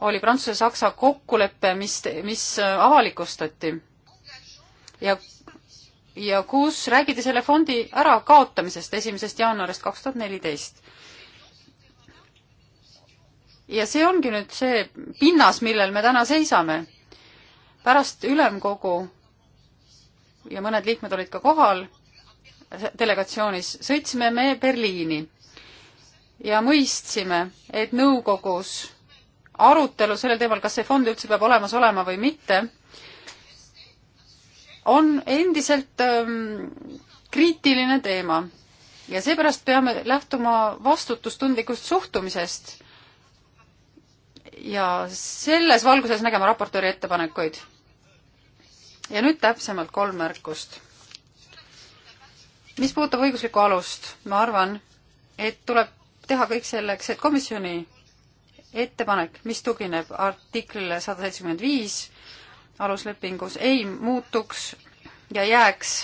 oli Prantsuse-Saksa kokkulepe, mis, mis äh, avalikustati ja ja kus räägiti selle fondi ärakaotamisest esimesest jaanuarist kaks tuhat neliteist ja see ongi nüüd see pinnas, millel me täna seisame. pärast ülemkogu ja mõned liikmed olid ka kohal delegatsioonis, sõitsime me Berliini ja mõistsime, et nõukogus arutelu sellel teemal, kas see fond üldse peab olemas olema või mitte, on endiselt ähm, kriitiline teema ja seepärast peame lähtuma vastutustundlikust suhtumisest ja selles valguses nägema raportööri ettepanekuid. ja nüüd täpsemalt kolm märkust. mis puudutab õiguslikku alust, ma arvan, et tuleb teha kõik selleks, et komisjoni ettepanek, mis tugineb artiklile sada seitsekümmend viis aluslepingus, ei muutuks ja jääks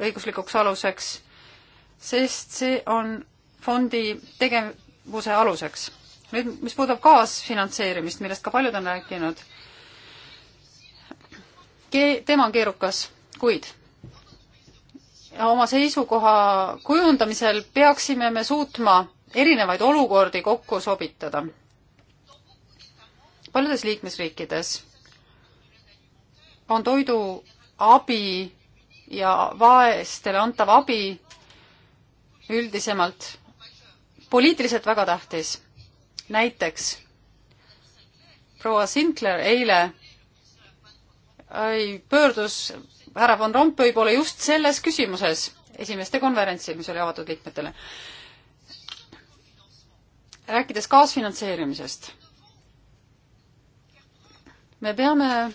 õiguslikuks aluseks, sest see on fondi tegevuse aluseks nüüd, mis puudub kaasfinantseerimist, millest ka paljud on rääkinud, teema on keerukas, kuid oma seisukoha kujundamisel peaksime me suutma erinevaid olukordi kokku sobitada. paljudes liikmesriikides on toiduabi ja vaestele antav abi üldisemalt poliitiliselt väga tähtis näiteks proua Sinclair eile pöördus härra Van Rompuy poole just selles küsimuses esimeste konverentsil, mis oli avatud liikmetele. rääkides kaasfinantseerimisest, me peame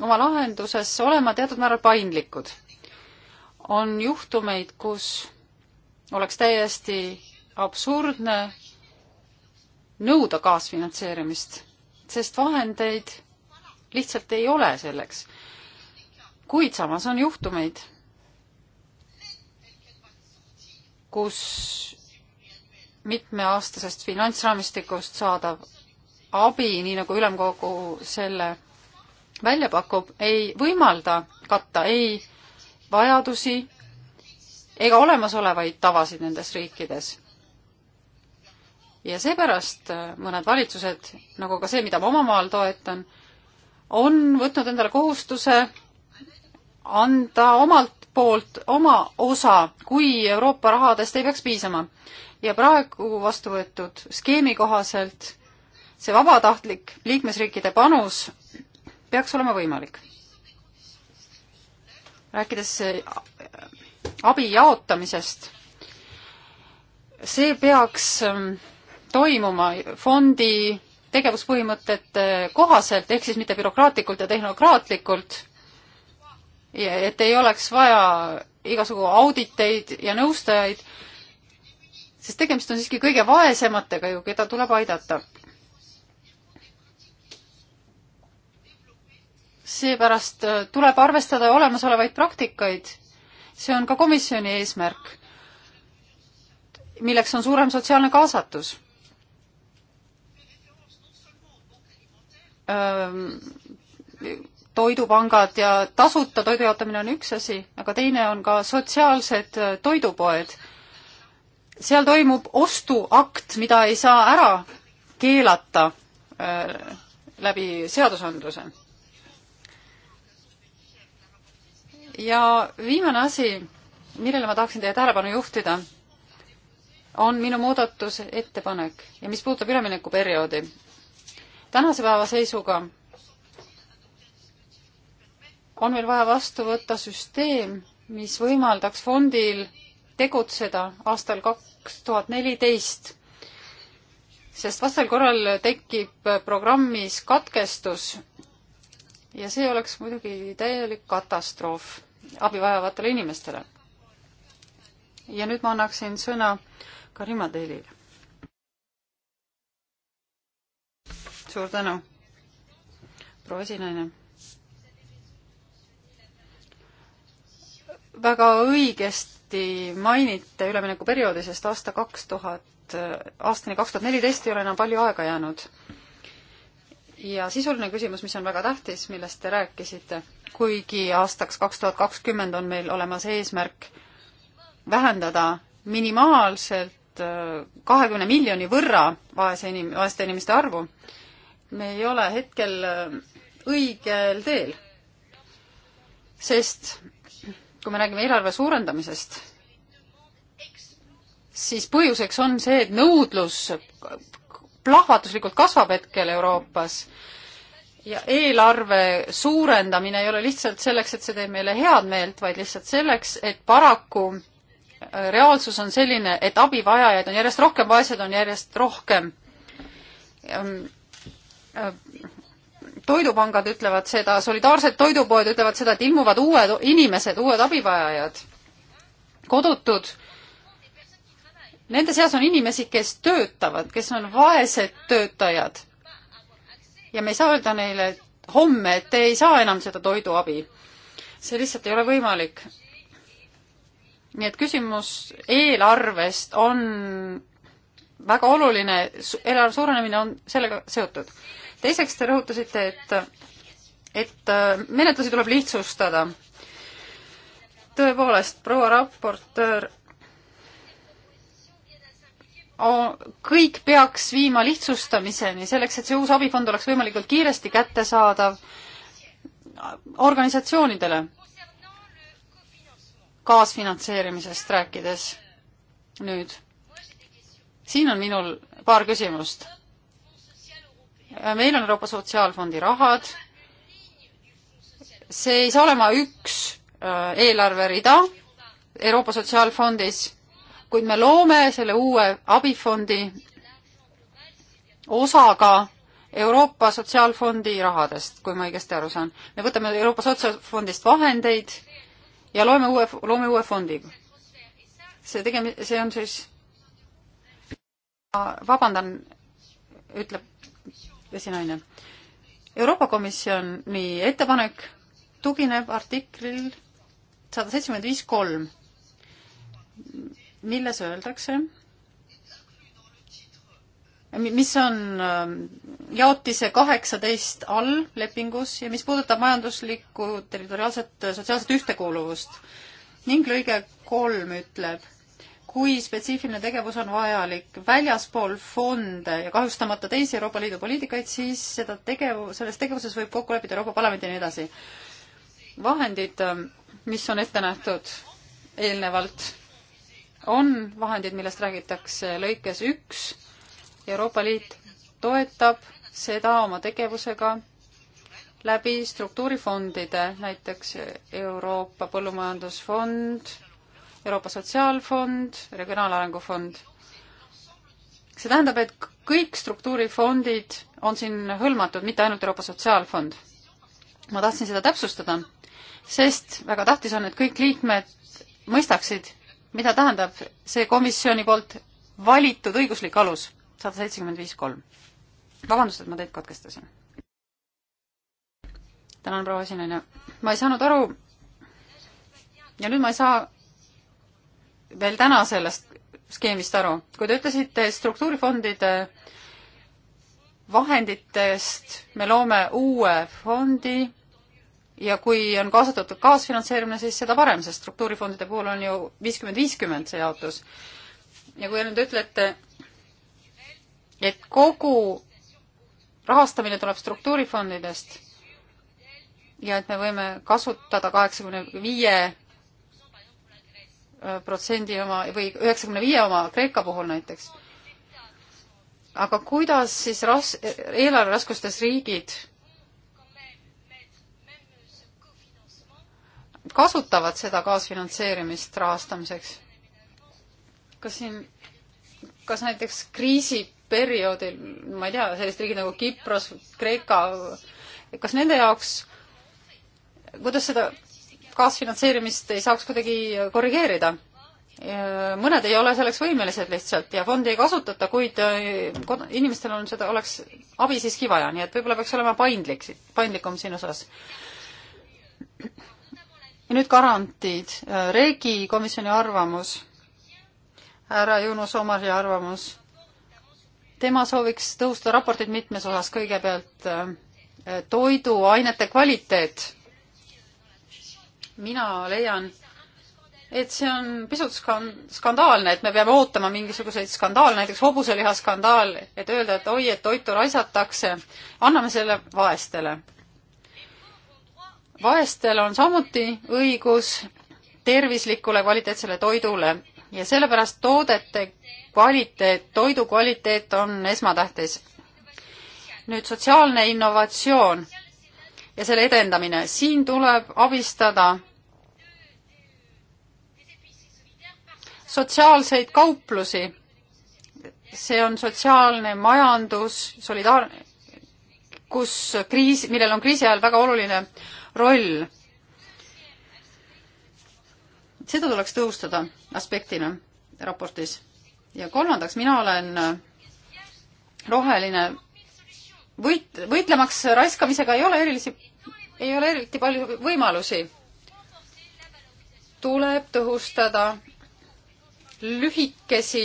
oma lahenduses olema teatud määral paindlikud. on juhtumeid, kus oleks täiesti absurdne nõuda kaasfinantseerimist, sest vahendeid lihtsalt ei ole selleks. kuid samas on juhtumeid, kus mitmeaastasest finantsraamistikust saadav abi, nii nagu ülemkogu selle välja pakub, ei võimalda katta ei vajadusi ega olemasolevaid tavasid nendes riikides ja seepärast äh, mõned valitsused, nagu ka see, mida ma oma maal toetan, on võtnud endale kohustuse anda omalt poolt oma osa, kui Euroopa rahadest ei peaks piisama. ja praegu vastu võetud skeemi kohaselt see vabatahtlik liikmesriikide panus peaks olema võimalik. rääkides äh, abi jaotamisest, see peaks ähm, toimuma fondi tegevuspõhimõtete kohaselt, ehk siis mitte bürokraatlikult ja tehnokraatlikult, et ei oleks vaja igasugu auditeid ja nõustajaid, sest tegemist on siiski kõige vaesematega ju, keda tuleb aidata. seepärast äh, tuleb arvestada olemasolevaid praktikaid. see on ka komisjoni eesmärk, milleks on suurem sotsiaalne kaasatus toidupangad ja tasuta toidu jaotamine on üks asi, aga teine on ka sotsiaalsed toidupoed. seal toimub ostuakt, mida ei saa ära keelata läbi seadusandluse. ja viimane asi, millele ma tahaksin teie tähelepanu juhtida, on minu muudatusettepanek ja mis puudutab üleminekuperioodi tänase päeva seisuga on meil vaja vastu võtta süsteem, mis võimaldaks fondil tegutseda aastal kaks tuhat neliteist, sest vastasel korral tekib programmis katkestus ja see oleks muidugi täielik katastroof abi vajavatele inimestele. ja nüüd ma annaksin sõna Karima Telile. suur tänu, proua esinaine. väga õigesti mainite üleminekuperioodi, sest aasta kaks tuhat, aastani kaks tuhat neliteist ei ole enam palju aega jäänud. ja sisuline küsimus, mis on väga tähtis, millest te rääkisite, kuigi aastaks kaks tuhat kakskümmend on meil olemas eesmärk vähendada minimaalselt äh, kahekümne miljoni võrra vaese inim-, vaeste inimeste arvu, me ei ole hetkel äh, õigel teel. sest kui me räägime eelarve suurendamisest, siis põhjuseks on see, et nõudlus plahvatuslikult kasvab hetkel Euroopas ja eelarve suurendamine ei ole lihtsalt selleks, et see teeb meile head meelt, vaid lihtsalt selleks, et paraku äh, reaalsus on selline, et abivajajaid on järjest rohkem, vaesed on järjest rohkem. Mm, toidupangad ütlevad seda, solidaarsed toidupoed ütlevad seda, et ilmuvad uued inimesed, uued abivajajad, kodutud. Nende seas on inimesi, kes töötavad, kes on vaesed töötajad. ja me ei saa öelda neile homme, et te ei saa enam seda toiduabi. see lihtsalt ei ole võimalik. nii et küsimus eelarvest on väga oluline, eelarve suurenemine on sellega seotud teiseks te rõhutasite, et, et äh, menetlusi tuleb lihtsustada. tõepoolest, proua raportöör, kõik peaks viima lihtsustamiseni, selleks et see uus abifond oleks võimalikult kiiresti kättesaadav organisatsioonidele. kaasfinantseerimisest rääkides nüüd, siin on minul paar küsimust meil on Euroopa Sotsiaalfondi rahad, see ei saa olema üks äh, eelarverida Euroopa Sotsiaalfondis, kuid me loome selle uue abifondi osaga Euroopa Sotsiaalfondi rahadest, kui ma õigesti aru saan. me võtame Euroopa Sotsiaalfondist vahendeid ja loeme uue, loome uue fondi. see tegem-, see on siis, vabandan, ütleb esinaine. Euroopa Komisjoni ettepanek tugineb artiklil sada seitsekümmend viis kolm, milles öeldakse, mis on ähm, jaotise kaheksateist all lepingus ja mis puudutab majanduslikku, territoriaalset, sotsiaalset ühtekuuluvust. ning lõige kolm ütleb, kui spetsiifiline tegevus on vajalik väljaspool fonde ja kahjustamata teisi Euroopa Liidu poliitikaid, siis seda tegev-, selles tegevuses võib kokku leppida Euroopa Parlament ja nii edasi. vahendid, mis on ette nähtud eelnevalt, on vahendid, millest räägitakse lõikes üks. Euroopa Liit toetab seda oma tegevusega läbi struktuurifondide, näiteks Euroopa Põllumajandusfond Euroopa Sotsiaalfond, Regionaalarengu Fond. see tähendab, et kõik struktuurifondid on siin hõlmatud, mitte ainult Euroopa Sotsiaalfond. ma tahtsin seda täpsustada, sest väga tähtis on, et kõik liikmed mõistaksid, mida tähendab see komisjoni poolt valitud õiguslik alus, sada seitsekümmend viis kolm. vabandust, et ma teid katkestasin. tänan, proua esinaine. ma ei saanud aru ja nüüd ma ei saa veel täna sellest skeemist aru. kui te ütlesite struktuurifondide vahenditest, me loome uue fondi ja kui on kaasatud kaasfinantseerimine, siis seda parem, sest struktuurifondide puhul on ju viiskümmend, viiskümmend see jaotus. ja kui nüüd ütlete, et kogu rahastamine tuleb struktuurifondidest ja et me võime kasutada kaheksakümne viie protsendi oma või üheksakümne viie oma Kreeka puhul näiteks. aga kuidas siis ras-, eelarveraskustes riigid kasutavad seda kaasfinantseerimist rahastamiseks? kas siin, kas näiteks kriisiperioodil, ma ei tea, sellised riigid nagu Kipros, Kreeka, kas nende jaoks, kuidas seda kaasfinantseerimist ei saaks kuidagi korrigeerida. mõned ei ole selleks võimelised lihtsalt ja fondi ei kasutata, kuid äh, inimestel on seda, oleks abi siiski vaja, nii et võib-olla peaks olema paindlik, paindlikum siin osas. ja nüüd garantiid. Äh, Regi komisjoni arvamus, härra Junus Omari arvamus, tema sooviks tõusta raportit mitmes osas, kõigepealt äh, toiduainete kvaliteet mina leian, et see on pisut skan-, skandaalne, et me peame ootama mingisuguseid skandaale, näiteks hobuseliha-skandaal, et öelda, et oi, et toitu raisatakse, anname selle vaestele. vaestel on samuti õigus tervislikule kvaliteetsele toidule ja sellepärast toodete kvaliteet, toidu kvaliteet on esmatähtis. nüüd sotsiaalne innovatsioon ja selle edendamine. siin tuleb abistada sotsiaalseid kauplusi. see on sotsiaalne majandus, solidaarne, kus kriis, millel on kriisi ajal väga oluline roll. seda tuleks tõhustada aspektina raportis. ja kolmandaks, mina olen roheline võit, võitlemaks raiskamisega ei ole erilisi, ei ole eriti palju võimalusi. tuleb tõhustada lühikesi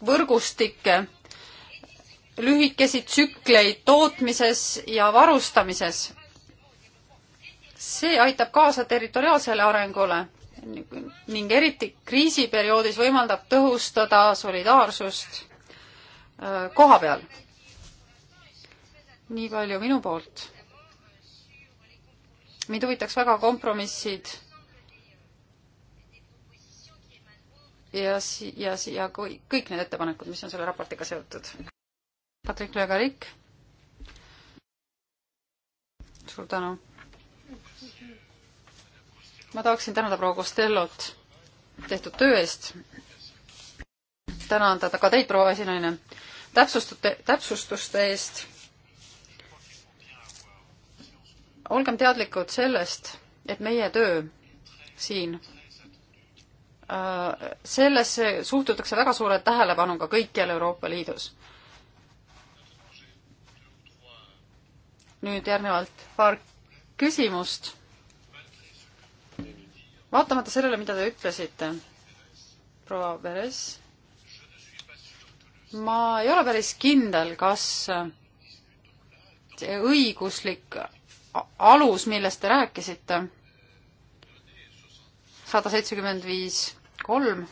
võrgustikke, lühikesi tsükleid tootmises ja varustamises. see aitab kaasa territoriaalsele arengule ning eriti kriisiperioodis võimaldab tõhustada solidaarsust äh, koha peal nii palju minu poolt. mind huvitaks väga kompromissid ja si-, ja si-, ja kõik need ettepanekud, mis on selle raportiga seotud. Patrik Lööga-Rikk. suur tänu. ma tahaksin tänada proua Costellot tehtud töö eest. tänan teda ka teid, proua esinaine, täpsustute, täpsustuste eest olgem teadlikud sellest, et meie töö siin, äh, sellesse suhtutakse väga suure tähelepanuga kõikjal Euroopa Liidus. nüüd järgnevalt paar küsimust. vaatamata sellele, mida te ütlesite, proua Veres, ma ei ole päris kindel, kas see õiguslik alus, millest te rääkisite, sada seitsekümmend viis kolm,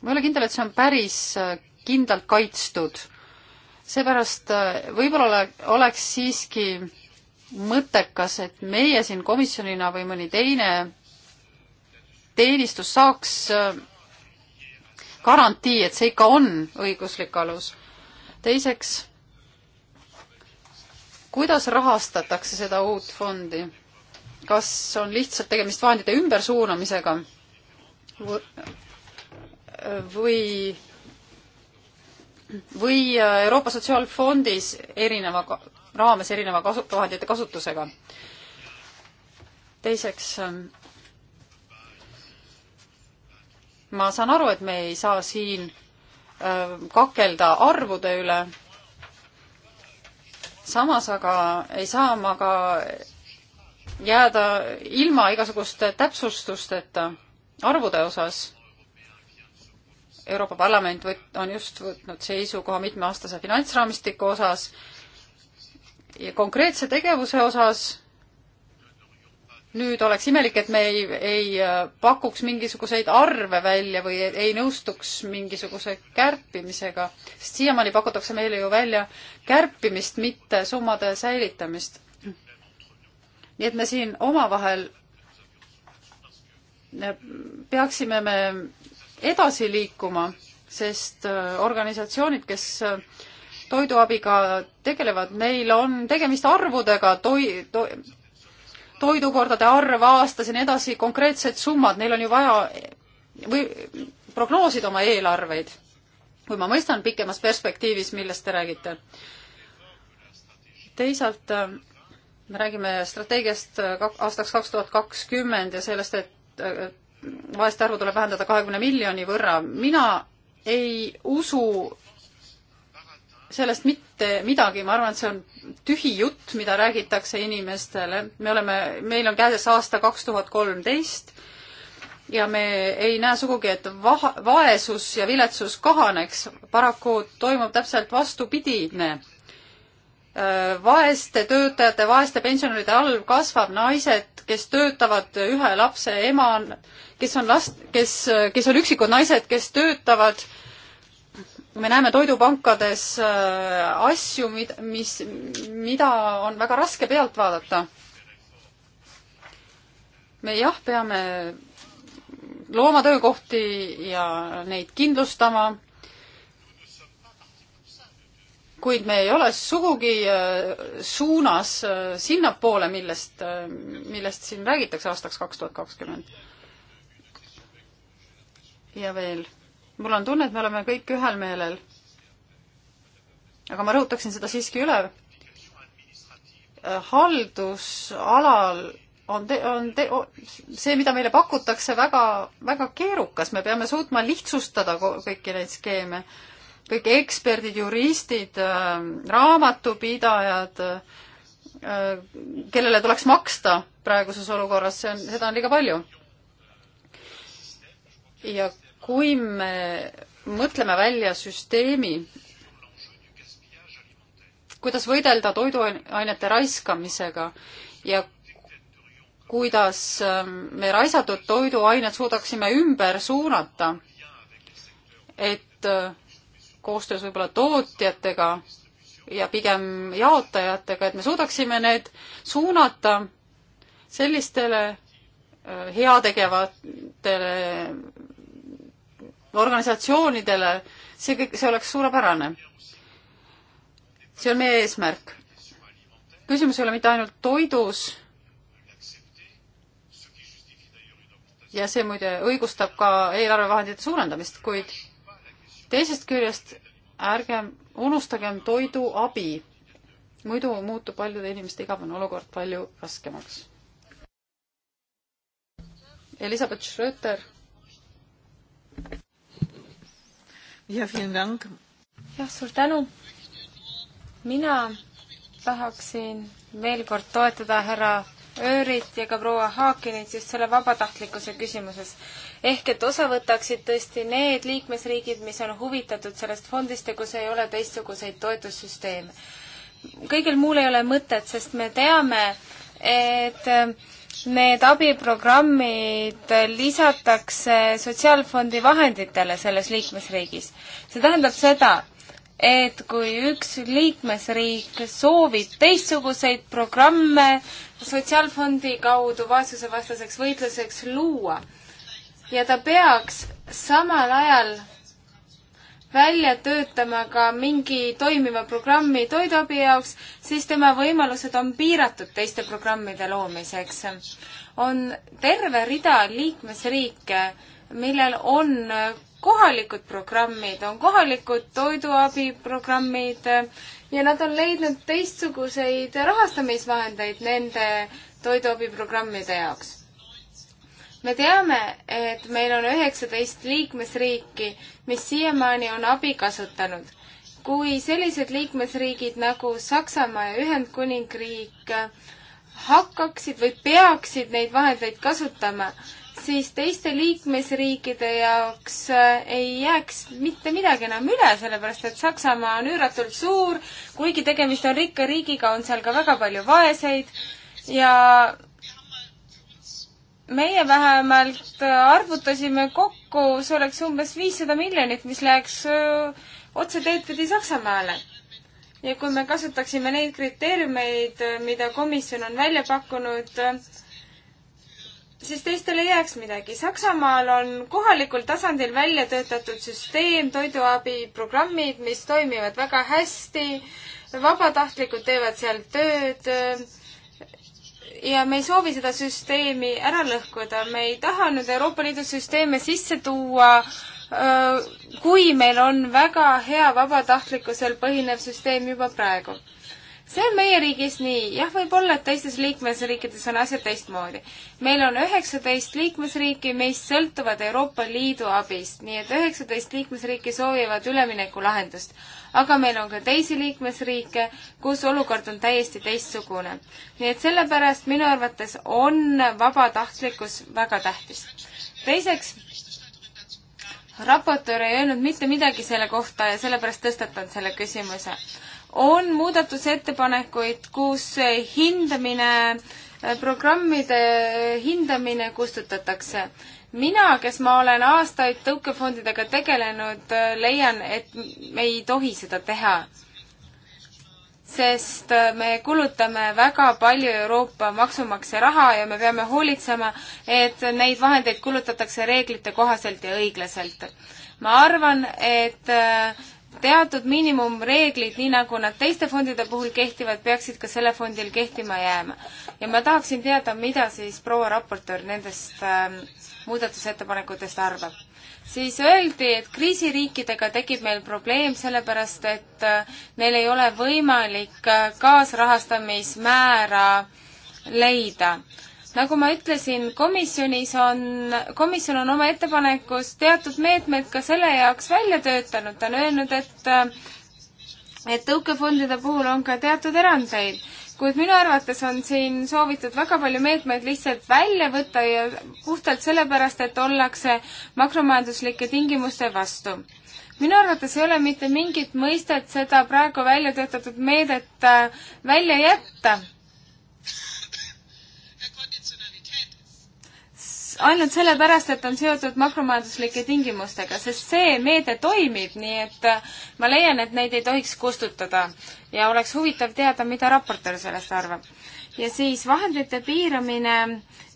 ma ei ole kindel, et see on päris äh, kindlalt kaitstud. seepärast äh, võib-olla oleks siiski mõttekas, et meie siin komisjonina või mõni teine teenistus saaks äh, garantii, et see ikka on õiguslik alus. teiseks kuidas rahastatakse seda uut fondi? kas on lihtsalt tegemist vahendite ümbersuunamisega või, või Euroopa Sotsiaalfondis erineva, raames erineva kasu-, vahendite kasutusega? teiseks, ma saan aru, et me ei saa siin äh, kakelda arvude üle samas aga ei saa ma ka jääda ilma igasuguste täpsustusteta arvude osas. Euroopa Parlament võt-, on just võtnud seisukoha mitmeaastase finantsraamistiku osas ja konkreetse tegevuse osas nüüd oleks imelik, et me ei, ei äh, pakuks mingisuguseid arve välja või ei nõustuks mingisuguse kärpimisega, sest siiamaani pakutakse meile ju välja kärpimist, mitte summade säilitamist. nii et me siin omavahel äh, peaksime me edasi liikuma, sest äh, organisatsioonid, kes toiduabiga tegelevad, neil on tegemist arvudega toi-, toi, toidukordade arv aastas ja nii edasi, konkreetsed summad, neil on ju vaja või prognoosida oma eelarveid. kui ma mõistan pikemas perspektiivis, millest te räägite. teisalt äh, me räägime strateegiast äh, aastaks kaks tuhat kakskümmend ja sellest, et äh, vaeste arvu tuleb vähendada kahekümne miljoni võrra. mina ei usu sellest mitte midagi, ma arvan, et see on tühi jutt, mida räägitakse inimestele. me oleme, meil on käes aasta kaks tuhat kolmteist ja me ei näe sugugi, et vaha, vaesus ja viletsus kahaneks. paraku toimub täpselt vastupidine. Äh, vaeste töötajate, vaeste pensionäride all kasvab naised, kes töötavad ühe lapse ema, kes on last, kes, kes on üksikud naised, kes töötavad äh, me näeme toidupankades äh, asju, mid-, mis, mida on väga raske pealt vaadata. me jah, peame looma töökohti ja neid kindlustama, kuid me ei ole sugugi äh, suunas äh, sinnapoole, millest, millest siin räägitakse aastaks kaks tuhat kakskümmend. ja veel mul on tunne, et me oleme kõik ühel meelel. aga ma rõhutaksin seda siiski üle. Äh, haldusalal on te-, on te-, see, mida meile pakutakse, väga, väga keerukas, me peame suutma lihtsustada kõiki neid skeeme. kõik eksperdid, juristid, äh, raamatupidajad, äh, kellele tuleks maksta praeguses olukorras, see on, seda on liiga palju. ja kui me mõtleme välja süsteemi, kuidas võidelda toiduainete raiskamisega ja kuidas ähm, me raisatud toiduained suudaksime ümber suunata, et äh, koostöös võib-olla tootjatega ja pigem jaotajatega, et me suudaksime need suunata sellistele äh, heategevatele organisatsioonidele, see kõik, see oleks suurepärane. see on meie eesmärk. küsimus ei ole mitte ainult toidus, ja see muide õigustab ka eelarvevahendite suurendamist, kuid teisest küljest ärgem unustagem toiduabi. muidu muutub paljude inimeste igavene olukord palju raskemaks. Elizabeth Schröter jah, suur tänu. mina tahaksin veel kord toetada härra Öörit ja ka proua Haakinit just selle vabatahtlikkuse küsimuses. ehk et osa võtaksid tõesti need liikmesriigid, mis on huvitatud sellest fondist ja kus ei ole teistsuguseid toetussüsteeme. kõigil muul ei ole mõtet, sest me teame, et need abiprogrammid lisatakse Sotsiaalfondi vahenditele selles liikmesriigis. see tähendab seda, et kui üks liikmesriik soovib teistsuguseid programme Sotsiaalfondi kaudu vaesusevastaseks võitluseks luua ja ta peaks samal ajal välja töötama ka mingi toimiva programmi toiduabi jaoks, siis tema võimalused on piiratud teiste programmide loomiseks. on terve rida liikmesriike, millel on kohalikud programmid, on kohalikud toiduabiprogrammid ja nad on leidnud teistsuguseid rahastamisvahendeid nende toiduabiprogrammide jaoks me teame, et meil on üheksateist liikmesriiki, mis siiamaani on abi kasutanud. kui sellised liikmesriigid nagu Saksamaa ja Ühendkuningriik hakkaksid või peaksid neid vahendeid kasutama, siis teiste liikmesriikide jaoks äh, ei jääks mitte midagi enam üle, sellepärast et Saksamaa on üüratult suur, kuigi tegemist on rikka riigiga, on seal ka väga palju vaeseid ja meie vähemalt arvutasime kokku, see oleks umbes viissada miljonit, mis läheks otseteed pidi Saksamaale. ja kui me kasutaksime neid kriteeriumeid, mida komisjon on välja pakkunud, siis teistel ei jääks midagi. Saksamaal on kohalikul tasandil välja töötatud süsteem, toiduabiprogrammid, mis toimivad väga hästi, vabatahtlikud teevad seal tööd ja me ei soovi seda süsteemi ära lõhkuda, me ei taha nüüd Euroopa Liidu süsteeme sisse tuua, kui meil on väga hea vabatahtlikkusel põhinev süsteem juba praegu see on meie riigis nii, jah, võib-olla, et teistes liikmesriikides on asjad teistmoodi. meil on üheksateist liikmesriiki, mis sõltuvad Euroopa Liidu abist, nii et üheksateist liikmesriiki soovivad üleminekulahendust. aga meil on ka teisi liikmesriike, kus olukord on täiesti teistsugune. nii et sellepärast minu arvates on vabatahtlikkus väga tähtis. teiseks, raportöör ei öelnud mitte midagi selle kohta ja sellepärast tõstatan selle küsimuse on muudatusettepanekuid, kus hindamine, äh, programmide hindamine kustutatakse. mina, kes ma olen aastaid tõukefondidega tegelenud, äh, leian, et me ei tohi seda teha. sest äh, me kulutame väga palju Euroopa maksumaksja raha ja me peame hoolitsema, et neid vahendeid kulutatakse reeglite kohaselt ja õiglaselt ma arvan, et teatud miinimumreeglid, nii nagu nad teiste fondide puhul kehtivad, peaksid ka selle fondil kehtima jääma. ja ma tahaksin teada, mida siis proua raportöör nendest äh, muudatusettepanekutest arvab. siis öeldi, et kriisiriikidega tekib meil probleem, sellepärast et äh, neil ei ole võimalik äh, kaasrahastamismäära leida äh, nagu ma ütlesin, komisjonis on, komisjon on oma ettepanekus teatud meetmed ka selle jaoks välja töötanud, ta on öelnud, et et tõukefondide puhul on ka teatud erandeid, kuid minu arvates on siin soovitud väga palju meetmeid lihtsalt välja võtta ja puhtalt sellepärast, et ollakse makromajanduslike tingimuste vastu minu arvates ei ole mitte mingit mõistet seda praegu välja töötatud meedet äh, välja jätta ainult sellepärast, et on seotud makromajanduslike tingimustega, sest see meede toimib, nii et äh, ma leian, et neid ei tohiks kustutada ja oleks huvitav teada, mida raportöör sellest arvab. ja siis vahendite piiramine,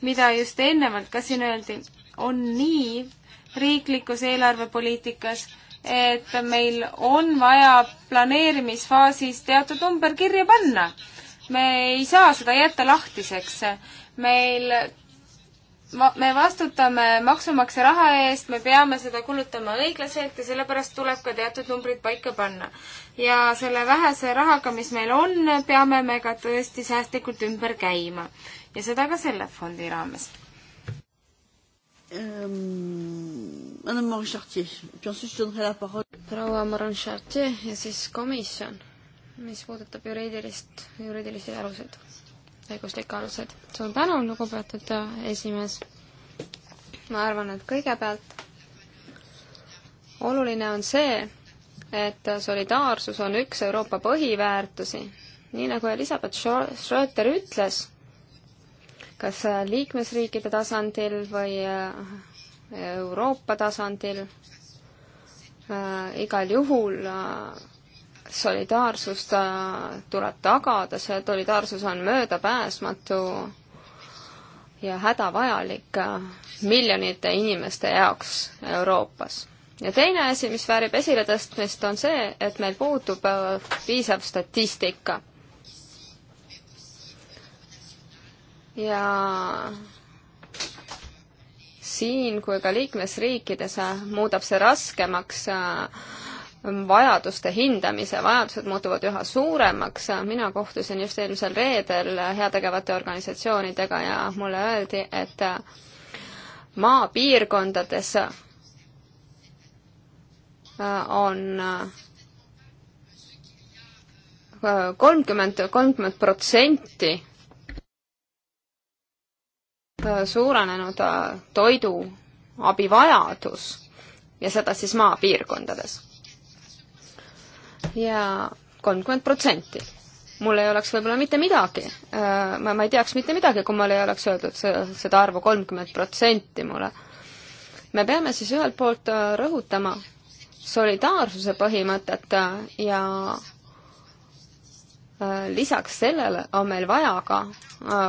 mida just eelnevalt ka siin öeldi, on nii riiklikus eelarvepoliitikas, et meil on vaja planeerimisfaasis teatud number kirja panna. me ei saa seda jätta lahtiseks. meil me vastutame maksumaksja raha eest, me peame seda kulutama õiglaselt ja sellepärast tuleb ka teatud numbrid paika panna. ja selle vähese rahaga, mis meil on, peame me ka tõesti säästlikult ümber käima ja seda ka selle fondi raames ähm,. Madame Morin Chartier, puis ensuite je donnerai la parole. proua Morin Chartier ja siis komisjon, mis puudutab juriidilist, juriidilisi aluseid õiguslik alused. suur tänu, lugupeetud äh, esimees. ma arvan, et kõigepealt oluline on see, et solidaarsus on üks Euroopa põhiväärtusi. nii nagu Elizabeth Schröter ütles, kas äh, liikmesriikide tasandil või äh, Euroopa tasandil, igal juhul solidaarsust äh, tuleb tagada, see solidaarsus on möödapääsmatu ja hädavajalik äh, miljonite inimeste jaoks Euroopas. ja teine asi, mis väärib esiletõstmist, on see, et meil puudub äh, piisav statistika. ja siin kui ka liikmesriikides muudab see raskemaks äh, vajaduste hindamise, vajadused muutuvad üha suuremaks, mina kohtusin just eelmisel reedel heategevate organisatsioonidega ja mulle öeldi, et maapiirkondades on kolmkümmend, kolmkümmend protsenti suurenenud toiduabivajadus ja seda siis maapiirkondades ja kolmkümmend protsenti. mul ei oleks võib-olla mitte midagi, äh, ma, ma ei teaks mitte midagi, kui mulle ei oleks öeldud seda arvu kolmkümmend protsenti mulle. me peame siis ühelt poolt äh, rõhutama solidaarsuse põhimõtet äh, ja lisaks sellele on meil vaja ka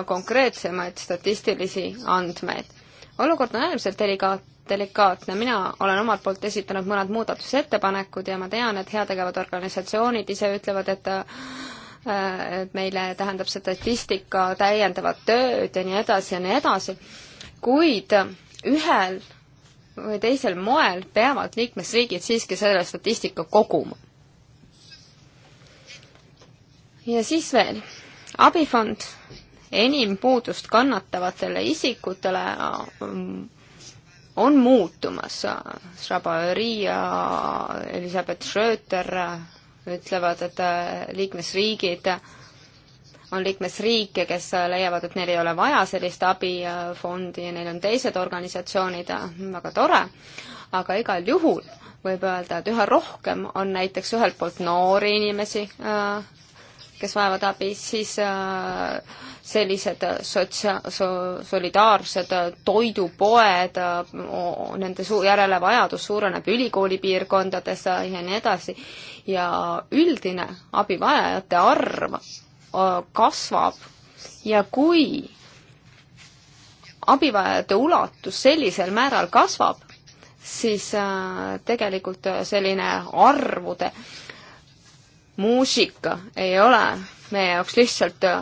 konkreetsemaid statistilisi andmeid. olukord on äärmiselt delikaat-, delikaatne. mina olen omalt poolt esitanud mõned muudatusettepanekud ja ma tean, et heategevad organisatsioonid ise ütlevad, et äh, et meile tähendab statistika täiendavat tööd ja nii edasi ja nii edasi, kuid ühel või teisel moel peavad liikmesriigid siiski selle statistika koguma. ja siis veel, abifond enim puudust kannatavatele isikutele mm, on muutumas. Shrabari ja Elizabeth Schröter ütlevad, et liikmesriigid, on liikmesriike, kes leiavad, et neil ei ole vaja sellist abifondi äh, ja neil on teised organisatsioonid, väga tore, aga igal juhul võib öelda, et üha rohkem on näiteks ühelt poolt noori inimesi, äh, kes vajavad abi, siis äh, sellised sotsia-, so-, solidaarsed toidupoed, nende su-, järele vajadus suureneb ülikoolipiirkondades ja nii edasi, ja üldine abivajajate arv kasvab ja kui abivajajate ulatus sellisel määral kasvab, siis äh, tegelikult selline arvude muusika ei ole meie jaoks lihtsalt äh,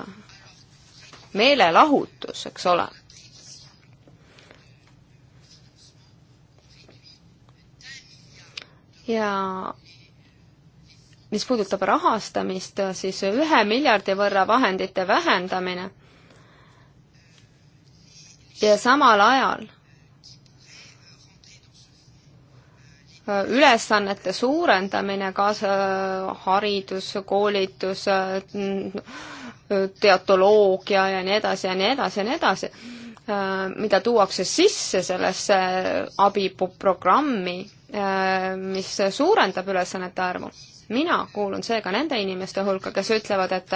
meelelahutus, eks ole. ja mis puudutab rahastamist, siis ühe miljardi võrra vahendite vähendamine ja samal ajal ülesannete suurendamine, kaasa äh, haridus, koolitus, äh, teatoloogia ja nii edasi ja nii edasi ja nii edasi, äh, mida tuuakse sisse sellesse abiprogrammi, mis suurendab ülesannete arvu. mina kuulun seega nende inimeste hulka, kes ütlevad, et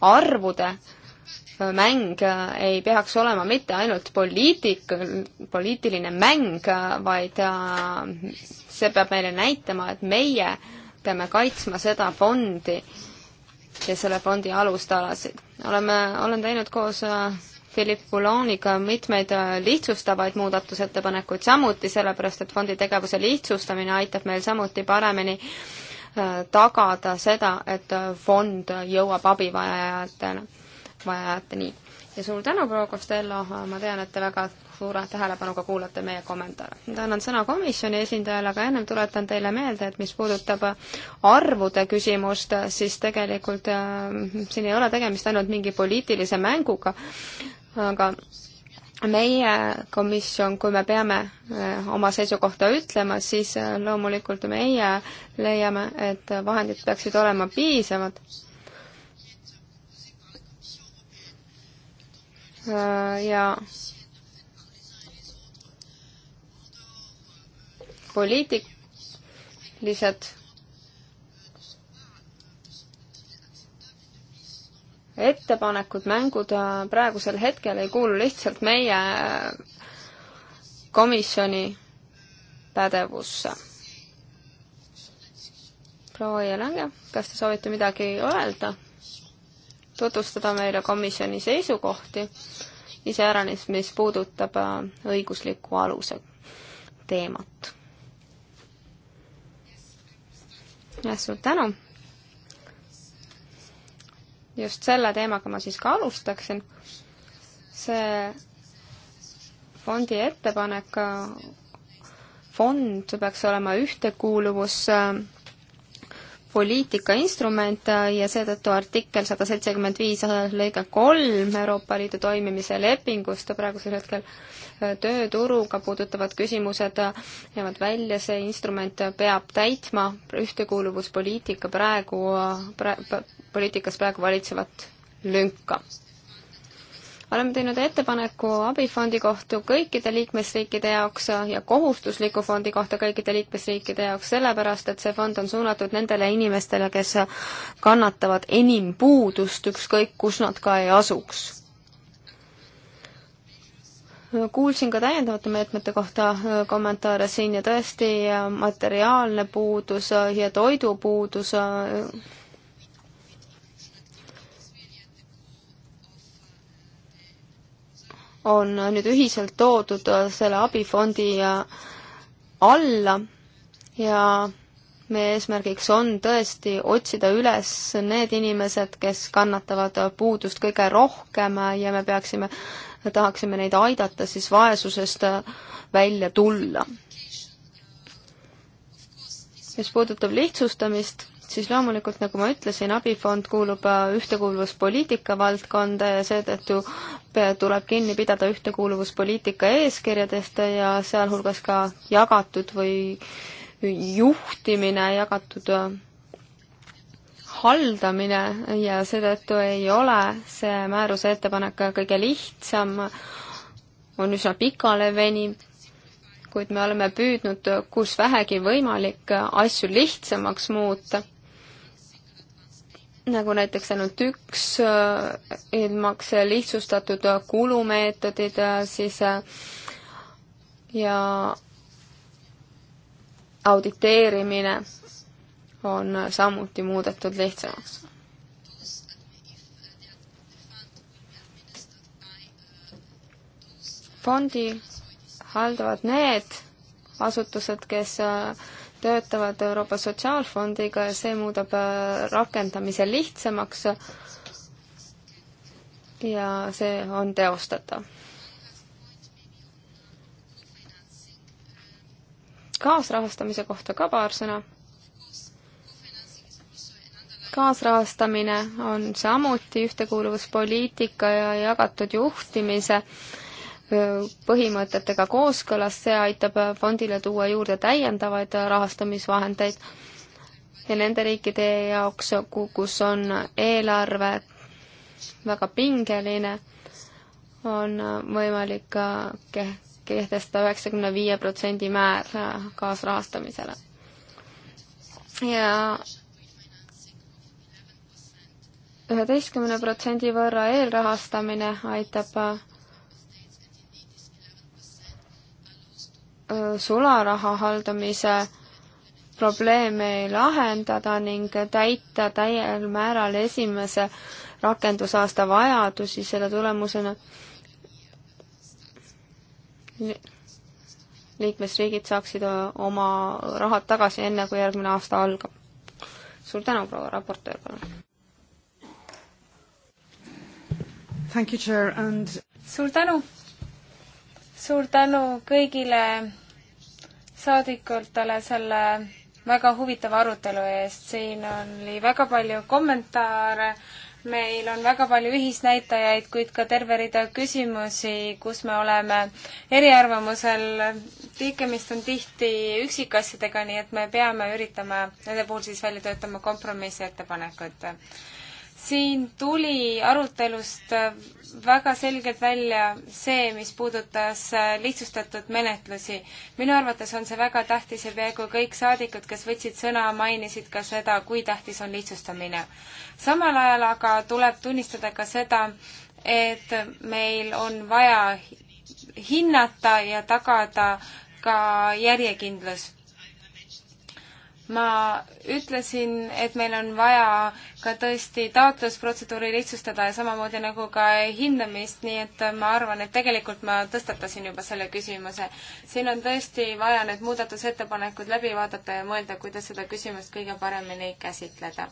arvude äh, mäng äh, ei peaks olema mitte ainult poliitik, poliitiline mäng, äh, vaid äh, see peab meile näitama, et meie peame kaitsma seda fondi ja selle fondi alustalasid. oleme, olen teinud koos Philipp Bouloniga mitmeid lihtsustavaid muudatusettepanekuid samuti, sellepärast et fondi tegevuse lihtsustamine aitab meil samuti paremini tagada seda, et fond jõuab abivajajatele vaja ajate nii. ja suur tänu, proua Costello, ma tean, et te väga suure tähelepanuga kuulate meie kommentaare. nüüd annan sõna komisjoni esindajale, aga ennem tuletan teile meelde, et mis puudutab arvude küsimust, siis tegelikult äh, siin ei ole tegemist ainult mingi poliitilise mänguga, aga meie komisjon, kui me peame äh, oma seisukohta ütlema, siis äh, loomulikult meie leiame, et vahendid peaksid olema piisavad Äh, ja poliitilised ettepanekud, mängud äh, praegusel hetkel ei kuulu lihtsalt meie komisjoni pädevusse. proua Jelange, kas te soovite midagi öelda? tutvustada meile komisjoni seisukohti, iseäranis, mis puudutab äh, õigusliku aluse teemat. jah, suur tänu! just selle teemaga ma siis ka alustaksin. see fondi ettepanek, äh, fond peaks olema ühtekuuluvus äh, poliitika instrument äh, ja seetõttu artikkel sada seitsekümmend viis äh, lõige kolm Euroopa Liidu toimimise lepingust praegusel hetkel äh, tööturuga puudutavad küsimused jäävad välja, see instrument peab täitma ühtekuuluvuspoliitika praegu pra,, poliitikas praegu valitsevat lünka oleme teinud ettepaneku abifondi kohta kõikide liikmesriikide jaoks ja kohustusliku fondi kohta kõikide liikmesriikide jaoks, sellepärast et see fond on suunatud nendele inimestele, kes kannatavad enim puudust, ükskõik kus nad ka ei asuks. kuulsin ka täiendavate meetmete kohta äh, kommentaare siin ja tõesti äh, materiaalne puudus äh, ja toidupuudus on nüüd ühiselt toodud äh, selle abifondi äh, alla ja meie eesmärgiks on tõesti otsida üles need inimesed, kes kannatavad puudust kõige rohkem ja me peaksime, tahaksime neid aidata siis vaesusest äh, välja tulla. mis puudutab lihtsustamist siis loomulikult, nagu ma ütlesin, abifond kuulub äh, ühtekuuluvuspoliitika valdkonda ja seetõttu tuleb kinni pidada ühtekuuluvuspoliitika eeskirjadest ja sealhulgas ka jagatud või juhtimine, jagatud äh, haldamine ja seetõttu ei ole see määruse ettepanek kõige lihtsam, on üsna pikaleveniv kuid me oleme püüdnud, kus vähegi võimalik, asju lihtsamaks muuta nagu näiteks ainult üks eelmakse äh, lihtsustatud kulumeetodid, äh, siis äh, ja auditeerimine on samuti muudetud lihtsamaks. fondi haldavad need asutused, kes äh, töötavad Euroopa Sotsiaalfondiga ja see muudab äh, rakendamise lihtsamaks ja see on teostatav. kaasrahastamise kohta ka paar sõna kaasrahastamine on samuti ühtekuuluvuspoliitika ja jagatud juhtimise põhimõtetega kooskõlas, see aitab fondile tuua juurde täiendavaid rahastamisvahendeid ja nende riikide jaoks, kus on eelarve väga pingeline, on võimalik kehtestada üheksakümne viie protsendi määr kaasrahastamisele. ja üheteistkümne protsendi võrra eelrahastamine aitab Äh, sularaha haldamise probleeme ei lahendada ning täita täiel määral esimese rakendusaasta vajadusi selle tulemusena liikmesriigid saaksid äh, oma rahad tagasi enne, kui järgmine aasta algab. suur tänu, proua raportöör, palun! suur tänu! suur tänu kõigile saadikutele selle väga huvitava arutelu eest, siin oli väga palju kommentaare, meil on väga palju ühisnäitajaid, kuid ka terve rida küsimusi, kus me oleme eriarvamusel. liikumist on tihti üksikasjadega, nii et me peame üritama nende puhul siis välja töötama kompromissettepanekut siin tuli arutelust väga selgelt välja see, mis puudutas lihtsustatud menetlusi. minu arvates on see väga tähtis ja peaaegu kõik saadikud, kes võtsid sõna, mainisid ka seda, kui tähtis on lihtsustamine. samal ajal aga tuleb tunnistada ka seda, et meil on vaja hinnata ja tagada ka järjekindlus ma ütlesin, et meil on vaja ka tõesti taotlusprotseduuri lihtsustada ja samamoodi nagu ka hindamist, nii et ma arvan, et tegelikult ma tõstatasin juba selle küsimuse. siin on tõesti vaja need muudatusettepanekud läbi vaadata ja mõelda, kuidas seda küsimust kõige paremini käsitleda.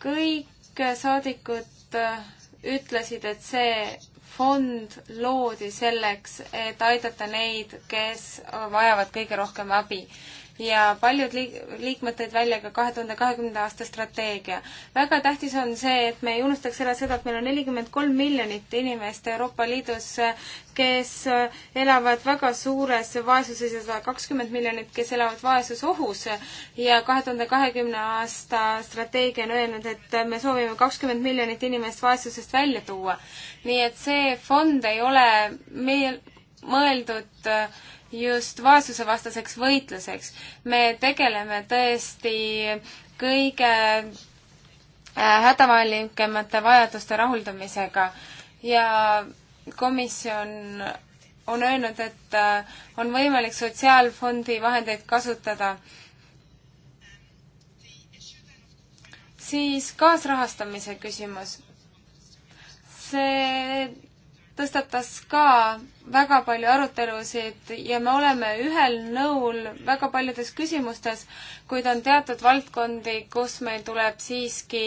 kõik saadikud ütlesid, et see fond loodi selleks, et aidata neid, kes vajavad kõige rohkem abi ja paljud liik-, liikmed tõid välja ka kahe tuhande kahekümnenda aasta strateegia. väga tähtis on see, et me ei unustaks ära seda, et meil on nelikümmend kolm miljonit inimest Euroopa Liidus, kes elavad väga suures vaesuses ja sada kakskümmend miljonit, kes elavad vaesusohus ja kahe tuhande kahekümne aasta strateegia on öelnud, et me soovime kakskümmend miljonit inimest vaesusest välja tuua. nii et see fond ei ole meil mõeldud äh, just vaesusevastaseks võitluseks. me tegeleme tõesti kõige äh, hädavajalikemate vajaduste rahuldamisega ja komisjon on öelnud, et äh, on võimalik sotsiaalfondi vahendeid kasutada. siis kaasrahastamise küsimus. see tõstatas ka väga palju arutelusid ja me oleme ühel nõul väga paljudes küsimustes, kuid on teatud valdkondi, kus meil tuleb siiski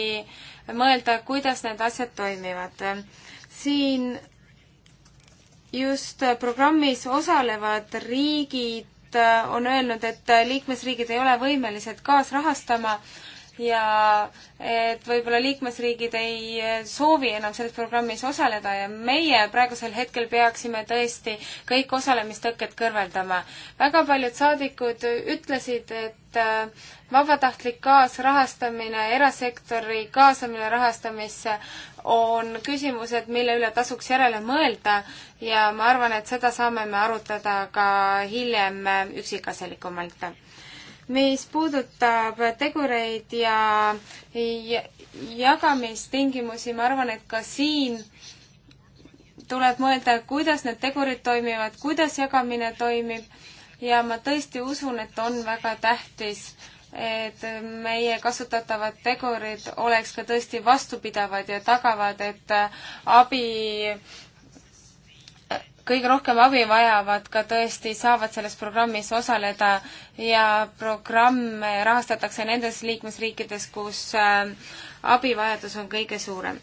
mõelda, kuidas need asjad toimivad. siin just programmis osalevad riigid on öelnud, et liikmesriigid ei ole võimelised kaasrahastama ja et võib-olla liikmesriigid ei soovi enam selles programmis osaleda ja meie praegusel hetkel peaksime tõesti kõik osalemistõkked kõrvaldama. väga paljud saadikud ütlesid, et äh, vabatahtlik kaasrahastamine, erasektori kaasamine rahastamisse on küsimused, mille üle tasuks järele mõelda ja ma arvan, et seda saame me arutada ka hiljem üksikasjalikumalt mis puudutab tegureid ja, ja jagamistingimusi, ma arvan, et ka siin tuleb mõelda, kuidas need tegurid toimivad, kuidas jagamine toimib ja ma tõesti usun, et on väga tähtis, et meie kasutatavad tegurid oleks ka tõesti vastupidavad ja tagavad, et abi kõige rohkem abi vajavad, ka tõesti saavad selles programmis osaleda ja programme rahastatakse nendes liikmesriikides, kus äh, abivajadus on kõige suurem.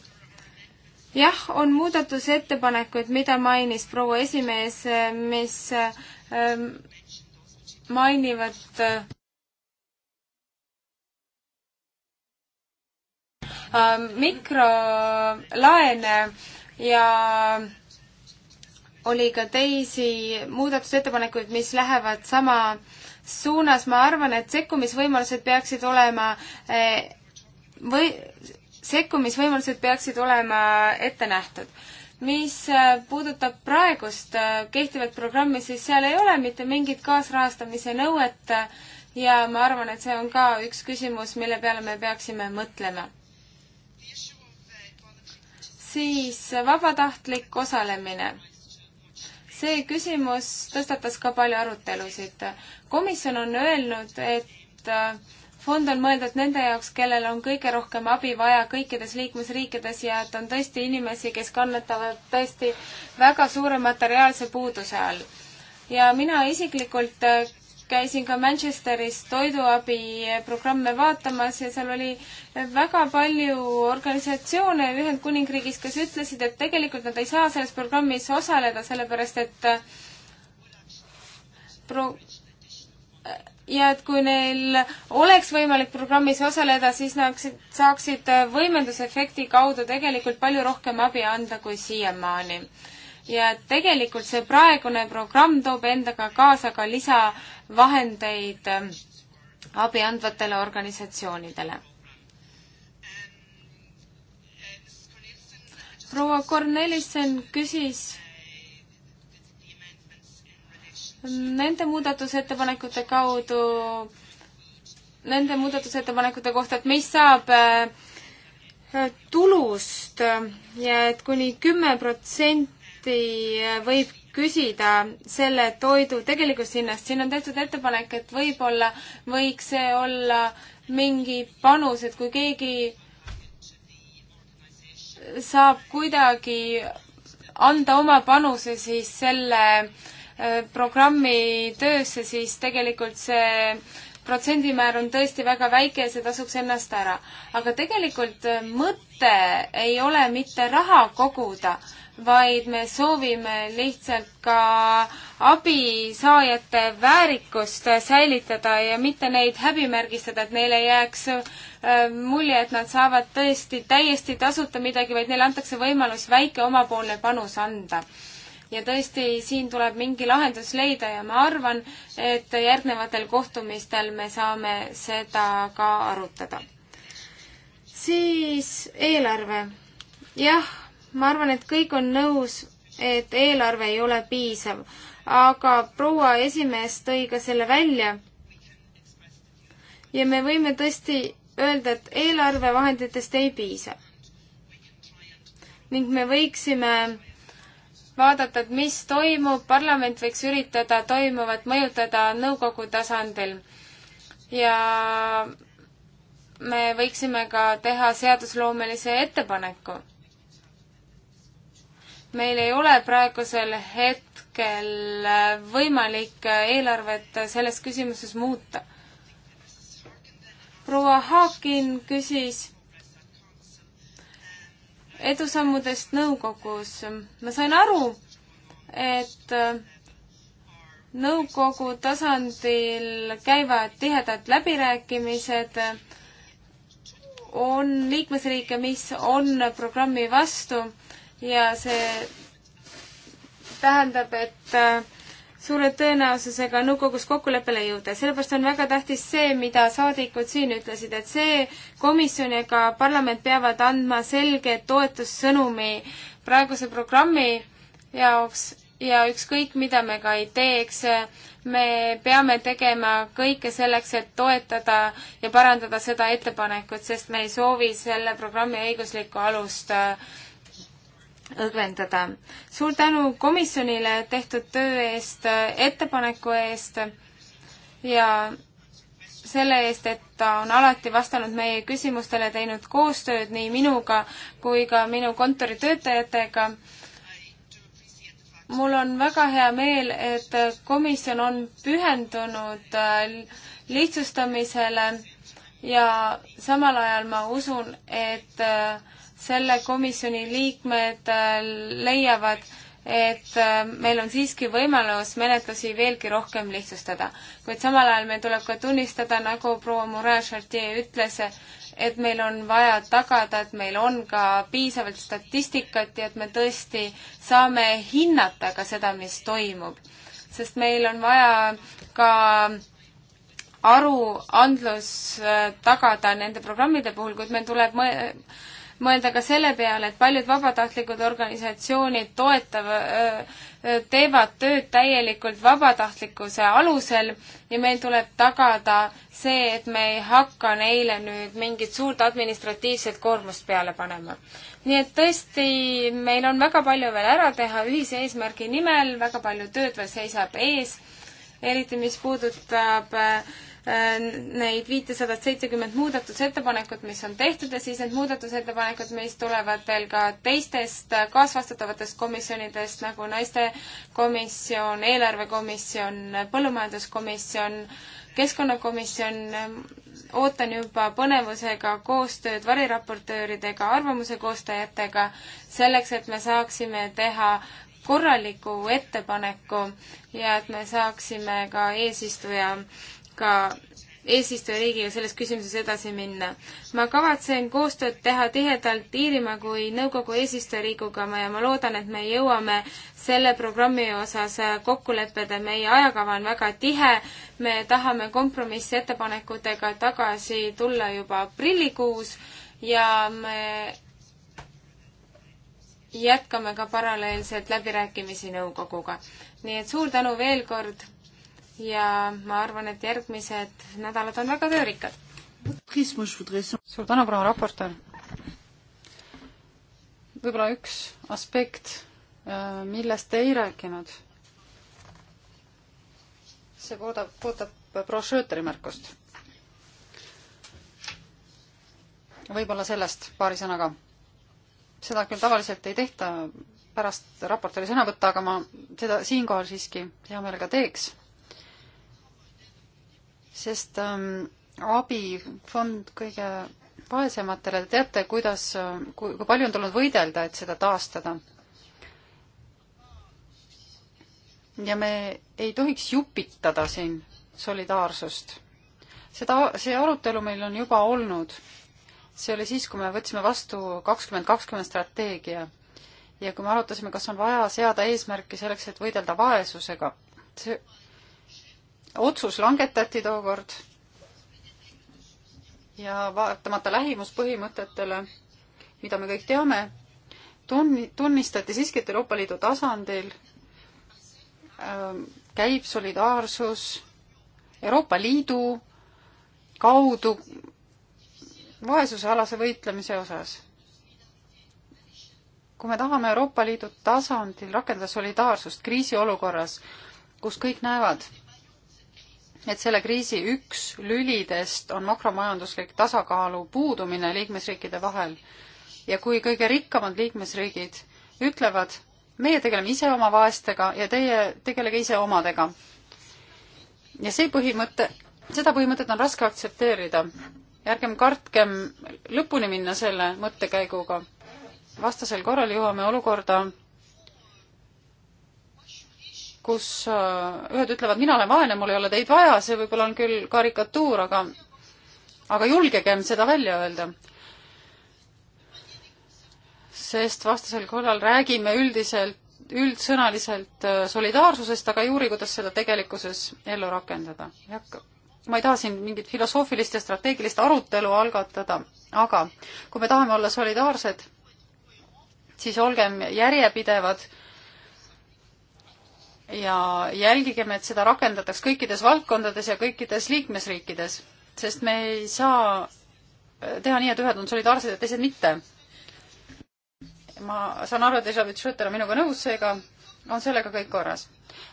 jah, on muudatusettepanekuid, mida mainis proua esimees, mis ähm, mainivad äh, mikrolaene ja oli ka teisi muudatusettepanekuid, mis lähevad sama suunas, ma arvan, et sekkumisvõimalused peaksid olema eh, või sekkumisvõimalused peaksid olema ette nähtud. mis eh, puudutab praegust eh, kehtivat programmi, siis seal ei ole mitte mingit kaasrahastamise nõuet ja ma arvan, et see on ka üks küsimus, mille peale me peaksime mõtlema siis vabatahtlik osalemine see küsimus tõstatas ka palju arutelusid. komisjon on öelnud, et äh, fond on mõeldud nende jaoks, kellel on kõige rohkem abi vaja kõikides liikmesriikides ja et on tõesti inimesi, kes kannatavad tõesti väga suure materiaalse puuduse all. ja mina isiklikult äh, käisin ka Manchesteris toiduabiprogramme vaatamas ja seal oli väga palju organisatsioone Ühendkuningriigis, kes ütlesid, et tegelikult nad ei saa selles programmis osaleda, sellepärast et äh, pro-, ja et kui neil oleks võimalik programmis osaleda, siis nad saaksid võimendusefekti kaudu tegelikult palju rohkem abi anda kui siiamaani ja tegelikult see praegune programm toob endaga kaasa ka lisavahendeid ähm, abi andvatele organisatsioonidele. proua Kornelissen küsis nende muudatusettepanekute kaudu, nende muudatusettepanekute kohta, et mis saab äh, tulust ja et kuni kümme protsenti alati võib küsida selle toidu tegelikust hinnast. siin on tehtud ettepanek, et võib-olla võiks see olla mingi panus, et kui keegi saab kuidagi anda oma panuse siis selle äh, programmi töösse, siis tegelikult see protsendimäär on tõesti väga väike ja see tasuks ennast ära. aga tegelikult äh, mõte ei ole mitte raha koguda, vaid me soovime lihtsalt ka abisaajate väärikust säilitada ja mitte neid häbimärgistada, et neile jääks äh, mulje, et nad saavad tõesti täiesti tasuta midagi, vaid neile antakse võimalus väike omapoolne panus anda ja tõesti, siin tuleb mingi lahendus leida ja ma arvan, et järgnevatel kohtumistel me saame seda ka arutada. siis eelarve. jah ma arvan, et kõik on nõus, et eelarve ei ole piisav, aga proua esimees tõi ka selle välja. ja me võime tõesti öelda, et eelarvevahenditest ei piisa. ning me võiksime vaadata, et mis toimub, parlament võiks üritada toimuvat mõjutada nõukogu tasandil. ja me võiksime ka teha seadusloomelise ettepaneku meil ei ole praegusel hetkel võimalik eelarvet selles küsimuses muuta. proua Haakin küsis edusammudest nõukogus. ma sain aru, et nõukogu tasandil käivad tihedad läbirääkimised, on liikmesriike, mis on programmi vastu ja see tähendab, et äh, suure tõenäosusega nõukogus kokkuleppele ei jõuda. sellepärast on väga tähtis see, mida saadikud siin ütlesid, et see komisjon ja ka parlament peavad andma selge toetussõnumi praeguse programmi jaoks ja ükskõik, mida me ka ei teeks, me peame tegema kõike selleks, et toetada ja parandada seda ettepanekut, sest me ei soovi selle programmi õiguslikku alust äh, õgvendada. suur tänu komisjonile tehtud töö eest, ettepaneku eest ja selle eest, et ta on alati vastanud meie küsimustele, teinud koostööd nii minuga kui ka minu kontoritöötajatega. mul on väga hea meel, et komisjon on pühendunud äh, lihtsustamisele ja samal ajal ma usun, et äh, selle komisjoni liikmed äh, leiavad, et äh, meil on siiski võimalus menetlusi veelgi rohkem lihtsustada. kuid samal ajal meil tuleb ka tunnistada, nagu proua Murat-Chartier ütles, et meil on vaja tagada, et meil on ka piisavalt statistikat ja et me tõesti saame hinnata ka seda, mis toimub. sest meil on vaja ka aruandlus äh, tagada nende programmide puhul, kuid meil tuleb mõ-, mõelda ka selle peale, et paljud vabatahtlikud organisatsioonid toetav, teevad tööd täielikult vabatahtlikkuse alusel ja meil tuleb tagada see, et me ei hakka neile nüüd mingit suurt administratiivset koormust peale panema. nii et tõesti, meil on väga palju veel ära teha ühise eesmärgi nimel, väga palju tööd veel seisab ees, eriti mis puudutab äh, Äh, neid viitesadat seitsekümmend muudatusettepanekut, mis on tehtud ja siis need muudatusettepanekud, mis tulevad veel ka teistest äh, kaasvastutavatest komisjonidest nagu naistekomisjon, eelarvekomisjon, põllumajanduskomisjon, keskkonnakomisjon. Äh, ootan juba põnevusega koostööd variraportööridega, arvamuse koostajatega, selleks et me saaksime teha korraliku ettepaneku ja et me saaksime ka eesistuja ka eesistujariigiga selles küsimuses edasi minna. ma kavatsen koostööd teha tihedalt Iirimaa kui nõukogu eesistujariiguga ja ma loodan, et me jõuame selle programmi osas kokkuleppele, meie ajakava on väga tihe, me tahame kompromissettepanekutega tagasi tulla juba aprillikuus ja me jätkame ka paralleelselt läbirääkimisi nõukoguga. nii et suur tänu veel kord ja ma arvan, et järgmised nädalad on väga töörikad. suur tänu, proua raportöör! võib-olla üks aspekt, äh, millest te ei rääkinud, see puudab, puudutab proua Schröteri märkust. võib-olla sellest paari sõnaga. seda küll tavaliselt ei tehta pärast raportööri sõnavõttu, aga ma seda siinkohal siiski hea meelega teeks sest ähm, abifond kõige vaesematele, te teate, kuidas, kui, kui palju on tulnud võidelda, et seda taastada. ja me ei tohiks jupitada siin solidaarsust. seda, see arutelu meil on juba olnud. see oli siis, kui me võtsime vastu kakskümmend kakskümmend strateegia ja kui me arutasime, kas on vaja seada eesmärki selleks, et võidelda vaesusega. see otsus langetati tookord ja vaatamata lähimuspõhimõtetele, mida me kõik teame, tunni, tunnistati siiski, et Euroopa Liidu tasandil ähm, käib solidaarsus Euroopa Liidu kaudu vaesusealase võitlemise osas. kui me tahame Euroopa Liidu tasandil rakendada solidaarsust kriisiolukorras, kus kõik näevad, et selle kriisi üks lülidest on makromajanduslik tasakaalu puudumine liikmesriikide vahel. ja kui kõige rikkamad liikmesriigid ütlevad, meie tegeleme ise oma vaestega ja teie tegelege ise omadega. ja see põhimõte, seda põhimõtet on raske aktsepteerida. ärgem kartkem lõpuni minna selle mõttekäiguga. vastasel korral jõuame olukorda, kus äh, ühed ütlevad, mina olen vaene, mul ei ole teid vaja, see võib-olla on küll karikatuur, aga aga julgegem seda välja öelda. sest vastasel korral räägime üldiselt, üldsõnaliselt äh, solidaarsusest, aga ei uuri, kuidas seda tegelikkuses ellu rakendada. ma ei taha siin mingit filosoofilist ja strateegilist arutelu algatada, aga kui me tahame olla solidaarsed, siis olgem järjepidevad ja jälgigem, et seda rakendataks kõikides valdkondades ja kõikides liikmesriikides, sest me ei saa äh, teha nii, et ühed on solidaarsed ja teised mitte. ma saan aru, et Elisabeth Schröter on minuga nõus, seega on sellega kõik korras.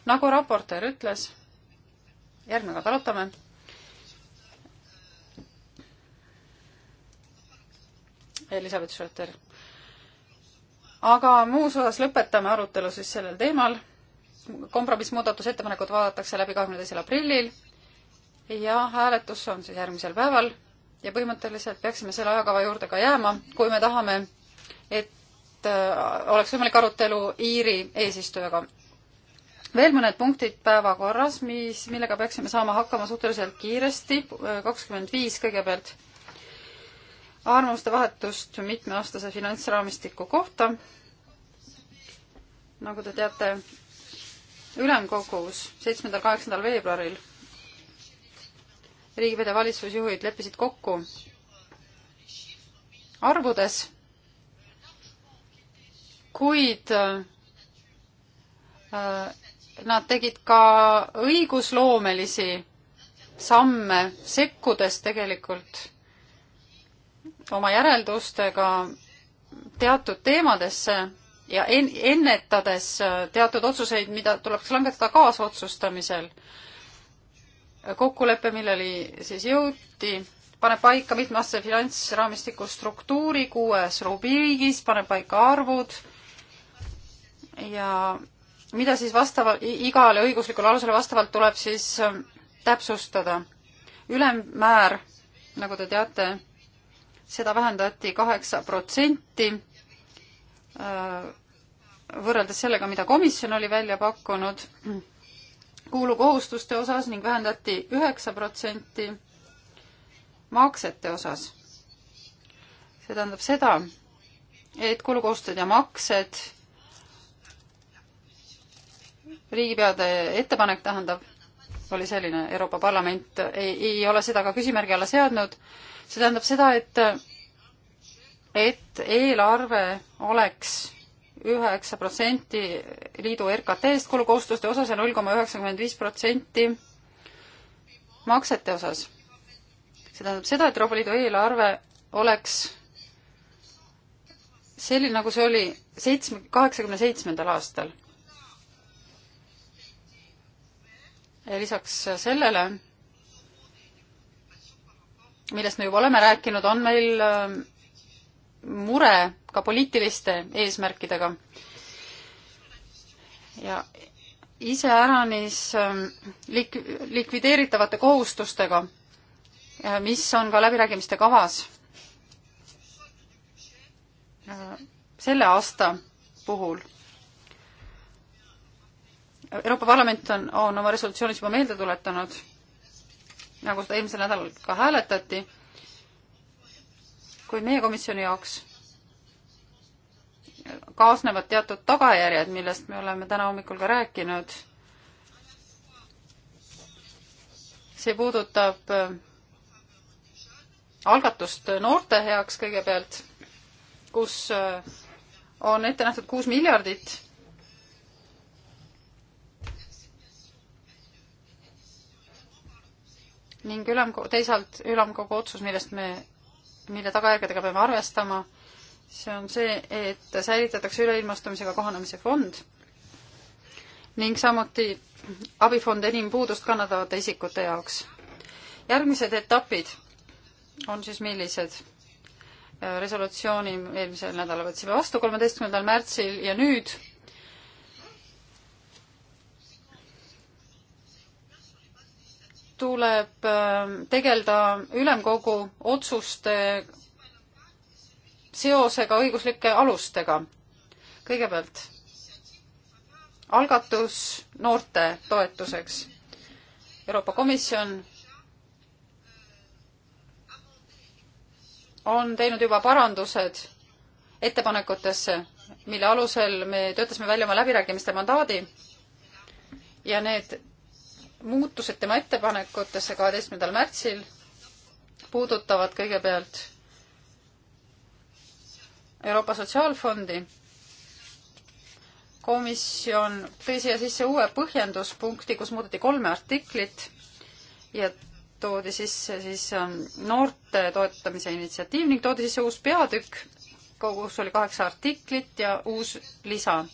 nagu raportöör ütles, järgmine kord arutame. Elisabeth Schröter. aga muus osas lõpetame arutelu siis sellel teemal kompromissmuudatusettepanekud vaadatakse läbi kahekümne teisel aprillil ja hääletus on siis järgmisel päeval ja põhimõtteliselt peaksime selle ajakava juurde ka jääma, kui me tahame, et äh, oleks võimalik arutelu Iiri eesistujaga. veel mõned punktid päevakorras, mis, millega peaksime saama hakkama suhteliselt kiiresti, äh, kakskümmend viis kõigepealt, arvamuste vahetust mitmeaastase finantsraamistiku kohta, nagu te teate, ülemkogus seitsmendal, kaheksandal veebruaril riigipeade valitsusjuhid leppisid kokku arvudes, kuid äh, nad tegid ka õigusloomelisi samme, sekkudes tegelikult oma järeldustega teatud teemadesse ja en-, ennetades äh, teatud otsuseid, mida tuleks langetada kaasotsustamisel. kokkulepe, milleni siis jõuti, paneb paika mitmeaastase finantsraamistiku struktuuri kuues rubriigis, paneb paika arvud ja mida siis vastaval, igale õiguslikule alusele vastavalt tuleb siis ähm, täpsustada. ülemmäär, nagu te teate, seda vähendati kaheksa protsenti Äh, võrreldes sellega, mida komisjon oli välja pakkunud kuulukohustuste osas ning vähendati üheksa protsenti maksete osas. see tähendab seda, et kulukohustused ja maksed, riigipeade ettepanek tähendab, oli selline, Euroopa Parlament ei, ei ole seda ka küsimärgi alla seadnud, see tähendab seda, et et eelarve oleks üheksa protsenti liidu RKT-st kulukohustuste osas ja null koma üheksakümmend viis protsenti maksete osas. see tähendab seda, et Euroopa Liidu eelarve oleks selline, nagu see oli seitsme, kaheksakümne seitsmendal aastal. ja lisaks sellele, millest me juba oleme rääkinud, on meil ähm, mure ka poliitiliste eesmärkidega. ja iseäranis ähm, lik-, likvideeritavate kohustustega, äh, mis on ka läbirääkimiste kavas äh, selle aasta puhul. Euroopa Parlament on, on oma resolutsioonis juba meelde tuletanud, nagu seda eelmisel nädalal ka hääletati, kuid meie komisjoni jaoks kaasnevad teatud tagajärjed, millest me oleme täna hommikul ka rääkinud. see puudutab äh, algatust noorte heaks kõigepealt, kus äh, on ette nähtud kuus miljardit ning ülemkogu, teisalt ülemkogu otsus, millest me mille tagajärgedega peame arvestama, see on see, et säilitatakse üleilmastumisega kohanemise fond ning samuti abifond enim puudust kannatavate isikute jaoks. järgmised etapid on siis millised? resolutsiooni eelmisel nädalal võtsime vastu, kolmeteistkümnendal märtsil ja nüüd tuleb ähm, tegeleda ülemkogu otsuste seosega õiguslike alustega. kõigepealt algatus noorte toetuseks. Euroopa Komisjon on teinud juba parandused ettepanekutesse, mille alusel me töötasime välja oma läbirääkimiste mandaadi ja need muutused tema ettepanekutesse kaheteistkümnendal märtsil puudutavad kõigepealt Euroopa Sotsiaalfondi. komisjon tõi siia sisse uue põhjenduspunkti, kus muudeti kolme artiklit ja toodi sisse siis ähm, noorte toetamise initsiatiiv ning toodi sisse uus peatükk, kogus oli kaheksa artiklit ja uus lisa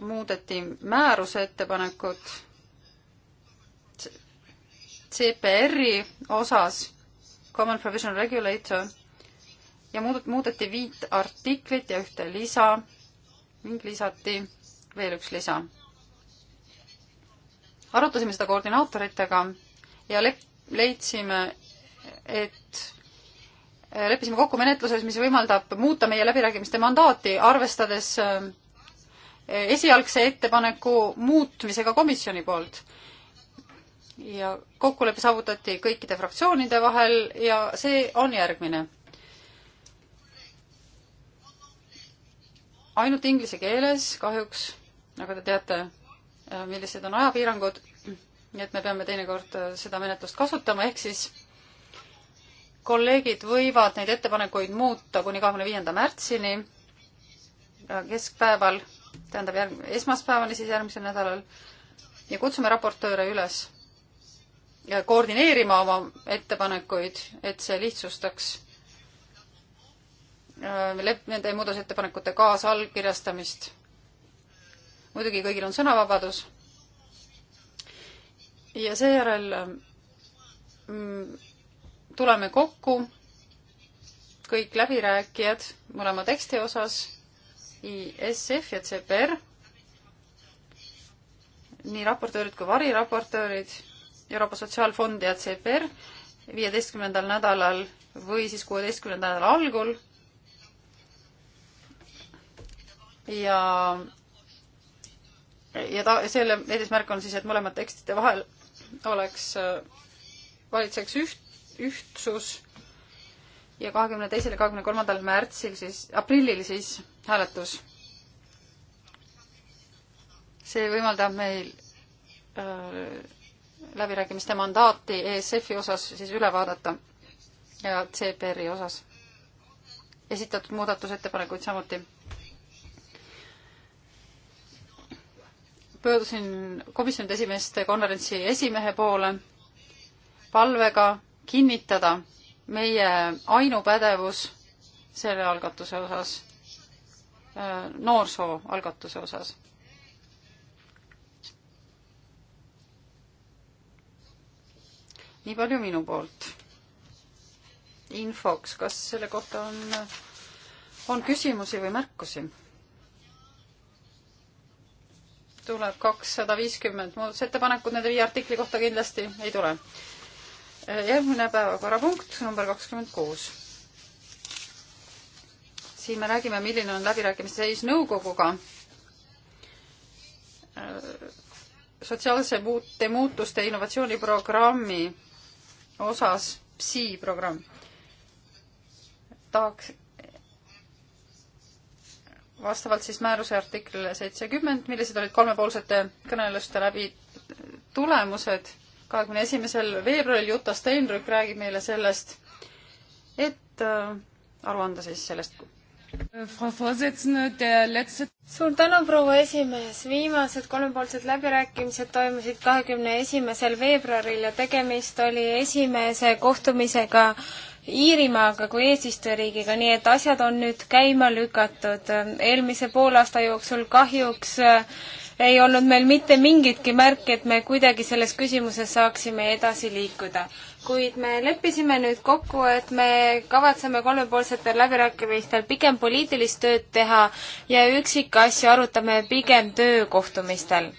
muudeti määruse ettepanekut CPR-i osas, Common Provision Regulator, ja muudeti viit artiklit ja ühte lisa ning lisati veel üks lisa. arutasime seda koordinaatoritega ja le-, leidsime, et leppisime kokku menetluses, mis võimaldab muuta meie läbirääkimiste mandaati, arvestades esialgse ettepaneku muutmisega komisjoni poolt. ja kokkulepe saavutati kõikide fraktsioonide vahel ja see on järgmine. ainult inglise keeles kahjuks, nagu te teate, äh, millised on ajapiirangud, nii et me peame teinekord äh, seda menetlust kasutama, ehk siis kolleegid võivad neid ettepanekuid muuta kuni kahekümne viienda märtsini äh, keskpäeval tähendab järg-, esmaspäeval ja siis järgmisel nädalal ja kutsume raportööre üles äh, koordineerima oma ettepanekuid, et see lihtsustaks äh, lep-, nende muudatusettepanekute kaasallkirjastamist. muidugi kõigil on sõnavabadus. ja seejärel mm, tuleme kokku, kõik läbirääkijad mõlema teksti osas ISF ja CPR, nii raportöörid kui variraportöörid, Euroopa Sotsiaalfond ja CPR viieteistkümnendal nädalal või siis kuueteistkümnenda nädala algul. ja, ja ta, selle eesmärk on siis, et mõlemad tekstide vahel oleks, äh, valitseks üht, ühtsus ja kahekümne teisel ja kahekümne kolmandal märtsil siis, aprillil siis hääletus. see võimaldab meil äh, läbirääkimiste mandaati ESF-i osas siis üle vaadata ja CPR-i osas. esitatud muudatusettepanekuid samuti. pöördusin komisjonide esimeeste konverentsi esimehe poole palvega kinnitada meie ainupädevus selle algatuse osas noorsoo algatuse osas. nii palju minu poolt. infoks, kas selle kohta on, on küsimusi või märkusi? tuleb kakssada viiskümmend muudatusettepanekut nende viie artikli kohta kindlasti ei tule. järgmine päevakorrapunkt number kakskümmend kuus siin me räägime, milline on läbirääkimiste seis nõukoguga sotsiaalse muute muutuste innovatsiooniprogrammi osas PSI programm. tahaks vastavalt siis määruse artiklile seitsekümmend, millised olid kolmepoolsete kõneluste läbi tulemused. kahekümne esimesel veebruaril Juta Steinrück räägib meile sellest, et äh, aru anda siis sellest, suur tänu, proua esimees. viimased kolmepoolsed läbirääkimised toimusid kahekümne esimesel veebruaril ja tegemist oli esimese kohtumisega Iirimaaga kui eesistujariigiga, nii et asjad on nüüd käima lükatud. eelmise poolaasta jooksul kahjuks äh, ei olnud meil mitte mingitki märki, et me kuidagi selles küsimuses saaksime edasi liikuda kuid me leppisime nüüd kokku, et me kavatseme kolmepoolsetel läbirääkimistel pigem poliitilist tööd teha ja üksikasju arutame pigem töökohtumistel.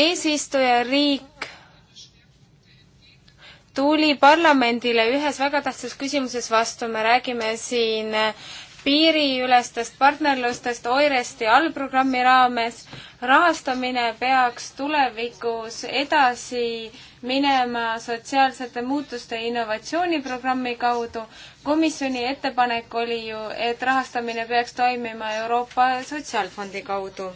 eesistujariik tuli parlamendile ühes väga tähtsas küsimuses vastu, me räägime siin äh, piiriülestest partnerlustest Oiresti allprogrammi raames. rahastamine peaks tulevikus edasi minema sotsiaalsete muutuste innovatsiooniprogrammi kaudu. komisjoni ettepanek oli ju, et rahastamine peaks toimima Euroopa Sotsiaalfondi kaudu.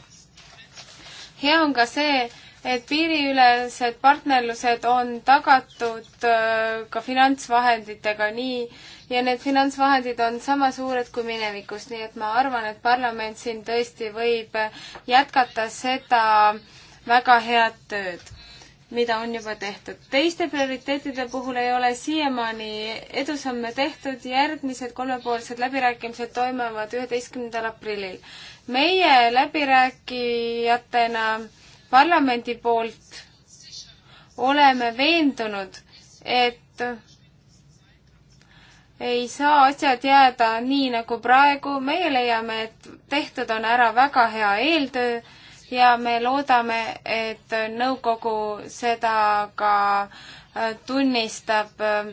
hea on ka see, et piiriülesed partnerlused on tagatud äh, ka finantsvahenditega nii, ja need finantsvahendid on sama suured kui minevikus, nii et ma arvan, et parlament siin tõesti võib jätkata seda väga head tööd, mida on juba tehtud. teiste prioriteetide puhul ei ole siiamaani edusamme tehtud, järgmised kolmepoolsed läbirääkimised toimuvad üheteistkümnendal aprillil. meie läbirääkijatena parlamendi poolt oleme veendunud, et ei saa asjad jääda nii nagu praegu, meie leiame, et tehtud on ära väga hea eeltöö ja me loodame, et nõukogu seda ka äh, tunnistab ähm,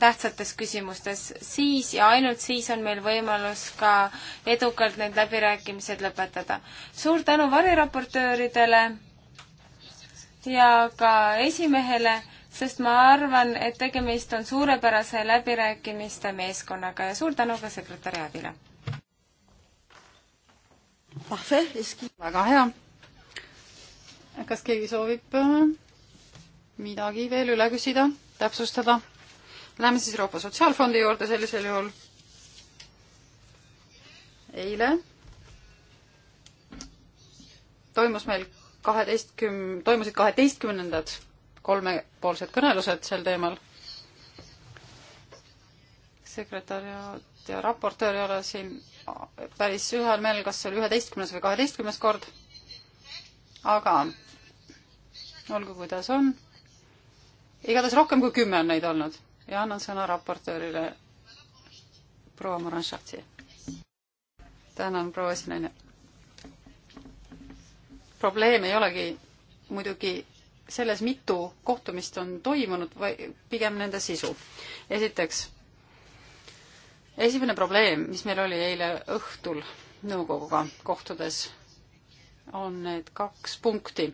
tähtsates küsimustes, siis ja ainult siis on meil võimalus ka edukalt need läbirääkimised lõpetada. suur tänu variraportööridele ja ka esimehele sest ma arvan, et tegemist on suurepärase läbirääkimiste meeskonnaga ja suur tänu ka sekretäriaadile. väga hea. kas keegi soovib äh, midagi veel üle küsida, täpsustada? Läheme siis Euroopa Sotsiaalfondi juurde sellisel juhul. eile toimus meil kaheteistküm-, toimusid kaheteistkümnendad kolmepoolsed kõnelused sel teemal. sekretäriaat ja raportöör ei ole siin päris ühel meelel, kas see oli üheteistkümnes või kaheteistkümnes kord, aga olgu, kuidas on. igatahes rohkem kui kümme on neid olnud ja annan sõna raportöörile proua Moranšatsi. tänan, proua esinaine. probleem ei olegi muidugi selles mitu kohtumist on toimunud või pigem nende sisu. esiteks, esimene probleem, mis meil oli eile õhtul nõukoguga kohtudes, on need kaks punkti,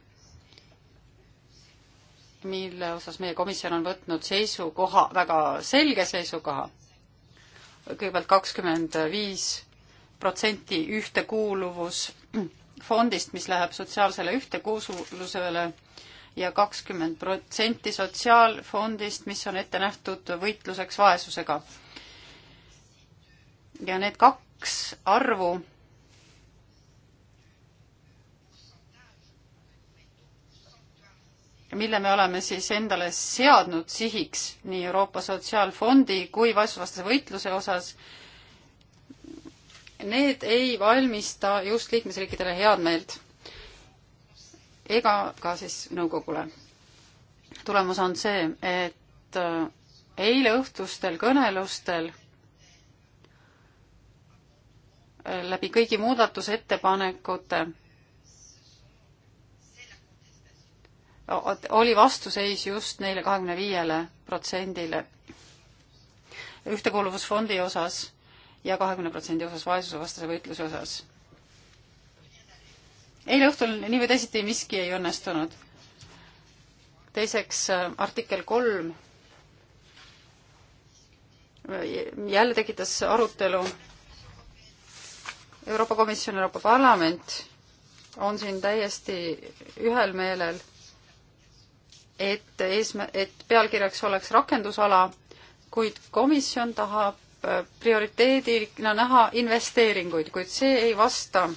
mille osas meie komisjon on võtnud seisukoha, väga selge seisukoha. kõigepealt kakskümmend viis protsenti ühtekuuluvusfondist, mis läheb sotsiaalsele ühtekuuluvusele ja kakskümmend protsenti sotsiaalfondist, mis on ette nähtud võitluseks vaesusega. ja need kaks arvu mille me oleme siis endale seadnud sihiks nii Euroopa Sotsiaalfondi kui vaesusvastase võitluse osas, need ei valmista just liikmesriikidele head meelt ega ka siis nõukogule. tulemus on see, et äh, eile õhtustel kõnelustel äh, läbi kõigi muudatusettepanekute oli vastuseis just neile kahekümne viiele protsendile ühtekuuluvusfondi osas ja kahekümne protsendi osas vaesusevastase võitluse osas eile õhtul nii või teisiti miski ei õnnestunud. teiseks äh, artikkel kolm jälle tekitas arutelu. Euroopa Komisjon, Euroopa Parlament on siin täiesti ühel meelel, et eesmä-, et pealkirjaks oleks rakendusala, kuid komisjon tahab äh, prioriteedina näha investeeringuid, kuid see ei vasta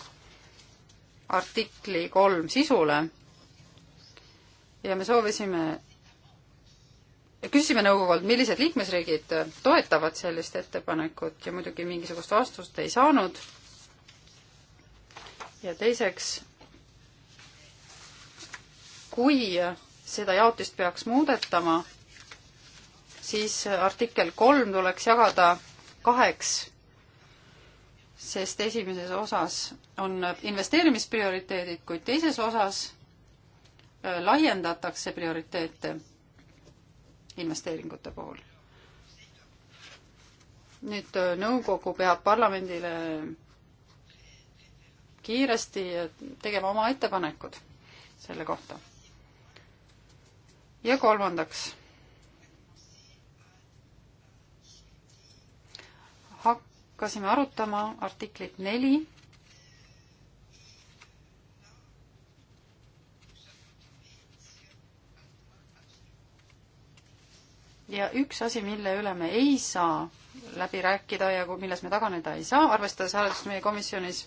artikli kolm sisule ja me soovisime, küsisime nõukogult, millised liikmesriigid toetavad sellist ettepanekut ja muidugi mingisugust vastust ei saanud. ja teiseks, kui seda jaotist peaks muudetama, siis artikkel kolm tuleks jagada kaheks sest esimeses osas on investeerimisprioriteedid, kuid teises osas äh, laiendatakse prioriteete investeeringute puhul. nüüd äh, nõukogu peab parlamendile kiiresti äh, tegema oma ettepanekud selle kohta. ja kolmandaks hakkasime arutama artiklit neli. ja üks asi, mille üle me ei saa läbi rääkida ja milles me taganeda ei saa, arvestades hääletust meie komisjonis,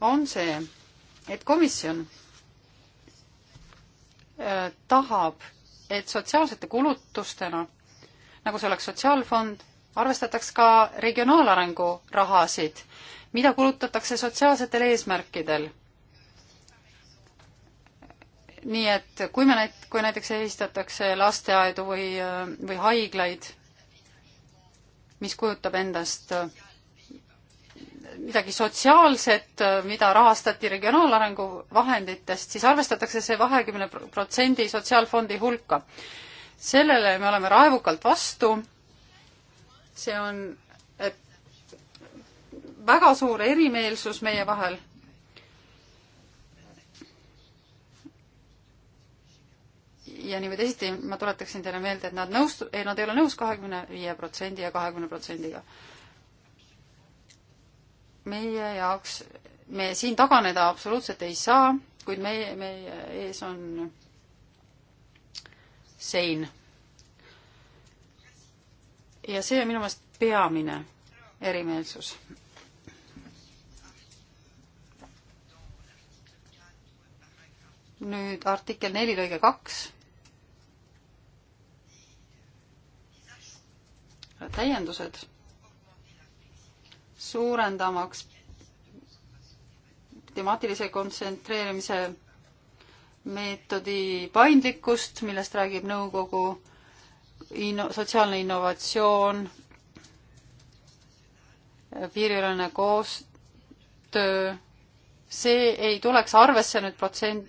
on see, et komisjon äh, tahab, et sotsiaalsete kulutustena, nagu see oleks sotsiaalfond arvestataks ka regionaalarengu rahasid, mida kulutatakse sotsiaalsetel eesmärkidel. nii et kui me näit-, kui näiteks ehistatakse lasteaedu või, või haiglaid, mis kujutab endast midagi sotsiaalset, mida rahastati regionaalarengu vahenditest, siis arvestatakse see kahekümne protsendi sotsiaalfondi hulka. sellele me oleme raevukalt vastu see on väga suur erimeelsus meie vahel. ja niimoodi esiti ma tuletaksin teile meelde, et nad nõustu-, ei, nad ei ole nõus kahekümne viie protsendi ja kahekümne protsendiga. meie jaoks, me siin taganeda absoluutselt ei saa, kuid meie, meie ees on sein ja see on minu meelest peamine erimeelsus. nüüd artikkel neli lõige kaks. täiendused suurendamaks temaatilise kontsentreerimise meetodi paindlikkust, millest räägib nõukogu inno-, sotsiaalne innovatsioon, piiriülene koostöö, see ei tuleks arvesse nüüd protsent,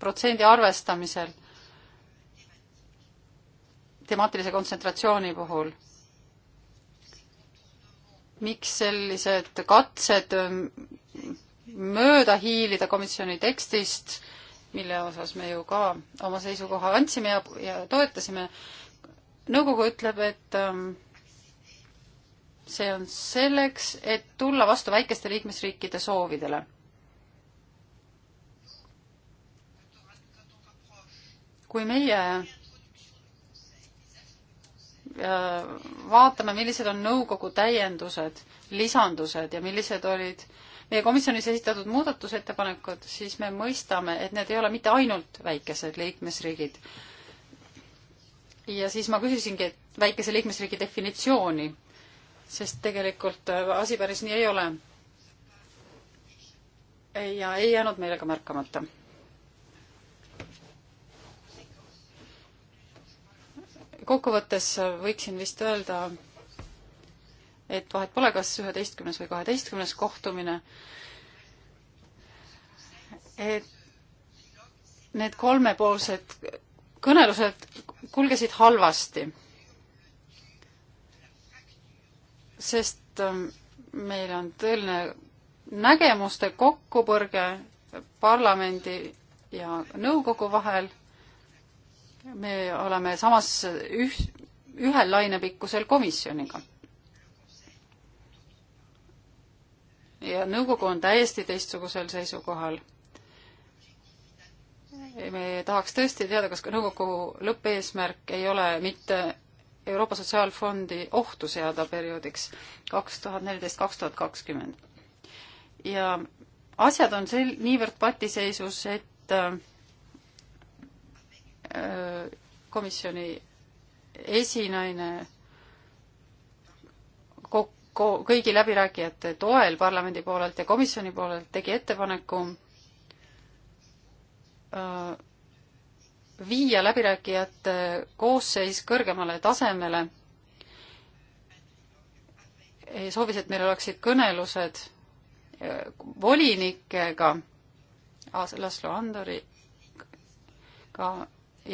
protsendi arvestamisel temaatilise kontsentratsiooni puhul. miks sellised katsed mm, mööda hiilida komisjoni tekstist, mille osas me ju ka oma seisukoha andsime ja, ja toetasime, nõukogu ütleb, et ähm, see on selleks, et tulla vastu väikeste liikmesriikide soovidele. kui meie äh, vaatame, millised on nõukogu täiendused, lisandused ja millised olid meie komisjonis esitatud muudatusettepanekud, siis me mõistame, et need ei ole mitte ainult väikesed liikmesriigid, ja siis ma küsisingi väikese liikmesriigi definitsiooni, sest tegelikult äh, asi päris nii ei ole. ja ei jäänud meile ka märkamata. kokkuvõttes äh, võiksin vist öelda, et vahet pole, kas üheteistkümnes või kaheteistkümnes kohtumine, et need kolmepoolsed kõnelused kulgesid halvasti, sest ähm, meil on tõeline nägemuste kokkupõrge parlamendi ja nõukogu vahel. me oleme samas üh-, ühel lainepikkusel komisjoniga. ja nõukogu on täiesti teistsugusel seisukohal me tahaks tõesti teada, kas nõukogu lõppeesmärk ei ole mitte Euroopa Sotsiaalfondi ohtu seada perioodiks kaks tuhat neliteist, kaks tuhat kakskümmend. ja asjad on sel-, niivõrd patiseisus, et äh, komisjoni esinaine kokku kõigi läbirääkijate toel parlamendi poolelt ja komisjoni poolelt tegi ettepaneku Äh, viia läbirääkijate koosseis kõrgemale tasemele. soovis, et meil oleksid kõnelused äh, volinikega, Laslo Andoriga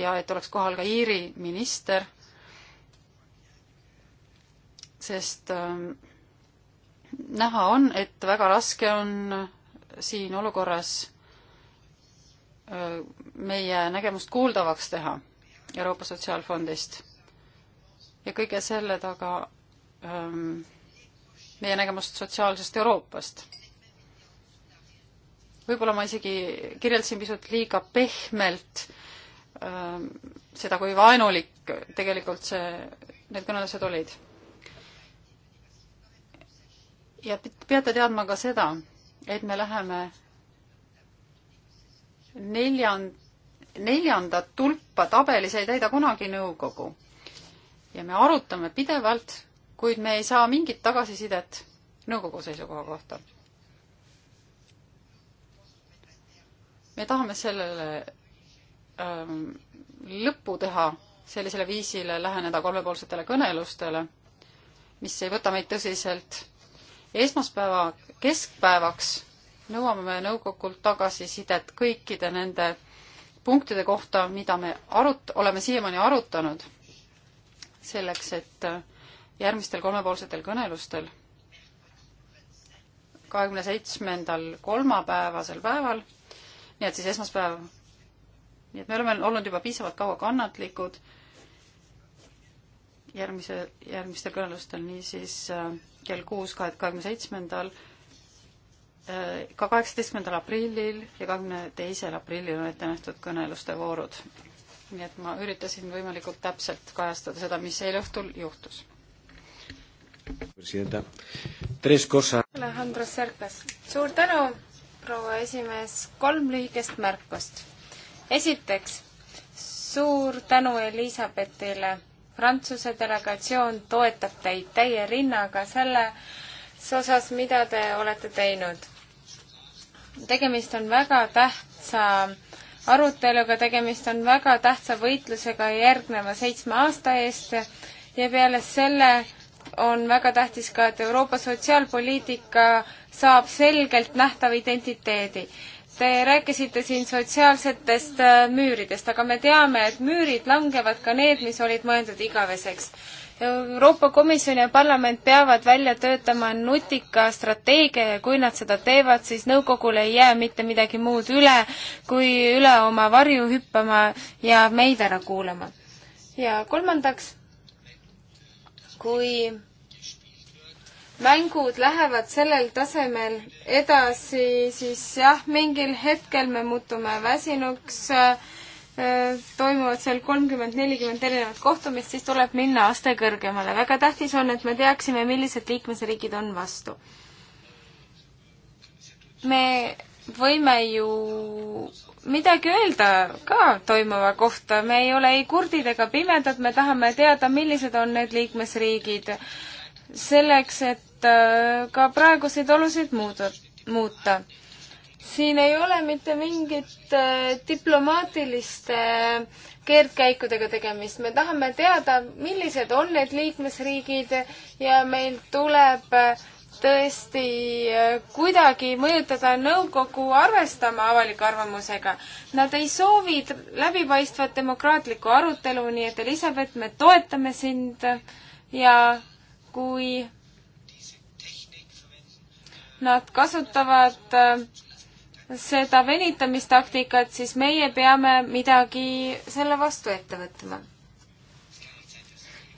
ja et oleks kohal ka Iiri minister, sest ähm, näha on, et väga raske on äh, siin olukorras Äh, meie nägemust kuuldavaks teha Euroopa Sotsiaalfondist. ja kõige selle taga ähm, meie nägemust sotsiaalsest Euroopast. võib-olla ma isegi kirjeldasin pisut liiga pehmelt ähm, seda, kui vaenulik tegelikult see, need kõnelused olid. ja peate teadma ka seda, et me läheme neljand-, neljandat tulpa tabelis ei täida kunagi nõukogu. ja me arutame pidevalt, kuid me ei saa mingit tagasisidet nõukogu seisukoha kohta. me tahame sellele ähm, lõpu teha, sellisele viisile läheneda kolmepoolsetele kõnelustele, mis ei võta meid tõsiselt. esmaspäeva keskpäevaks nõuame me nõukogult tagasisidet kõikide nende punktide kohta, mida me arut-, oleme siiamaani arutanud, selleks et äh, järgmistel kolmepoolsetel kõnelustel kahekümne seitsmendal kolmapäevasel päeval, nii et siis esmaspäev, nii et me oleme olnud juba piisavalt kaua kannatlikud järgmise, järgmistel kõnelustel, niisiis äh, kell kuus kahekümne seitsmendal Äh, ka kaheksateistkümnendal aprillil ja kahekümne teisel aprillil on ette nähtud kõneluste voorud. nii et ma üritasin võimalikult täpselt kajastada seda, mis eile õhtul juhtus. Alejandro Serkas, suur tänu, proua esimees, kolm lühikest märkust. esiteks, suur tänu Elizabethile. Prantsuse delegatsioon toetab teid täie rinnaga selles osas, mida te olete teinud tegemist on väga tähtsa aruteluga, tegemist on väga tähtsa võitlusega järgneva seitsme aasta eest ja peale selle on väga tähtis ka, et Euroopa sotsiaalpoliitika saab selgelt nähtava identiteedi. Te rääkisite siin sotsiaalsetest äh, müüridest, aga me teame, et müürid langevad ka need, mis olid mõeldud igaveseks. Euroopa Komisjon ja parlament peavad välja töötama nutika strateegia ja kui nad seda teevad, siis nõukogul ei jää mitte midagi muud üle, kui üle oma varju hüppama ja meid ära kuulama. ja kolmandaks, kui mängud lähevad sellel tasemel edasi, siis jah, mingil hetkel me muutume väsinuks äh, Äh, toimuvad seal kolmkümmend, nelikümmend erinevat kohtumist, siis tuleb minna aste kõrgemale. väga tähtis on, et me teaksime, millised liikmesriigid on vastu. me võime ju midagi öelda ka toimuva kohta, me ei ole ei kurdid ega pimedad, me tahame teada, millised on need liikmesriigid selleks, et äh, ka praeguseid olusid muuda, muuta siin ei ole mitte mingit äh, diplomaatiliste keerdkäikudega tegemist, me tahame teada, millised on need liikmesriigid ja meil tuleb äh, tõesti äh, kuidagi mõjutada nõukogu arvestama avaliku arvamusega. Nad ei soovi läbipaistvat demokraatlikku arutelu, nii et Elizabeth, me toetame sind ja kui nad kasutavad äh, seda venitamistaktikat, siis meie peame midagi selle vastu ette võtma.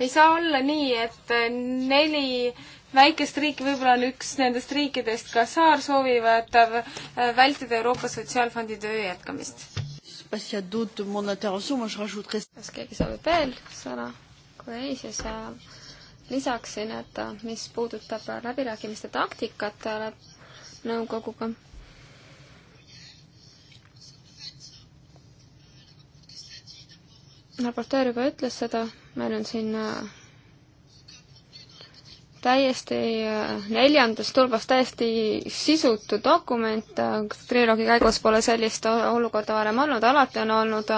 ei saa olla nii, et neli väikest riiki, võib-olla on üks nendest riikidest ka saar, soovivad äh, vältida Euroopa Sotsiaalfondi töö jätkamist. kas keegi soovib veel sõna? kui ei, siis äh, lisaksin, et äh, mis puudutab läbirääkimiste taktikat nõukoguga no,, raportöör juba ütles seda, meil on siin äh, täiesti äh, neljandas tulbas täiesti sisutu dokument, äh, triloogi käigus pole sellist olukorda varem olnud, alati on olnud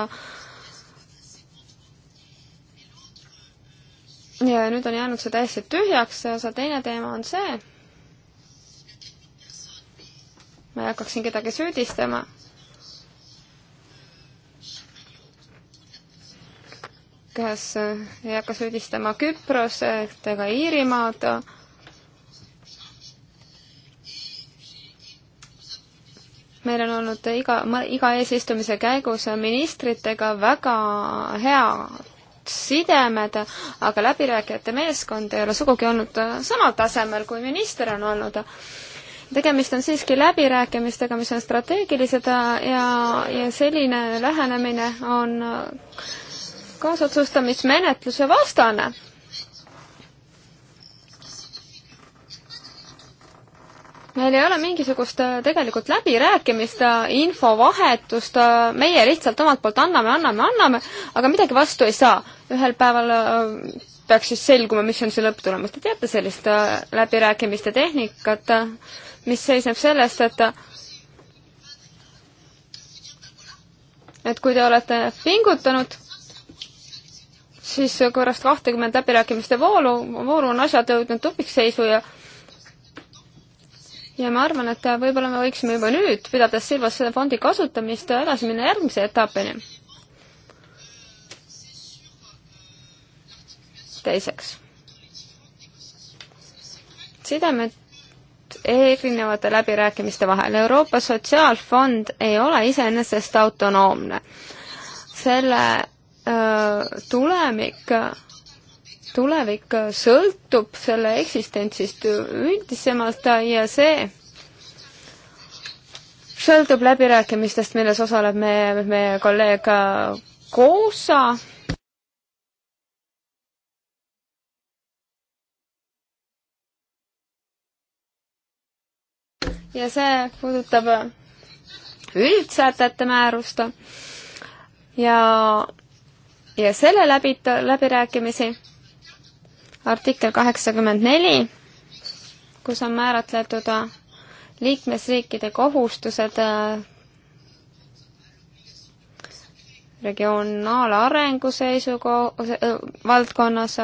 ja nüüd on jäänud see täiesti tühjaks, see teine teema on see, ma ei hakkaks siin kedagi süüdistama, kas eh, ei hakka süüdistama Küproset eh, ega Iirimaad. meil on olnud iga, iga eesistumise käigus ministritega väga head sidemed, aga läbirääkijate meeskond ei ole sugugi olnud samal tasemel, kui minister on olnud tegemist on siiski läbirääkimistega, mis on strateegilised eh, ja, ja selline lähenemine on kaasotsustamismenetluse vastane. meil ei ole mingisugust äh, tegelikult läbirääkimist, äh, infovahetust, äh, meie lihtsalt omalt poolt anname, anname, anname, aga midagi vastu ei saa. ühel päeval peaks siis selguma, mis on see lõpptulemus. Te teate sellist läbirääkimiste tehnikat, mis seisneb sellest, et et kui te olete pingutanud siis pärast kahtekümmend läbirääkimiste voolu, vooru on asjad jõudnud tupikseisu ja ja ma arvan, et võib-olla me võiksime juba nüüd, pidades silmas selle fondi kasutamist, edasi minna järgmise etapini. teiseks, sidemed erinevate läbirääkimiste vahel. Euroopa Sotsiaalfond ei ole iseenesest autonoomne. selle Äh, tulemik, tulevik sõltub selle eksistentsist üldisemalt ja see sõltub läbirääkimistest, milles osaleb meie, meie kolleeg Koosa ja see puudutab üldsätete määrust ja ja selle läbi, läbirääkimisi artikkel kaheksakümmend neli, kus on määratletud äh, liikmesriikide kohustused äh, regionaalarengu seisuko-, äh, valdkonnas,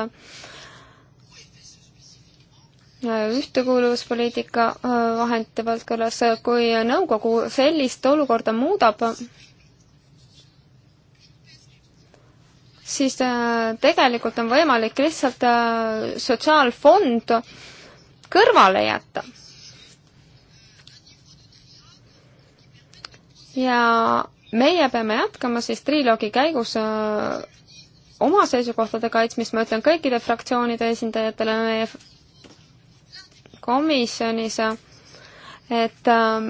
ühtekuuluvuspoliitika vahendite valdkonnas, kui nõukogu sellist olukorda muudab, siis äh, tegelikult on võimalik lihtsalt äh, sotsiaalfond kõrvale jätta. ja meie peame jätkama siis triloogi käigus äh, oma seisukohtade kaitsmist, ma ütlen kõikide fraktsioonide esindajatele meie komisjonis, et ähm,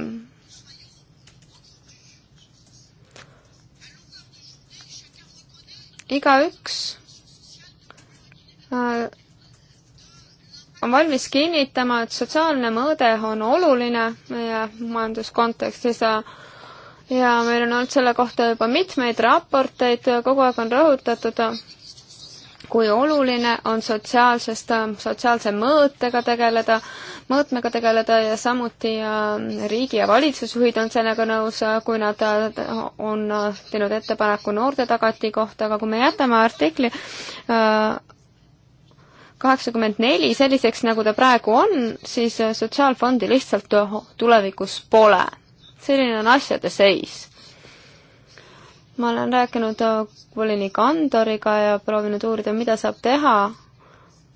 igaüks äh, on valmis kinnitama, et sotsiaalne mõõde on oluline meie majanduskontekstis ja meil on olnud selle kohta juba mitmeid raporteid, kogu aeg on rõhutatud kui oluline on sotsiaalsest, sotsiaalse mõõtega tegeleda, mõõtmega tegeleda ja samuti äh, riigi- ja valitsusjuhid on sellega nõus, äh, kui nad äh, on teinud ettepaneku noorte tagati kohta, aga kui me jätame artikli kaheksakümmend neli selliseks, nagu ta praegu on, siis sotsiaalfondi lihtsalt tulevikus pole. selline on asjade seis ma olen rääkinud äh, volinik Andoriga ja proovinud uurida, mida saab teha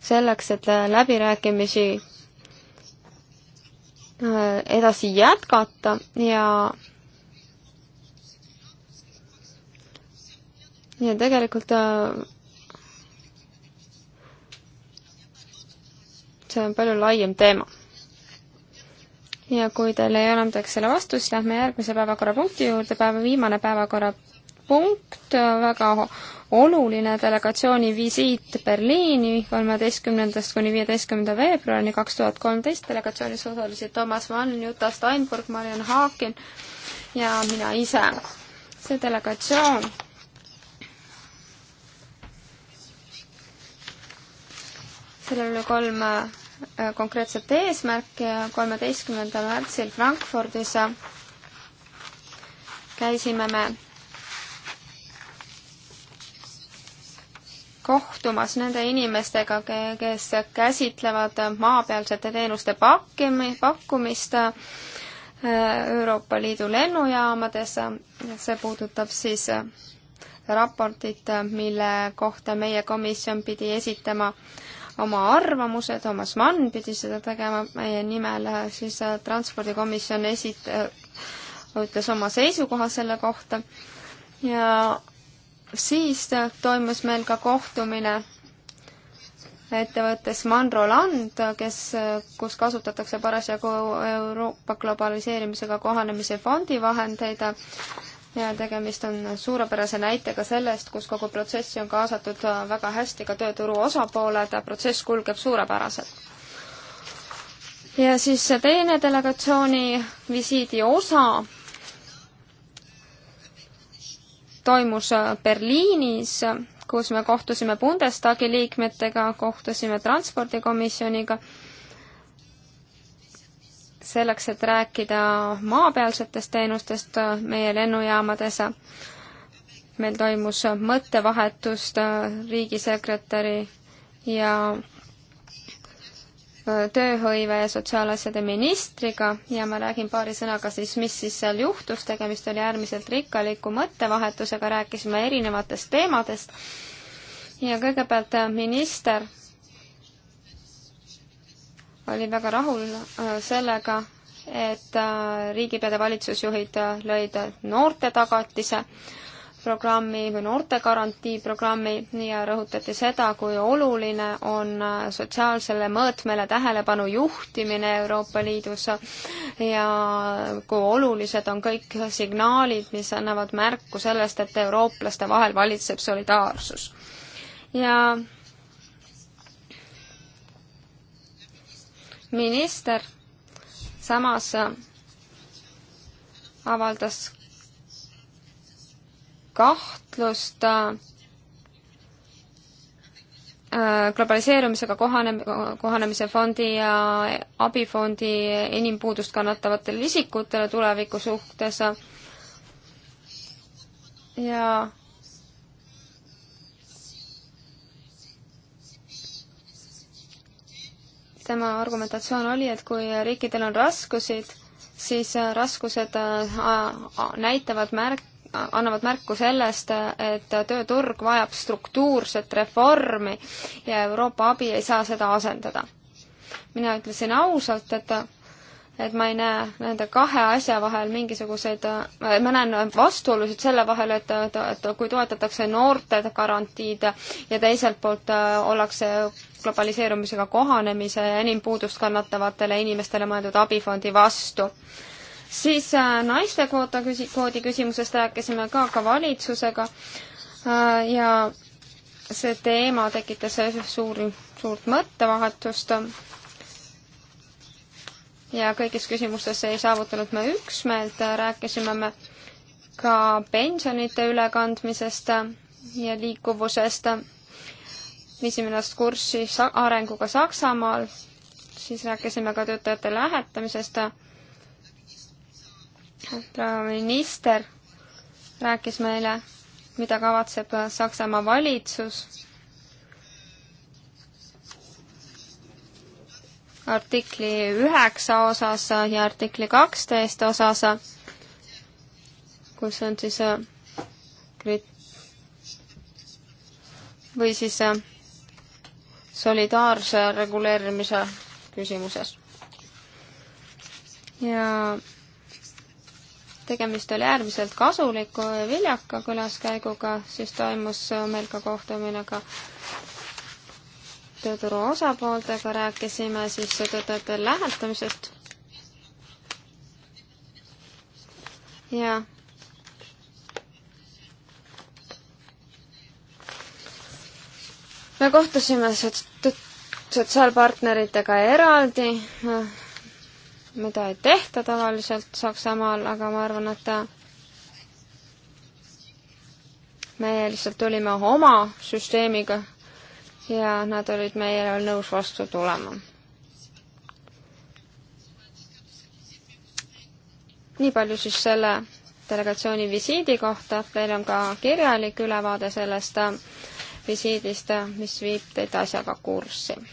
selleks, et äh, läbirääkimisi äh, edasi jätkata ja ja tegelikult see on palju laiem teema. ja kui teil ei ole midagi selle vastu, siis lähme järgmise päevakorrapunkti juurde, päeva viimane päevakorrapunkt punkt, väga oluline delegatsiooni visiit Berliini kolmeteistkümnendast kuni viieteistkümnenda veebruarini kaks tuhat kolmteist. delegatsioonis osalesid Toomas Mann, Juta Steinburg, Mariann Haakin ja mina ise. see delegatsioon sellel oli kolm äh, konkreetset eesmärki ja kolmeteistkümnendal märtsil Frankfurdis käisime me kohtumas nende inimestega, kes käsitlevad maapealsete teenuste pakkimi, pakkumist äh, Euroopa Liidu lennujaamades. see puudutab siis äh, raportit, äh, mille kohta meie komisjon pidi esitama oma arvamuse, Toomas Mann pidi seda tegema meie nimel, siis transpordikomisjon esit-, ütles oma seisukoha selle kohta ja siis toimus meil ka kohtumine ettevõttes Manroland, kes, kus kasutatakse parasjagu Euroopa globaliseerimisega kohanemise fondi vahendeid ja tegemist on suurepärase näitega sellest, kus kogu protsessi on kaasatud väga hästi ka tööturu osapooled, protsess kulgeb suurepäraselt. ja siis teine delegatsiooni visiidi osa toimus äh, Berliinis, kus me kohtusime Bundestagi liikmetega, kohtusime transpordikomisjoniga, selleks, et rääkida maapealsetest teenustest äh, meie lennujaamades. meil toimus mõttevahetust äh, riigisekretäri ja tööhõive ja sotsiaalasjade ministriga ja ma räägin paari sõnaga siis, mis siis seal juhtus, tegemist oli äärmiselt rikkaliku mõttevahetusega, rääkisime erinevatest teemadest ja kõigepealt äh, minister oli väga rahul äh, sellega, et äh, riigipead ja valitsusjuhid lõid noorte tagatise programmi või noortegarantii programmi ja rõhutati seda, kui oluline on sotsiaalsele mõõtmele tähelepanu juhtimine Euroopa Liidus ja kui olulised on kõik signaalid, mis annavad märku sellest, et eurooplaste vahel valitseb solidaarsus. ja minister samas avaldas kahtlust äh, globaliseerumisega kohane, kohanemise fondi ja abifondi enim puudust kannatavatele isikutele tuleviku suhtes ja tema argumentatsioon oli, et kui riikidel on raskusid, siis raskused äh, näitavad märk-, annavad märku sellest, et tööturg vajab struktuurset reformi ja Euroopa abi ei saa seda asendada. mina ütlesin ausalt, et et ma ei näe nende kahe asja vahel mingisuguseid, ma näen vastuolusid selle vahel, et, et, et kui toetatakse noorte garantiid ja teiselt poolt ollakse globaliseerumisega kohanemise ja enim puudust kannatavatele inimestele mõeldud abifondi vastu siis äh, naiste kvoota küsi-, kvoodi küsimusest rääkisime ka, ka valitsusega äh, ja see teema tekitas suuri, suurt mõttevahetust. ja kõigis küsimustes ei saavutanud me üksmeelt, rääkisime me ka pensionite ülekandmisest ja liikuvusest. viisime ennast kurssi arenguga Saksamaal, siis rääkisime ka töötajate lähetamisest proua minister rääkis meile, mida kavatseb Saksamaa valitsus artikli üheksa osas ja artikli kaksteist osas, kus on siis äh, või siis äh, solidaarse reguleerimise küsimuses. ja tegemist oli äärmiselt kasuliku ja viljaka külaskäiguga, siis toimus meil ka kohtumine ka tööturu osapooltega, rääkisime siis töötajate lähetamisest. ja me kohtusime sotsiaalpartneritega eraldi mida ei tehta tavaliselt Saksamaal, aga ma arvan, et me lihtsalt olime oma süsteemiga ja nad olid meile nõus vastu tulema. nii palju siis selle delegatsiooni visiidi kohta, teil on ka kirjalik ülevaade sellest visiidist, mis viib teid asjaga kurssi.